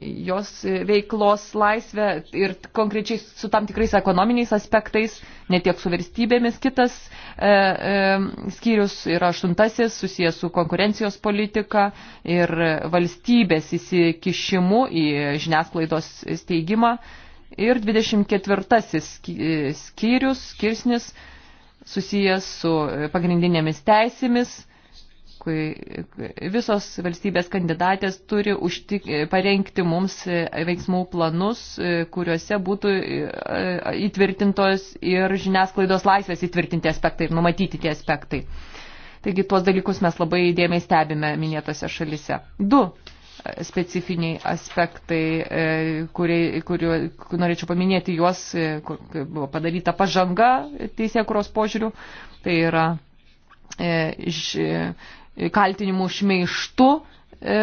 jos veiklos laisvę ir konkrečiai su tam tikrais ekonominiais aspektais, ne tiek su verstybėmis. Kitas e, e, skyrius yra aštuntasis, susijęs su konkurencijos politika ir valstybės įsikišimu į žiniasklaidos steigimą. Ir 24 e, skyrius, skirsnis, susijęs su pagrindinėmis teisėmis visos valstybės kandidatės turi užtik, parengti mums veiksmų planus, kuriuose būtų e, įtvirtintos ir žiniasklaidos laisvės įtvirtinti aspektai ir numatyti tie aspektai. Taigi tuos dalykus mes labai dėmiai stebime minėtose šalise. Du e, specifiniai aspektai, e, kurie, kurio, kur norėčiau paminėti juos, kur buvo padaryta pažanga teisėkuros požiūrių, tai yra iš kaltinimų šmeištu e,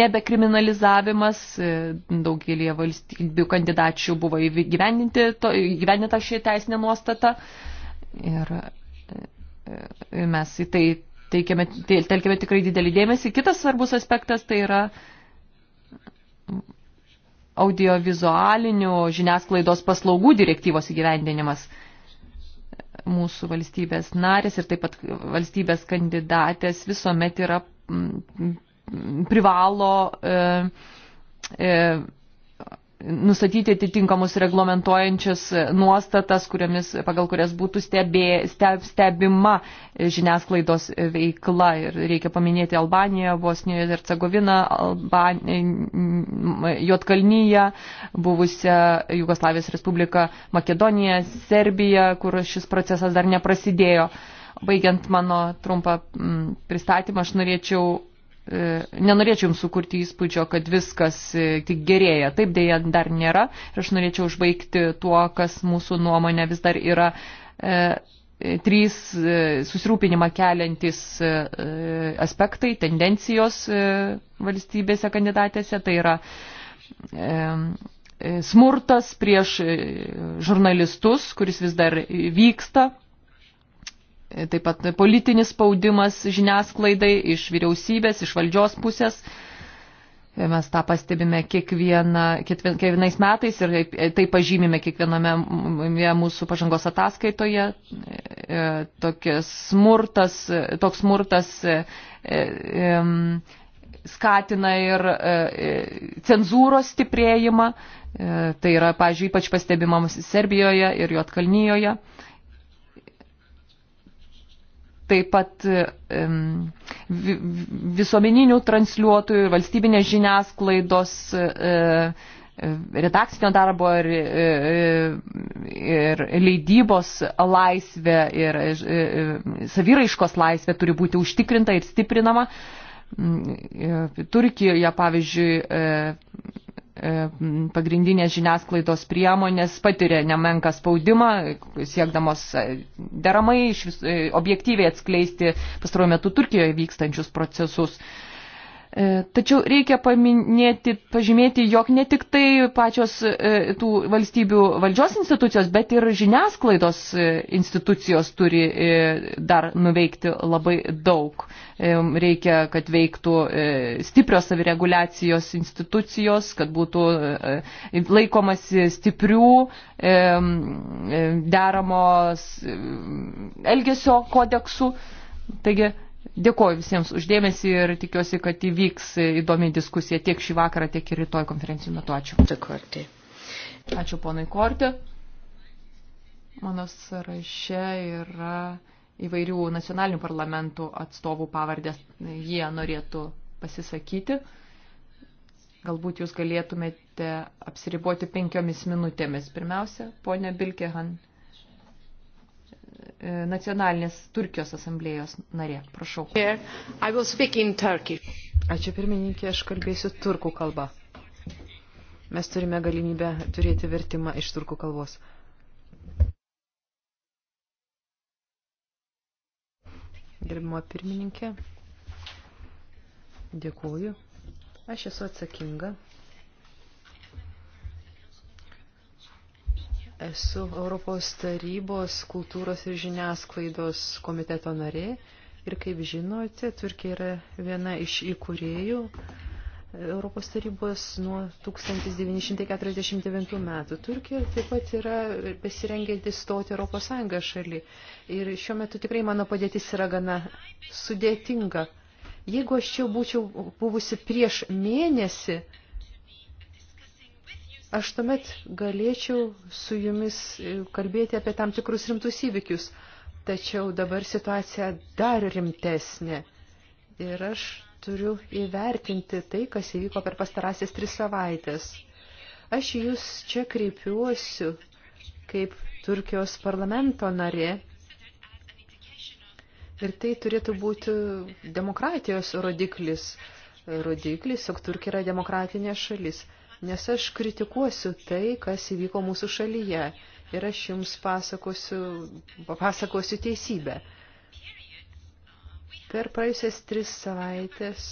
nebekriminalizavimas, e, daugelie valstybių kandidačių buvo įgyvendinta šį teisinę nuostatą ir e, mes į tai teikiame, telkiame tikrai didelį dėmesį. Kitas svarbus aspektas tai yra audiovizualinių žiniasklaidos paslaugų direktyvos įgyvendinimas – mūsų valstybės narės ir taip pat valstybės kandidatės visuomet yra privalo e, e, nustatyti atitinkamus reglamentuojančias nuostatas, kuriomis, pagal kurias būtų stebė, steb, stebima žiniasklaidos veikla. Ir reikia paminėti Albaniją, Bosniją ir Cegoviną, Alban... Jotkalnyje, buvusią Jugoslavijos Respubliką, Makedoniją, Serbiją, kur šis procesas dar neprasidėjo. Baigiant mano trumpą pristatymą, aš norėčiau E, nenorėčiau jums sukurti įspūdžio, kad viskas e, tik gerėja. Taip dėja dar nėra. Ir aš norėčiau užbaigti tuo, kas mūsų nuomonė vis dar yra e, e trys e, susirūpinimą keliantis e, aspektai, tendencijos e, valstybėse kandidatėse. Tai yra e, smurtas prieš žurnalistus, kuris vis dar vyksta taip pat politinis spaudimas žiniasklaidai iš vyriausybės, iš valdžios pusės. Mes tą pastebime kiekvieną, kiekvienais metais ir e, tai pažymime kiekviename mūsų pažangos ataskaitoje. E, tokias smurtas, e, toks smurtas skatina ir cenzūros stiprėjimą. Tai yra, pažiūrėjau, ypač pastebimamas Serbijoje ir Jotkalnyjoje taip pat visuomeninių transliuotojų, valstybinės žiniasklaidos, e, e, redakcinio darbo ir, e, ir leidybos laisvė ir saviraiškos laisvė turi būti užtikrinta ir stiprinama. Mm, e, Turkijoje, pavyzdžiui, e, e, pagrindinės žiniasklaidos priemonės patiria nemenką spaudimą, siekdamos deramai vis, objektyviai atskleisti pastaruoju metu Turkijoje vykstančius procesus. E, tačiau reikia paminėti, pažymėti, jog ne tik tai pačios e, tų valstybių valdžios institucijos, bet ir žiniasklaidos e, institucijos turi dar nuveikti labai daug. Reikia, kad veiktų stiprios savireguliacijos institucijos, kad būtų laikomasi stiprių deramos elgesio kodeksų. Taigi, Dėkoju visiems uždėmesi ir tikiuosi, kad įvyks įdomi diskusija tiek šį vakarą, tiek ir rytoj konferencijų metu. Ačiū. Dėkuoti. Ačiū ponui Kortė. Mano sąraše yra įvairių nacionalinių parlamentų atstovų pavardės. Jie norėtų pasisakyti. Galbūt jūs galėtumėte apsiriboti penkiomis minutėmis. Pirmiausia, ponė Bilkehan. E, nacionalinės Turkijos asamblėjos narė. Prašau. Ačiū pirmininkė, aš kalbėsiu turkų kalbą. Mes turime galimybę turėti vertimą iš turkų kalbos. Gerbimo pirmininkė, dėkuoju. Aš esu atsakinga Esu Europos tarybos kultūros ir žiniasklaidos komiteto narė ir kaip žinote, Turkija yra viena iš įkūrėjų Europos tarybos nuo 1949 metų. Turkija taip pat yra besirengianti stoti Europos Sąjungą šalį. Ir šiuo metu tikrai mano padėtis yra gana sudėtinga. Jeigu aš čia būčiau buvusi prieš mėnesį, Aš tuomet galėčiau su jumis e, kalbėti apie tam tikrus rimtus įvykius, tačiau dabar situacija dar rimtesnė. Ir aš turiu įvertinti tai, kas įvyko per pastarąsias tris savaitės. Aš jūs čia kreipiuosiu kaip Turkijos parlamento narė. Ir tai turėtų būti demokratijos rodiklis. Rodiklis, jog Turkija yra demokratinė šalis nes aš kritikuosiu tai, kas įvyko mūsų šalyje ir aš jums pasakosiu, papasakosiu teisybę. Per praėjusias tris savaitės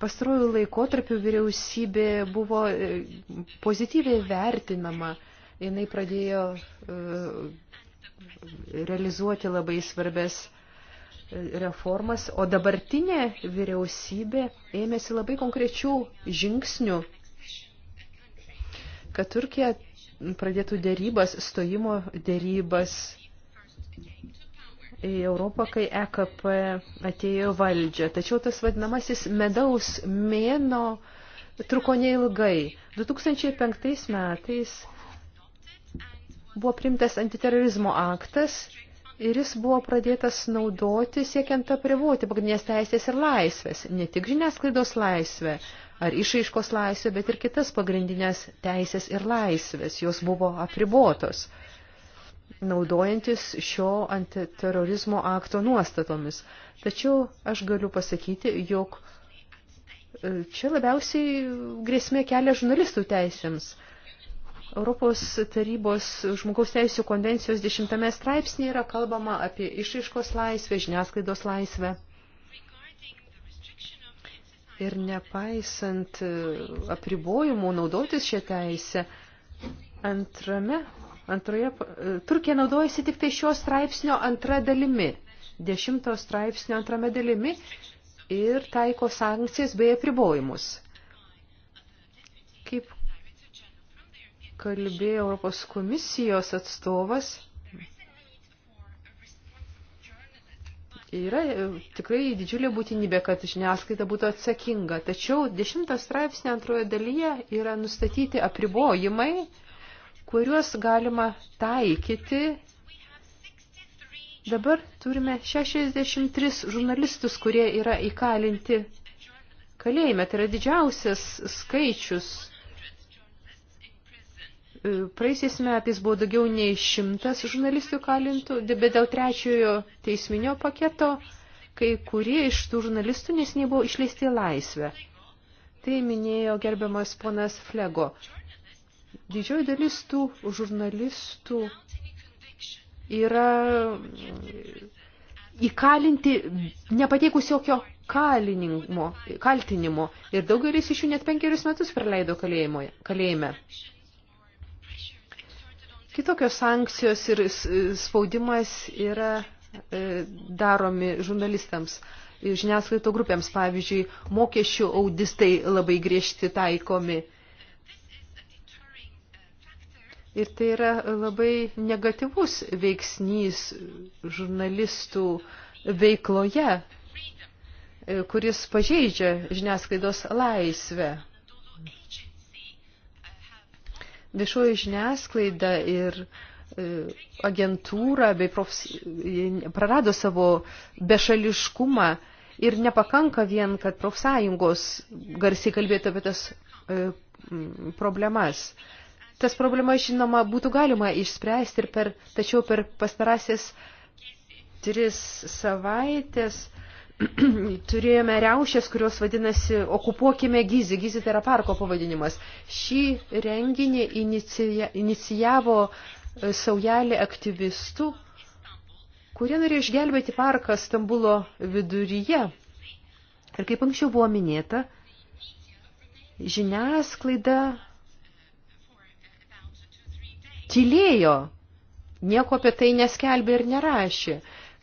pastarojų laikotarpių vyriausybė buvo e, pozityviai vertinama. Jinai pradėjo e, realizuoti labai svarbės reformas, o dabartinė vyriausybė ėmėsi labai konkrečių žingsnių, kad Turkija pradėtų dėrybas, stojimo dėrybas į Europą, kai EKP atėjo valdžia. Tačiau tas vadinamasis medaus mėno truko neilgai. 2005 metais buvo primtas antiterorizmo aktas ir jis buvo pradėtas naudoti siekiant apriboti pagrindinės teisės ir laisvės, ne tik žiniasklaidos laisvę ar išaiškos laisvę, bet ir kitas pagrindinės teisės ir laisvės, jos buvo apribotos, naudojantis šio antiterorizmo akto nuostatomis. Tačiau aš galiu pasakyti, jog e, čia labiausiai grėsmė kelia žurnalistų teisėms – Europos tarybos žmogaus teisų konvencijos dešimtame straipsnėje yra kalbama apie išaiškos laisvę, žiniasklaidos laisvę. Ir nepaisant e, apribojimų naudotis šią teisę, antrame, antroje, e, Turkija naudojasi tik tai šio straipsnio antra dalimi, dešimto straipsnio antrame dalimi ir taiko sankcijas bei apribojimus. kalbėjo Europos komisijos atstovas, yra e, tikrai didžiulė būtinybė, kad žiniasklaida būtų atsakinga. Tačiau 10 straipsnė antroje dalyje yra nustatyti apribojimai, kuriuos galima taikyti. Dabar turime 63 žurnalistus, kurie yra įkalinti kalėjime. Tai yra didžiausias skaičius E, Praeisiais metais buvo daugiau nei šimtas žurnalistų kalintų, bet dėl trečiojo teisminio paketo kai kurie iš tų žurnalistų nesiniai buvo išleisti į laisvę. Tai minėjo gerbiamas ponas Flego. Didžioji dalis tų žurnalistų yra mm, įkalinti nepateikus jokio kalinimo, kaltinimo ir daugelis iš jų net penkerius metus praleido kalėjime. Kitokios sankcijos ir spaudimas yra e, daromi žurnalistams, e, žiniasklaito grupėms. Pavyzdžiui, mokesčių audistai labai griežti taikomi. Ir tai yra labai negatyvus veiksnys žurnalistų veikloje, e, kuris pažeidžia žiniasklaidos laisvę viešoji žiniasklaida ir e, agentūra bei profs... prarado savo bešališkumą ir nepakanka vien, kad profsąjungos garsiai kalbėtų apie tas e, problemas. Tas problema, žinoma, būtų galima išspręsti ir per, tačiau per pastarąsias tris savaitės uh, turėjome reušės, kurios vadinasi Okupuokime Gizį. Gizį tai yra parko pavadinimas. Šį renginį inicija, inicijavo e, saujelė aktyvistų, kurie norėjo išgelbėti parką Stambulo viduryje. Ir kaip anksčiau buvo minėta, žiniasklaida tylėjo, nieko apie tai neskelbė ir nerašė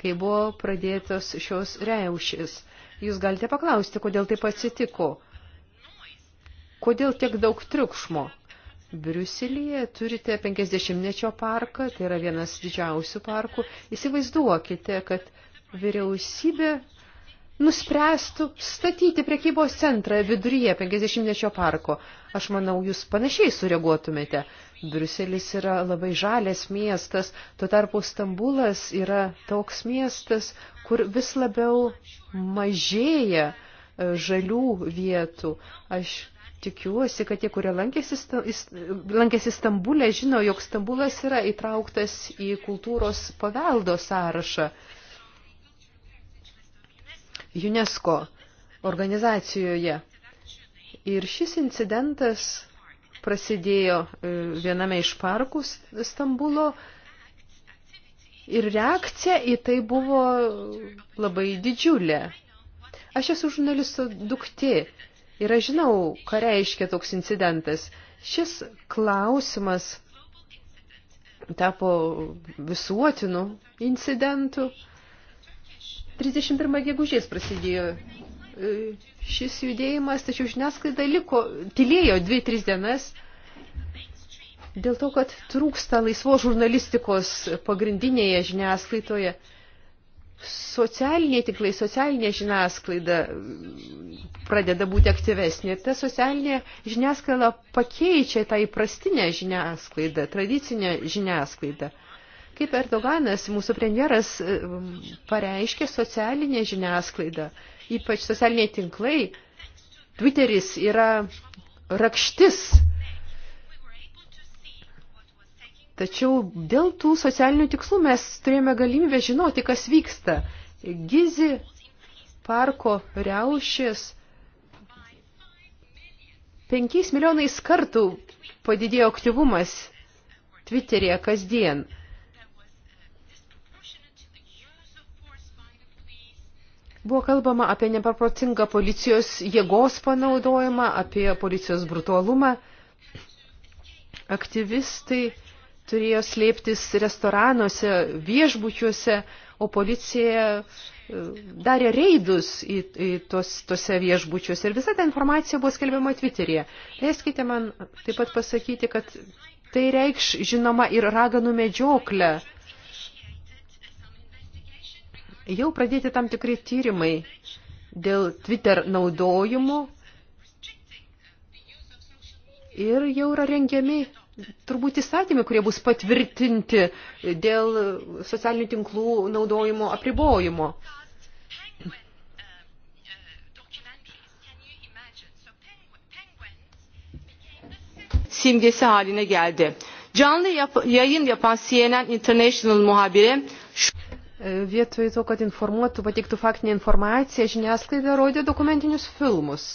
kai buvo pradėtos šios reušės. Jūs galite paklausti, kodėl taip atsitiko. Kodėl tiek daug triukšmo? Briuselyje turite 50-nečio parką, tai yra vienas didžiausių parkų. Įsivaizduokite, kad vyriausybė nuspręstų statyti prekybos centrą viduryje 50-nečio parko. Aš manau, jūs panašiai sureaguotumėte. Briuselis yra labai žalės miestas, tuo tarpu Stambulas yra toks miestas, kur vis labiau mažėja e, žalių vietų. Aš tikiuosi, kad tie, kurie lankėsi, lankėsi Stambulė, žino, jog Stambulas yra įtrauktas į kultūros paveldo sąrašą. UNESCO organizacijoje. Ir šis incidentas prasidėjo e, viename iš parkų Stambulo. Ir reakcija į tai buvo labai didžiulė. Aš esu žurnalisto duktė ir aš žinau, ką reiškia toks incidentas. Šis klausimas tapo visuotinu incidentu. 31 gegužės prasidėjo E, šis judėjimas, tačiau žiniasklaida liko, tylėjo 2-3 dienas dėl to, kad trūksta laisvos žurnalistikos pagrindinėje žiniasklaidoje. Socialiniai tiklai, socialinė žiniasklaida pradeda būti aktyvesnė. Ta socialinė žiniasklaida pakeičia tą įprastinę žiniasklaidą, tradicinę žiniasklaidą. Kaip Erdoganas, mūsų premjeras, e, pareiškė socialinė žiniasklaida. žiniasklaidą ypač socialiniai tinklai, Twitteris yra rakštis. Tačiau dėl tų socialinių tikslų mes turėjome galimybę žinoti, kas vyksta. Gizi parko riaušės 5 milijonais kartų padidėjo aktyvumas Twitter'yje kasdien. Buvo kalbama apie nepaprocingą policijos jėgos panaudojimą, apie policijos brutalumą. Aktyvistai turėjo slėptis restoranuose, viešbučiuose, o policija e, darė reidus į, į tos, tose viešbučiuose. Ir visa ta informacija buvo skelbiama Twitter'yje. Leiskite man taip pat pasakyti, kad tai reikš, žinoma, ir raganų medžioklę Jau pradėti tam tikri tyrimai dėl Twitter naudojimų ir jau yra rengiami turbūt įstatymai, kurie bus patvirtinti dėl socialinių tinklų naudojimo apribojimo. simgesi haline geldi. Canlı yap yayın yapan CNN International muhabiri E, vietoj to, kad informuotų, pateiktų faktinę informaciją, žiniasklaida rodė dokumentinius filmus.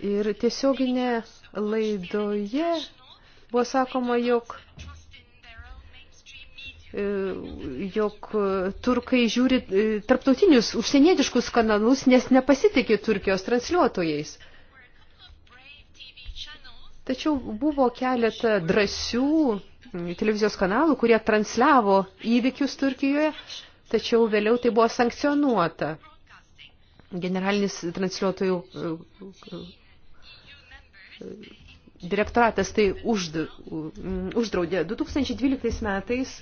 Ir tiesioginė laidoje buvo sakoma, jog, e, jog turkai žiūri e, tarptautinius užsienietiškus kanalus, nes nepasitikė Turkijos transliuotojais. Tačiau buvo keletą drąsių televizijos kanalų, kurie transliavo įvykius Turkijoje, tačiau vėliau tai buvo sankcionuota. Generalinis transliuotojų e, e, direktoratas tai užd, uždraudė. 2012 metais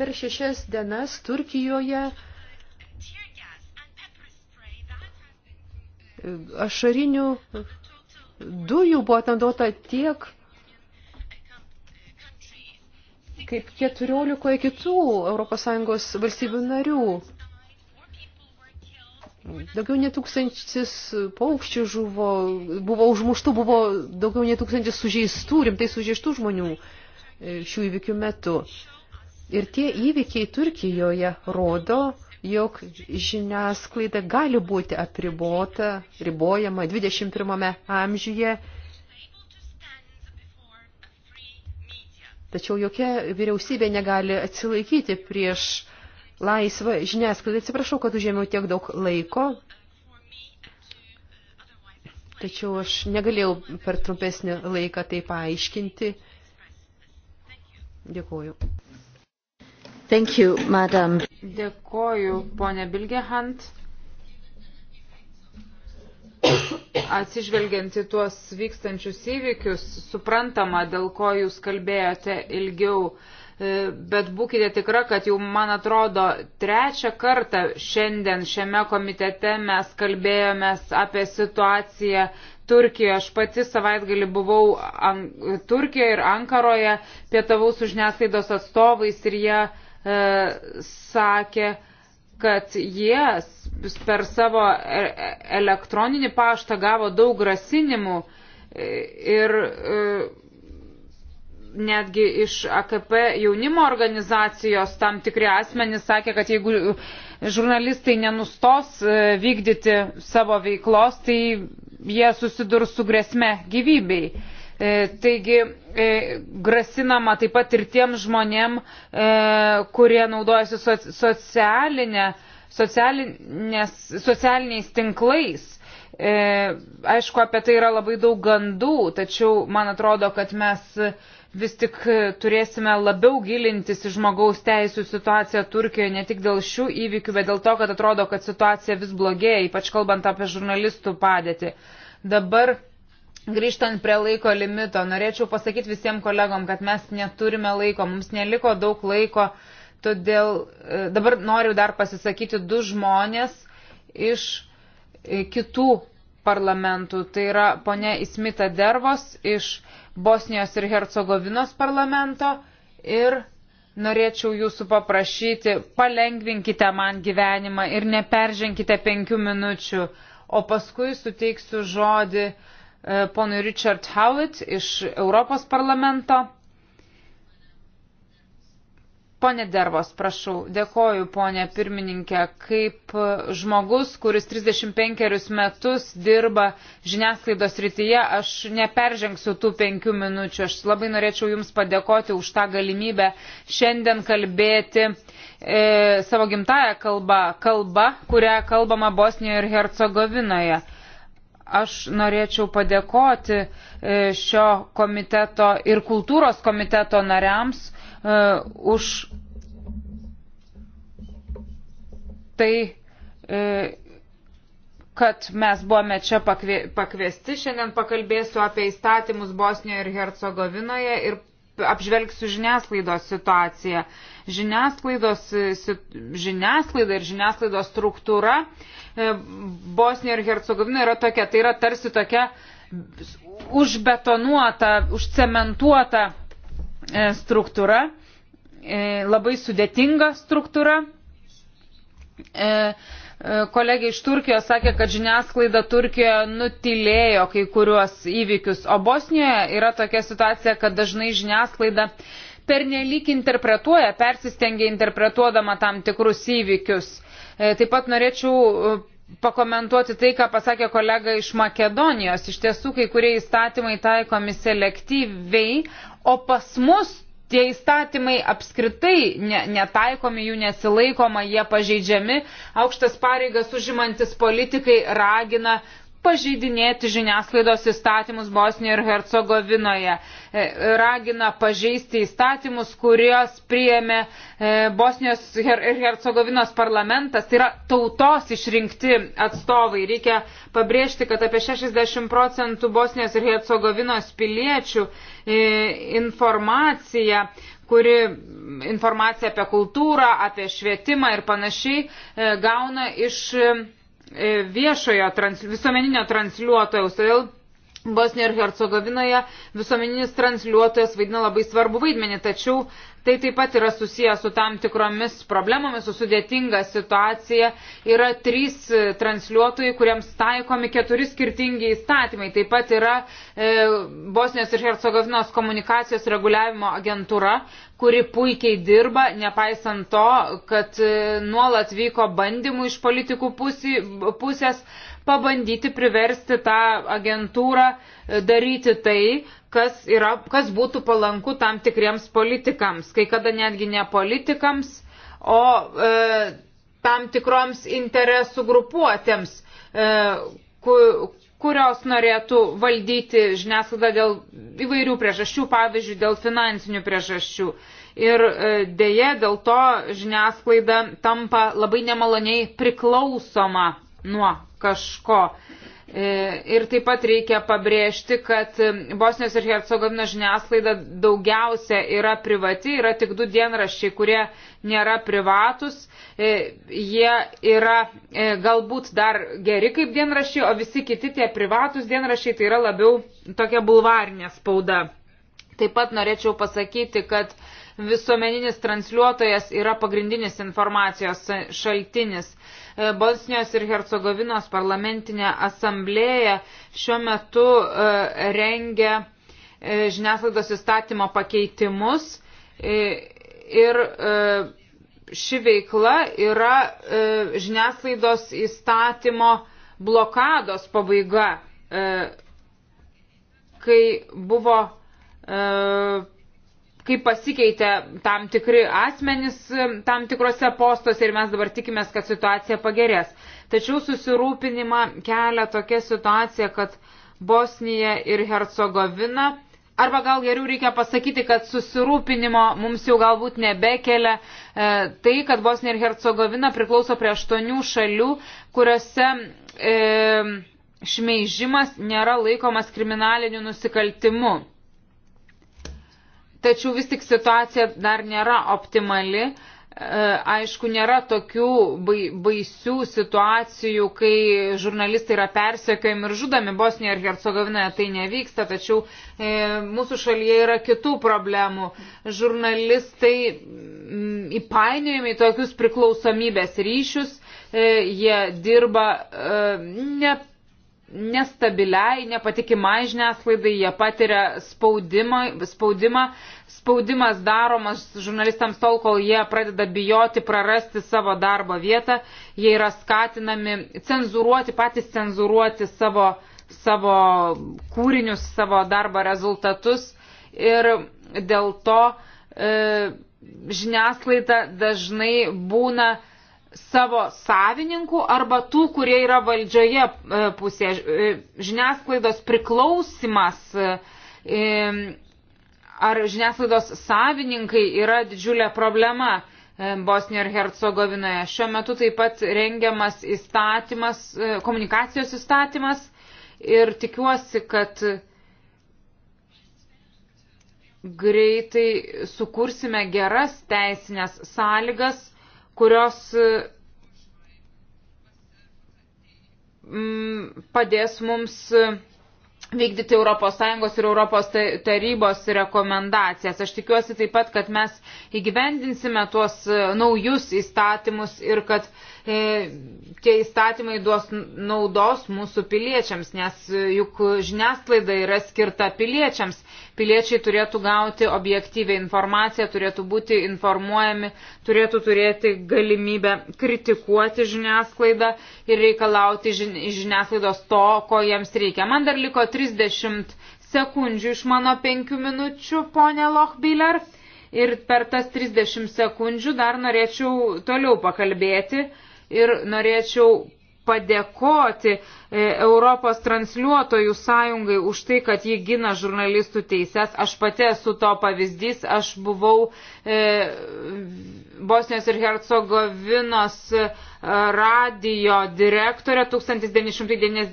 per šešias dienas Turkijoje e, ašarinių dujų buvo atnaudota tiek kaip 14 kitų ES valstybių narių. Daugiau nei tūkstantis paukščių žuvo, buvo užmuštų, buvo daugiau nei tūkstantis sužeistų, rimtai sužeistų žmonių e, šių įvykių metu. Ir tie įvykiai Turkijoje rodo, jog žiniasklaida gali būti apribota, ribojama 21 amžiuje, tačiau jokia vyriausybė negali atsilaikyti prieš laisvą žiniasklaidą. Atsiprašau, kad užėmiau tiek daug laiko, tačiau aš negalėjau per trumpesnį laiką tai paaiškinti. Dėkuoju. Thank you, madam. Dėkoju, ponė Bilgehant. Atsižvelgiant į tuos vykstančius įvykius, suprantama, dėl ko jūs kalbėjote ilgiau, e, bet būkite tikra, kad jau, man atrodo, trečią kartą šiandien šiame komitete mes kalbėjomės apie situaciją Turkijoje. Aš pati savaitgalį buvau An Turkijoje ir Ankaroje, pietavau su žiniasklaidos atstovais ir jie E, sakė, kad jie per savo e, e, elektroninį paštą gavo daug grasinimų ir netgi iš AKP jaunimo organizacijos tam tikri asmenys sakė, kad jeigu žurnalistai nenustos vykdyti savo veiklos, tai jie susidurs su grėsme gyvybei. E, taigi e, grasinama taip pat ir tiem žmonėm, e, kurie naudojasi socialinė, socialiniais tinklais. Aišku, apie tai yra labai daug gandų, tačiau man atrodo, kad mes vis tik turėsime labiau gilintis į žmogaus teisų situaciją Turkijoje, ne tik dėl šių įvykių, bet dėl to, kad atrodo, kad situacija vis blogėja, ypač kalbant apie žurnalistų padėtį. Dabar Grįžtant prie laiko limito, norėčiau pasakyti visiems kolegom, kad mes neturime laiko, mums neliko daug laiko, todėl e, dabar noriu dar pasisakyti du žmonės iš e, kitų parlamentų. Tai yra ponia Ismita Dervos iš Bosnijos ir Hercegovinos parlamento ir norėčiau jūsų paprašyti, palengvinkite man gyvenimą ir neperženkite penkių minučių, o paskui suteiksiu žodį uh, E, ponui Richard Howitt iš Europos parlamento. Pone Dervos, prašau, dėkoju, ponė pirmininkė, kaip žmogus, kuris 35 metus dirba žiniasklaidos rytyje, aš neperžengsiu tų penkių minučių. Aš labai norėčiau Jums padėkoti už tą galimybę šiandien kalbėti e, savo gimtają kalbą, kalbą, kurią kalbama Bosnijoje ir Hercegovinoje. Aš norėčiau padėkoti e, šio komiteto ir kultūros komiteto nariams e, už tai, e, kad mes buvome čia pakviesti. Šiandien pakalbėsiu apie įstatymus Bosnijoje ir Hercegovinoje ir apžvelgsiu žiniasklaidos situaciją. Žiniasklaidos, žiniasklaida ir žiniasklaidos struktūra E, Bosnijoje ir Hercegovinoje yra tokia. Tai yra tarsi tokia užbetonuota, užcementuota e, struktūra, e, labai sudėtinga struktūra. Kolegė iš Turkijos sakė, kad žiniasklaida Turkijoje nutilėjo kai kuriuos įvykius, o Bosnijoje yra tokia situacija, kad dažnai žiniasklaida pernelyg interpretuoja, persistengia interpretuodama tam tikrus įvykius. E, taip pat norėčiau e, pakomentuoti tai, ką pasakė kolega iš Makedonijos. Iš tiesų, kai kurie įstatymai taikomi selektyviai, o pas mus tie įstatymai apskritai ne, netaikomi, jų nesilaikoma, jie pažeidžiami. Aukštas pareigas užimantis politikai ragina pažeidinėti žiniasklaidos įstatymus Bosnijoje ir Hercegovinoje. E, ragina pažeisti įstatymus, kuriuos priėmė e, Bosnijos ir Hercegovinos parlamentas. Tai yra tautos išrinkti atstovai. Reikia pabrėžti, kad apie 60 procentų Bosnijos ir Hercegovinos piliečių e, informacija kuri informacija apie kultūrą, apie švietimą ir panašiai gauna iš E, viešojo trans, visuomeninio transliuotojaus. Todėl Bosnijoje ir Hercegovinoje visuomeninis transliuotojas vaidina labai svarbu vaidmenį, tačiau Tai taip pat yra susijęs su tam tikromis problemomis, su sudėtinga situacija. Yra trys e, transliuotojai, kuriems taikomi keturi skirtingi įstatymai. Taip pat yra e, Bosnijos ir Hercegovinos komunikacijos reguliavimo agentūra, kuri puikiai dirba, nepaisant to, kad e, nuolat vyko bandymų iš politikų pusės. pusės pabandyti priversti tą agentūrą e, daryti tai, kas, yra, kas būtų palanku tam tikriems politikams, kai kada netgi ne politikams, o e, tam tikroms interesų grupuotėms, e, ku, kurios norėtų valdyti žiniasklaidą dėl įvairių priežasčių, pavyzdžiui, dėl finansinių priežasčių. Ir e, dėje dėl to žiniasklaida tampa labai nemaloniai priklausoma nuo kažko. E, ir taip pat reikia pabrėžti, kad Bosnijos ir Hercegovino žiniasklaida daugiausia yra privati, yra tik du dienraščiai, kurie nėra privatus. E, jie yra e, galbūt dar geri kaip dienraščiai, o visi kiti tie privatus dienraščiai tai yra labiau tokia bulvarinė spauda. Taip pat norėčiau pasakyti, kad visuomeninis transliuotojas yra pagrindinis informacijos šaltinis. E, Bosnijos ir Hercegovinos parlamentinė asamblėja šiuo metu e, rengia e, žiniasklaidos įstatymo pakeitimus ir ši veikla yra žiniasklaidos įstatymo blokados pabaiga, kai buvo kaip pasikeitė tam tikri asmenys e, tam tikrose postose ir mes dabar tikimės, kad situacija pagerės. Tačiau susirūpinimą kelia tokia situacija, kad Bosnija ir Hercegovina, arba gal geriau reikia pasakyti, kad susirūpinimo mums jau galbūt nebekelia e, tai, kad Bosnija ir Hercegovina priklauso prie aštuonių šalių, kuriuose e, šmeižimas nėra laikomas kriminaliniu nusikaltimu tačiau vis tik situacija dar nėra optimali. E, aišku, nėra tokių baisių situacijų, kai žurnalistai yra persekiojami ir žudami Bosnijoje ir Hercegovinoje, tai nevyksta, tačiau e, mūsų šalyje yra kitų problemų. Žurnalistai m, mm, įpainiojami į tokius priklausomybės ryšius, e, jie dirba e, ne nestabiliai, nepatikimai žiniasklaidai, jie patiria spaudimą, spaudimą. Spaudimas daromas žurnalistams tol, kol jie pradeda bijoti prarasti savo darbo vietą, jie yra skatinami cenzuruoti, patys cenzuruoti savo, savo kūrinius, savo darbo rezultatus ir dėl to e, žiniasklaida dažnai būna savo savininkų arba tų, kurie yra valdžioje e, pusėje. E, žiniasklaidos priklausimas e, ar žiniasklaidos savininkai yra didžiulė problema Bosnijoje ir Hercegovinoje. Šiuo metu taip pat rengiamas įstatymas, komunikacijos įstatymas ir tikiuosi, kad greitai sukursime geras teisinės sąlygas kurios e, mm, padės mums e, vykdyti ES ir ES tarybos rekomendacijas. Aš tikiuosi taip pat, kad mes įgyvendinsime tuos e, naujus įstatymus ir kad E, tie įstatymai duos naudos mūsų piliečiams, nes e, juk žiniasklaida yra skirta piliečiams. Piliečiai turėtų gauti objektyvę informaciją, turėtų būti informuojami, turėtų turėti galimybę kritikuoti žiniasklaidą ir reikalauti žiniasklaidos to, ko jiems reikia. Man dar liko 30 sekundžių iš mano 5 minučių, ponė Lochbiller. Ir per tas 30 sekundžių dar norėčiau toliau pakalbėti ir norėčiau padėkoti E, Europos transliuotojų sąjungai už tai, kad jie gina žurnalistų teises. Aš pati esu to pavyzdys. Aš buvau e, Bosnijos ir Hercegovinos e, radio direktorė 1992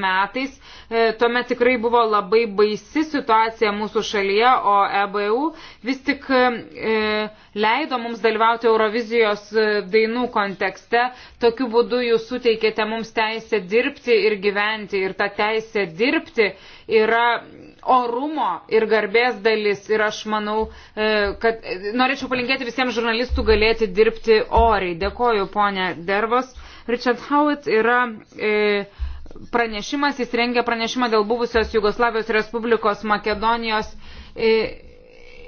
metais. E, tuomet tikrai buvo labai baisi situacija mūsų šalyje, o EBU vis tik e, leido mums dalyvauti Eurovizijos e, dainų kontekste. Tokiu būdu jūs suteikėte mums teisę dirbti dirbti ir gyventi ir ta teisė dirbti yra orumo ir garbės dalis ir aš manau, e, kad norėčiau palinkėti visiems žurnalistų galėti dirbti oriai. Dėkoju, ponė Dervos. Richard Howitt yra. E, pranešimas, jis rengia pranešimą dėl buvusios Jugoslavijos Respublikos Makedonijos e,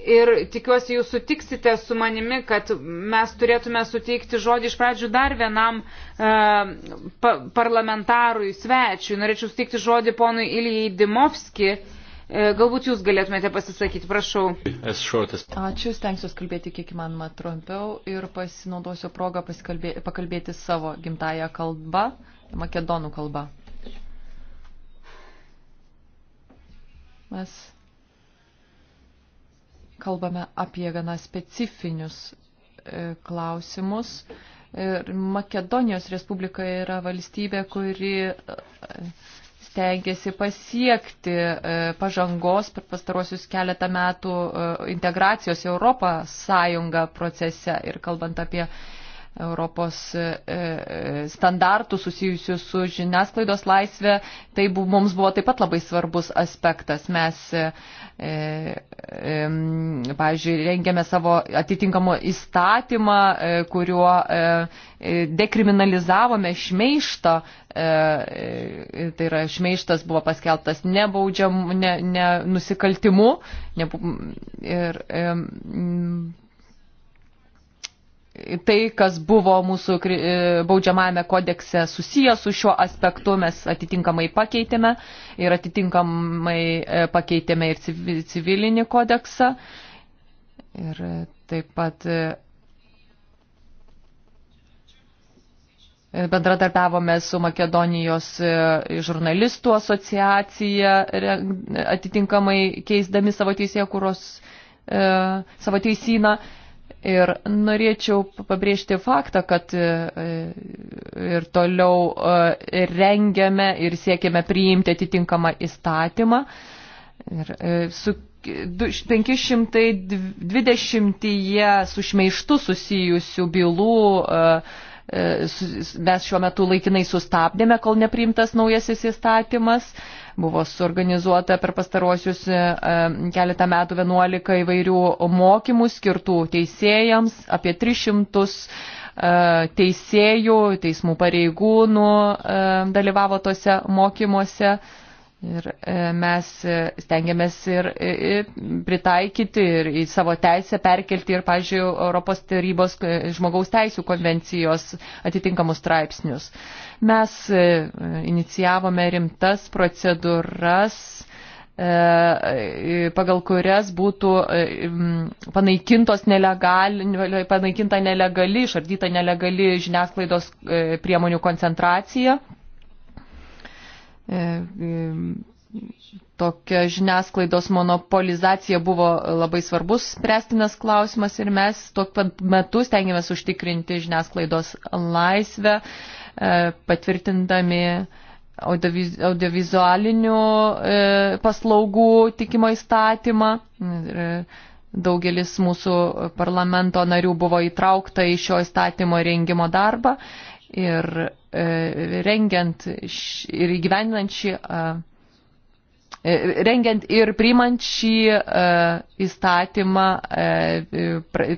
ir tikiuosi jūs sutiksite su manimi, kad mes turėtume suteikti žodį iš pradžių dar vienam e, pa, parlamentarui svečiui. Norėčiau suteikti žodį ponui Ilijai Dimovski. E, galbūt jūs galėtumėte pasisakyti, prašau. Ačiū, stengsiu kalbėti kiek įmanoma trumpiau ir pasinaudosiu progą pakalbėti savo gimtają kalbą, makedonų kalbą. Mes kalbame apie gana specifinius e, klausimus. Ir e, Makedonijos Respublika yra valstybė, kuri e, stengiasi pasiekti pažangos per pastarosius keletą metų integracijos Europos Sąjungą procese. Ir kalbant apie Europos e, e, standartų susijusių su žiniasklaidos laisvė, tai bu, mums buvo taip pat labai svarbus aspektas. Mes, e, e, pavyzdžiui, rengėme savo atitinkamą įstatymą, e, kuriuo e, e dekriminalizavome šmeištą, e, tai yra šmeištas buvo paskeltas nebaudžiam, ne, ne nusikaltimu. Ne, ir, e, m, tai, kas buvo mūsų e, baudžiamame kodekse susijęs su šiuo aspektu, mes atitinkamai pakeitėme ir atitinkamai e, pakeitėme ir civilinį kodeksą. Ir e, taip pat bendradarbiavome su Makedonijos žurnalistų asociacija, atitinkamai keisdami savo teisėje, kuros savo teisyną. Ir norėčiau pabrėžti faktą, kad e, ir toliau e, rengiame ir siekiame priimti atitinkamą įstatymą. Ir e, su 520 su šmeištu susijusių bylų mes šiuo metu laikinai sustabdėme, kol nepriimtas naujasis įstatymas. Buvo suorganizuota per pastaruosius e, keletą metų 11 įvairių mokymų skirtų teisėjams, apie 300 e, teisėjų, teismų pareigūnų e, dalyvavo tose mokymuose. Ir e, mes e, stengiamės ir e, pritaikyti ir į savo teisę perkelti ir, pažiūrėjau, Europos tarybos žmogaus teisų konvencijos atitinkamus straipsnius. Mes inicijavome rimtas procedūras pagal kurias būtų panaikintos nelegali, panaikinta nelegali, išardyta nelegali žiniasklaidos priemonių koncentracija E, tokia žiniasklaidos monopolizacija buvo labai svarbus spręstinas klausimas ir mes tuo pat metu stengiamės užtikrinti žiniasklaidos laisvę, e, patvirtindami audiovizualinių e, paslaugų tikimo įstatymą. Daugelis mūsų parlamento narių buvo įtraukta į šio įstatymo rengimo darbą ir E, rengiant ir įgyvendinant šį, e, e, rengiant ir priimant šį įstatymą,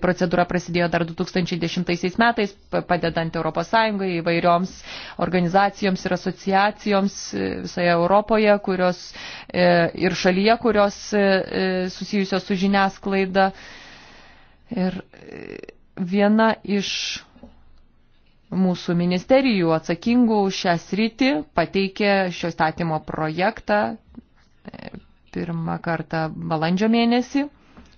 procedūra prasidėjo dar 2010 metais, padedant ES įvairioms organizacijoms ir asociacijoms visoje Europoje kurios, ir šalyje, kurios susijusios su žiniasklaida. Ir viena iš mūsų ministerijų atsakingų šią sritį pateikė šio statymo projektą e, pirmą kartą balandžio mėnesį.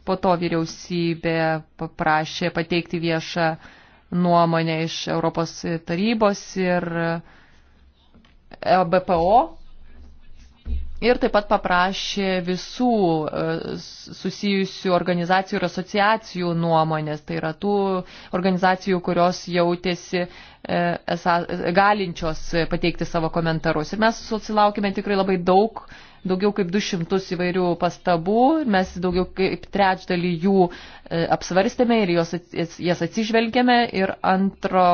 Po to vyriausybė paprašė pateikti viešą nuomonę iš Europos tarybos ir e BPO Ir taip pat paprašė visų e, susijusių organizacijų ir asociacijų nuomonės, tai yra tų organizacijų, kurios jautėsi e, esą, galinčios pateikti savo komentarus. Ir mes susilaukime tikrai labai daug, daugiau kaip 200 įvairių pastabų, mes daugiau kaip trečdalį jų e, apsvarstėme ir jos, jas atsižvelgėme. Ir antro,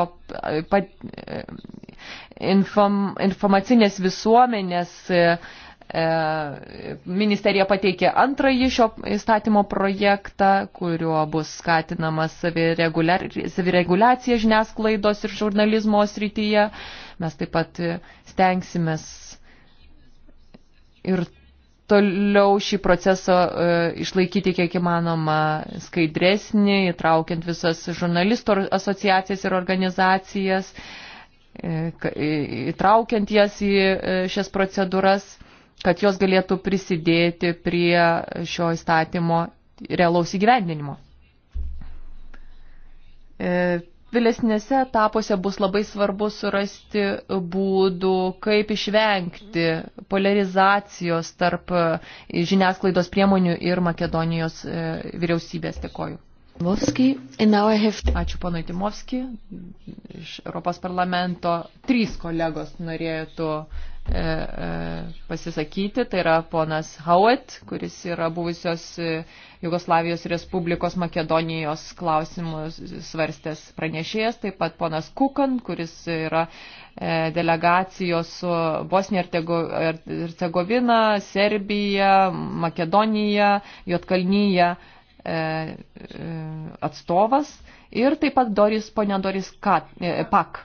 pat, inform, informacinės visuomenės E, ministerija pateikė antrąjį šio įstatymo projektą, kuriuo bus skatinama savireguliacija žiniasklaidos ir žurnalizmo srityje. Mes taip pat stengsimės ir toliau šį procesą e, išlaikyti kiek įmanoma skaidresnį, įtraukiant visas žurnalistų asociacijas ir organizacijas, e, įtraukiant jas į šias procedūras kad jos galėtų prisidėti prie šio įstatymo realaus įgyvendinimo. E, vėlesnėse etapuose bus labai svarbu surasti būdų, kaip išvengti polarizacijos tarp e, žiniasklaidos priemonių ir Makedonijos e, vyriausybės. Dėkoju. Ačiū ponui Timovski. Iš Europos parlamento trys kolegos norėtų E, e, pasisakyti. Tai yra ponas Hauet, kuris yra buvusios e, Jugoslavijos Respublikos Makedonijos klausimus svarstęs pranešėjas. Taip pat ponas Kukan, kuris yra delegacijos su Bosnija ir Cegovina, Serbija, Makedonija, Jotkalnyje atstovas ir taip pat Doris, ponia Doris Kat, Pak,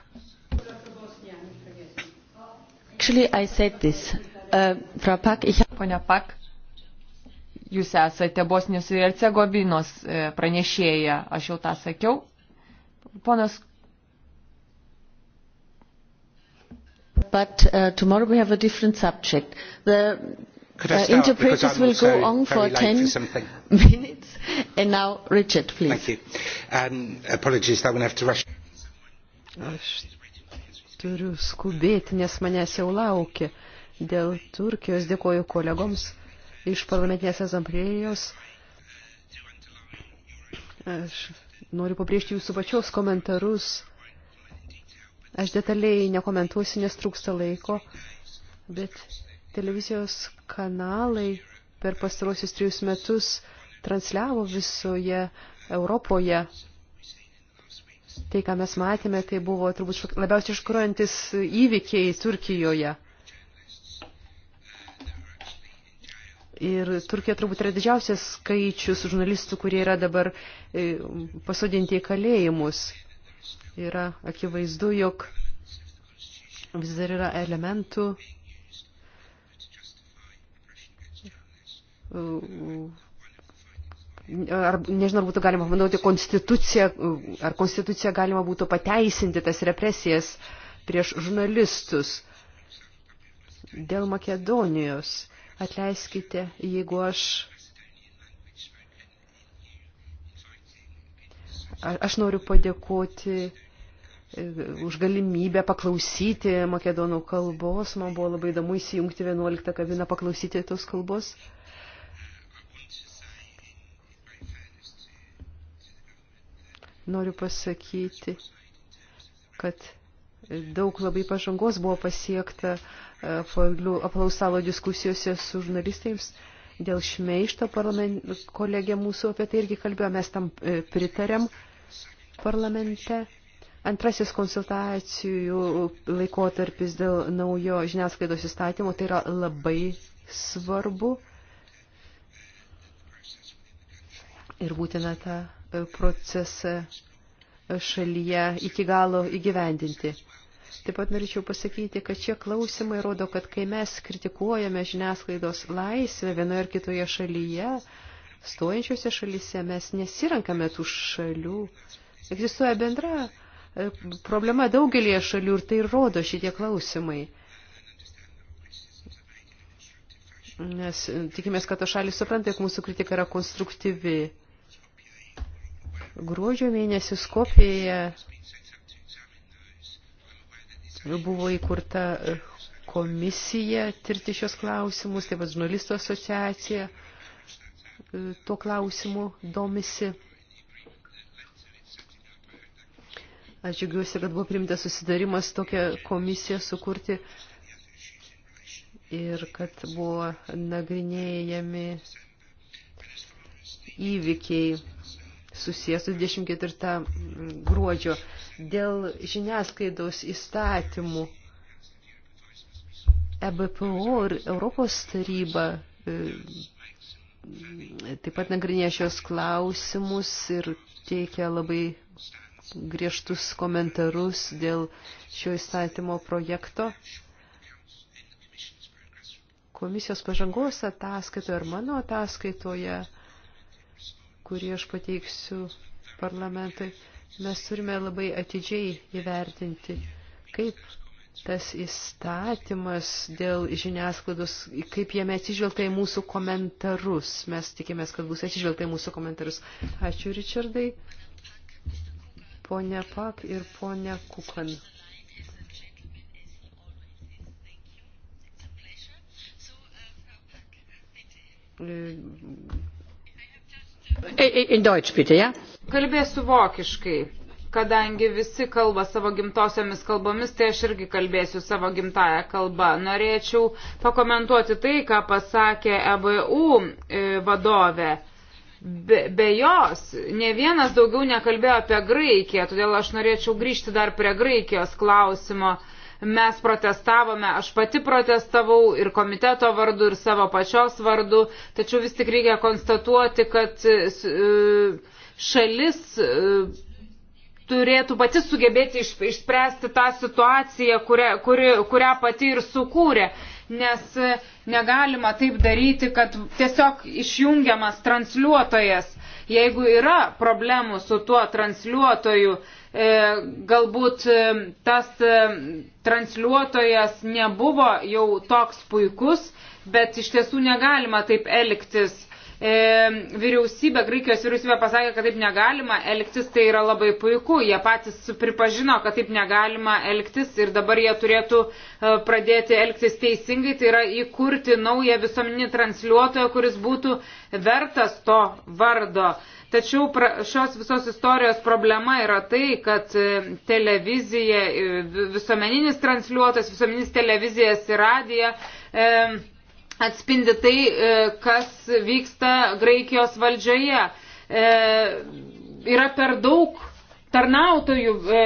Actually, I said this. Uh, Frau Pak, ich... Pone Pak, jūs esate Bosnijos ir Hercegovinos e, pranešėja, aš jau tą sakiau. Ponas. But uh, tomorrow we have a different subject. The uh, interpreters will go on for 10 for minutes. And now, Richard, please. Thank you. Um, apologies, I'm going to have to rush. Aš Turiu skubėti, nes manęs jau laukia. Dėl Turkijos dėkoju kolegoms iš parlamentinės asamblėjos. Aš noriu pabrėžti jūsų pačios komentarus. Aš detaliai nekomentuosiu, nes trūksta laiko, bet televizijos kanalai per pastarosius trijus metus transliavo visoje Europoje Tai, ką mes matėme, tai buvo turbūt labiausiai iškruojantis įvykiai Turkijoje. Ir Turkija turbūt yra didžiausias skaičius žurnalistų, kurie yra dabar e, pasodinti į kalėjimus. Yra akivaizdu, jog vis dar yra elementų ar nežinau, ar būtų galima panaudoti konstituciją, ar konstituciją galima būtų pateisinti tas represijas prieš žurnalistus dėl Makedonijos. Atleiskite, jeigu aš. Aš noriu padėkoti e, už galimybę paklausyti makedonų kalbos. Man buvo labai įdomu įsijungti 11 kabiną, paklausyti tos kalbos. Uh, noriu pasakyti, kad daug labai pažangos buvo pasiekta e, aplausalo diskusijose su žurnalistėms dėl šmeišto kolegė mūsų apie tai irgi kalbėjo, mes tam e, pritarėm parlamente. Antrasis konsultacijų laikotarpis dėl naujo žiniasklaidos įstatymo tai yra labai svarbu ir būtina tą procesą šalyje iki galo įgyvendinti. Taip pat norėčiau pasakyti, kad šie klausimai rodo, kad kai mes kritikuojame žiniasklaidos laisvę vienoje ar kitoje šalyje, stojančiose šalyse mes nesirenkame tų šalių. Egzistuoja bendra e, problema daugelie šalių ir tai rodo šitie klausimai. Nes e, tikimės, kad to šalis supranta, jog mūsų kritika yra konstruktyvi. Gruodžio mėnesį Skopijoje buvo įkurta komisija tirti šios klausimus, taip pat žurnalistų asociacija e, tuo klausimu domisi. Aš džiaugiuosi, kad buvo priimtas susidarimas tokią komisiją sukurti ir kad buvo nagrinėjami įvykiai susijęs su 24 gruodžio dėl žiniasklaidos įstatymų. EBPO ir Europos taryba e, taip pat nagrinė šios klausimus ir teikia labai griežtus komentarus dėl šio įstatymo projekto. Komisijos pažangos ataskaitoje ir mano ataskaitoje kurį aš pateiksiu parlamentui, mes turime labai atidžiai įvertinti, kaip tas įstatymas dėl žiniasklaidos, kaip jame atsižvelgta į mūsų komentarus. Mes tikimės, kad bus atsižvelgta į mūsų komentarus. Ačiū, Richardai. Pone Pak ir pone Kukan. In Deutsch, bitte, ja? Kalbėsiu vokiškai. Kadangi visi kalba savo gimtosiomis kalbomis, tai aš irgi kalbėsiu savo gimtają kalbą. Norėčiau pakomentuoti tai, ką pasakė EBU e, vadovė. Be, be jos ne vienas daugiau nekalbėjo apie Graikiją, todėl aš norėčiau grįžti dar prie Graikijos klausimo. Uh, Mes protestavome, aš pati protestavau ir komiteto vardu, ir savo pačios vardu, tačiau vis tik reikia konstatuoti, kad e, šalis e, turėtų pati sugebėti išspręsti tą situaciją, kurią, kuri, kurią pati ir sukūrė nes e, negalima taip daryti, kad tiesiog išjungiamas transliuotojas. Jeigu yra problemų su tuo transliuotoju, e, galbūt e, tas e, transliuotojas nebuvo jau toks puikus, bet iš tiesų negalima taip elgtis E, vyriausybė, Graikijos vyriausybė pasakė, kad taip negalima elgtis, tai yra labai puiku. Jie patys pripažino, kad taip negalima elgtis ir dabar jie turėtų e, pradėti elgtis teisingai, tai yra įkurti naują visuomeninį transliuotoją, kuris būtų vertas to vardo. Tačiau šios visos istorijos problema yra tai, kad e, televizija, visuomeninis transliuotas, visuomeninis televizijas ir radija e, atspindi tai, e, kas vyksta Graikijos valdžioje. E, yra per daug tarnautojų, e,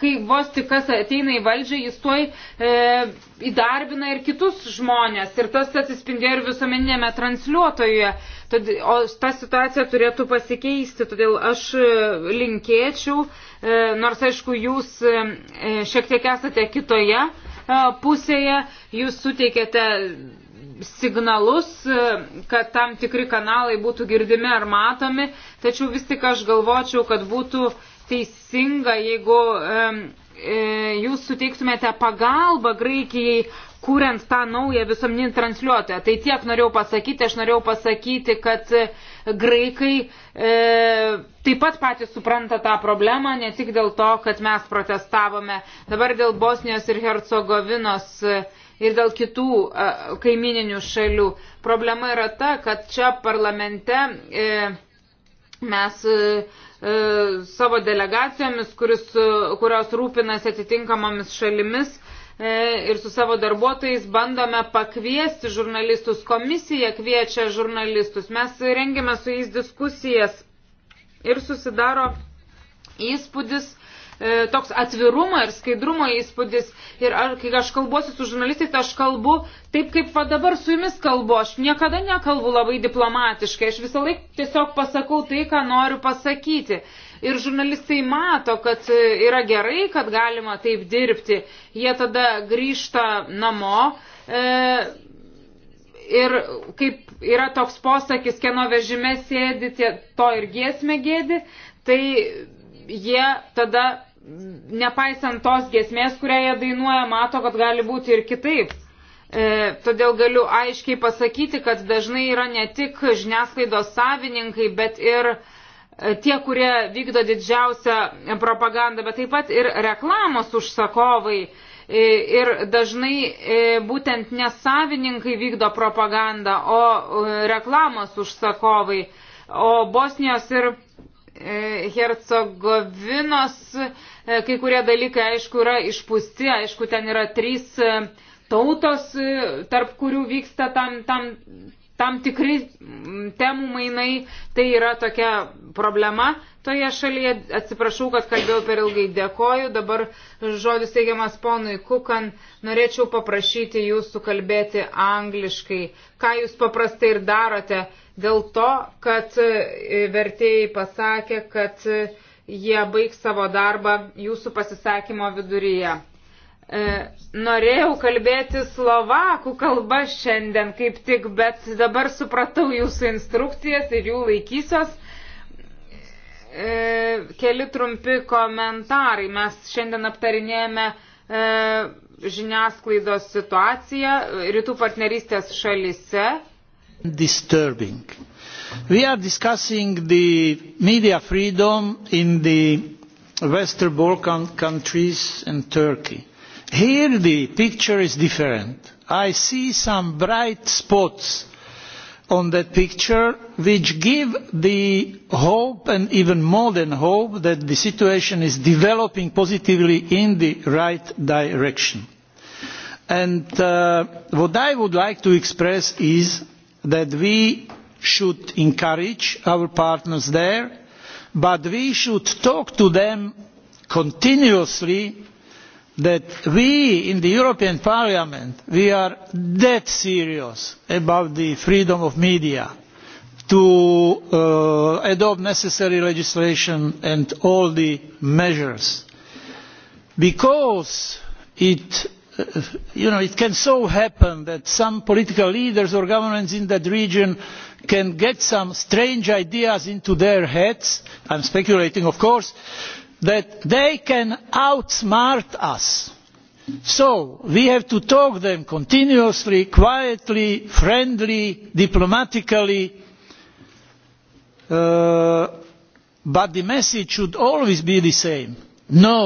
kai vos tik kas ateina į valdžią, jis tuoj įdarbina ir kitus žmonės. Ir tas atsispindėjo ir visuomeninėme transliuotojuje. O ta situacija turėtų pasikeisti. Todėl aš linkėčiau, nors aišku, jūs šiek tiek esate kitoje pusėje. Jūs suteikėte signalus, kad tam tikri kanalai būtų girdimi ar matomi, tačiau vis tik aš galvočiau, kad būtų teisinga, jeigu e, jūs suteiktumėte pagalbą Graikijai kuriant tą naują visuomeninį transliuotoją. Tai tiek norėjau pasakyti, aš norėjau pasakyti, kad e, graikai e, taip pat patys supranta tą problemą, ne tik dėl to, kad mes protestavome dabar dėl Bosnijos ir Hercegovinos e, ir dėl kitų e, kaimininių šalių. Problema yra ta, kad čia parlamente e, mes e, e savo delegacijomis, kuris, kurios rūpinasi atitinkamomis šalimis, E, ir su savo darbuotojais bandome pakviesti žurnalistus. Komisija kviečia žurnalistus. Mes rengiame su jais diskusijas ir susidaro įspūdis, e, toks atvirumo ir skaidrumo įspūdis. Ir ar, kai aš kalbuosiu su žurnalistais, tai aš kalbu taip, kaip va dabar su jumis kalbu. Aš niekada nekalbu labai diplomatiškai. Aš visą laiką tiesiog pasakau tai, ką noriu pasakyti ir žurnalistai mato, kad e, yra gerai, kad galima taip dirbti. Jie tada grįžta namo. E, ir kaip yra toks posakis, kieno vežime sėdi, tie, to ir giesmė gėdi, tai jie tada, nepaisant tos giesmės, kurią jie dainuoja, mato, kad gali būti ir kitaip. E, todėl galiu aiškiai pasakyti, kad dažnai yra ne tik žiniasklaidos savininkai, bet ir e, E, tie, kurie vykdo didžiausią propagandą, bet taip pat ir reklamos užsakovai. E, ir dažnai e, būtent nesavininkai vykdo propagandą, o reklamos užsakovai. O Bosnijos ir Hercegovinos kai kurie dalykai, aišku, yra išpūsti, aišku, ten yra trys tautos, tarp kurių vyksta tam, tam tam tikri mm, temų mainai, tai yra tokia problema toje šalyje. Atsiprašau, kad kalbėjau per ilgai, dėkoju. Dabar žodis teigiamas ponui Kukan. Norėčiau paprašyti jūsų kalbėti angliškai, ką jūs paprastai ir darote, dėl to, kad e, vertėjai pasakė, kad e, jie baigs savo darbą jūsų pasisakymo viduryje. E, norėjau kalbėti slovakų kalba šiandien kaip tik, bet dabar supratau jūsų instrukcijas ir jų laikysios. E, keli trumpi komentarai. Mes šiandien aptarinėjame e, žiniasklaidos situaciją rytų partnerystės šalise. Disturbing. We are discussing the media freedom in the Western Balkan countries and Turkey here the picture is different. i see some bright spots on that picture which give the hope and even more than hope that the situation is developing positively in the right direction. And, uh, what i would like to express is that we should encourage our partners there but we should talk to them continuously that we in the european parliament are that serious about the freedom of the media to uh, adopt necessary legislation and all the measures because it, uh, you know, it can so happen that some political leaders or governments in that region can get some strange ideas into their heads i am speculating of course that they can outsmart us. so we have to talk to them continuously quietly friendly diplomatically uh, but the message should always be the same no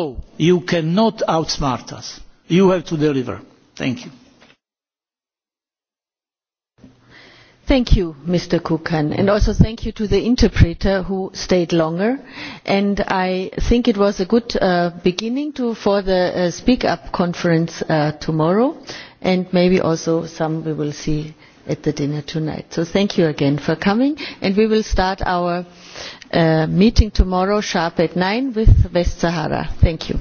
you cannot outsmart us you have to deliver. thank you. Thank you, Mr. Kukan, and also thank you to the interpreter who stayed longer. And I think it was a good uh, beginning to, for the uh, Speak Up conference uh, tomorrow, and maybe also some we will see at the dinner tonight. So thank you again for coming, and we will start our uh, meeting tomorrow sharp at 9 with West Sahara. Thank you.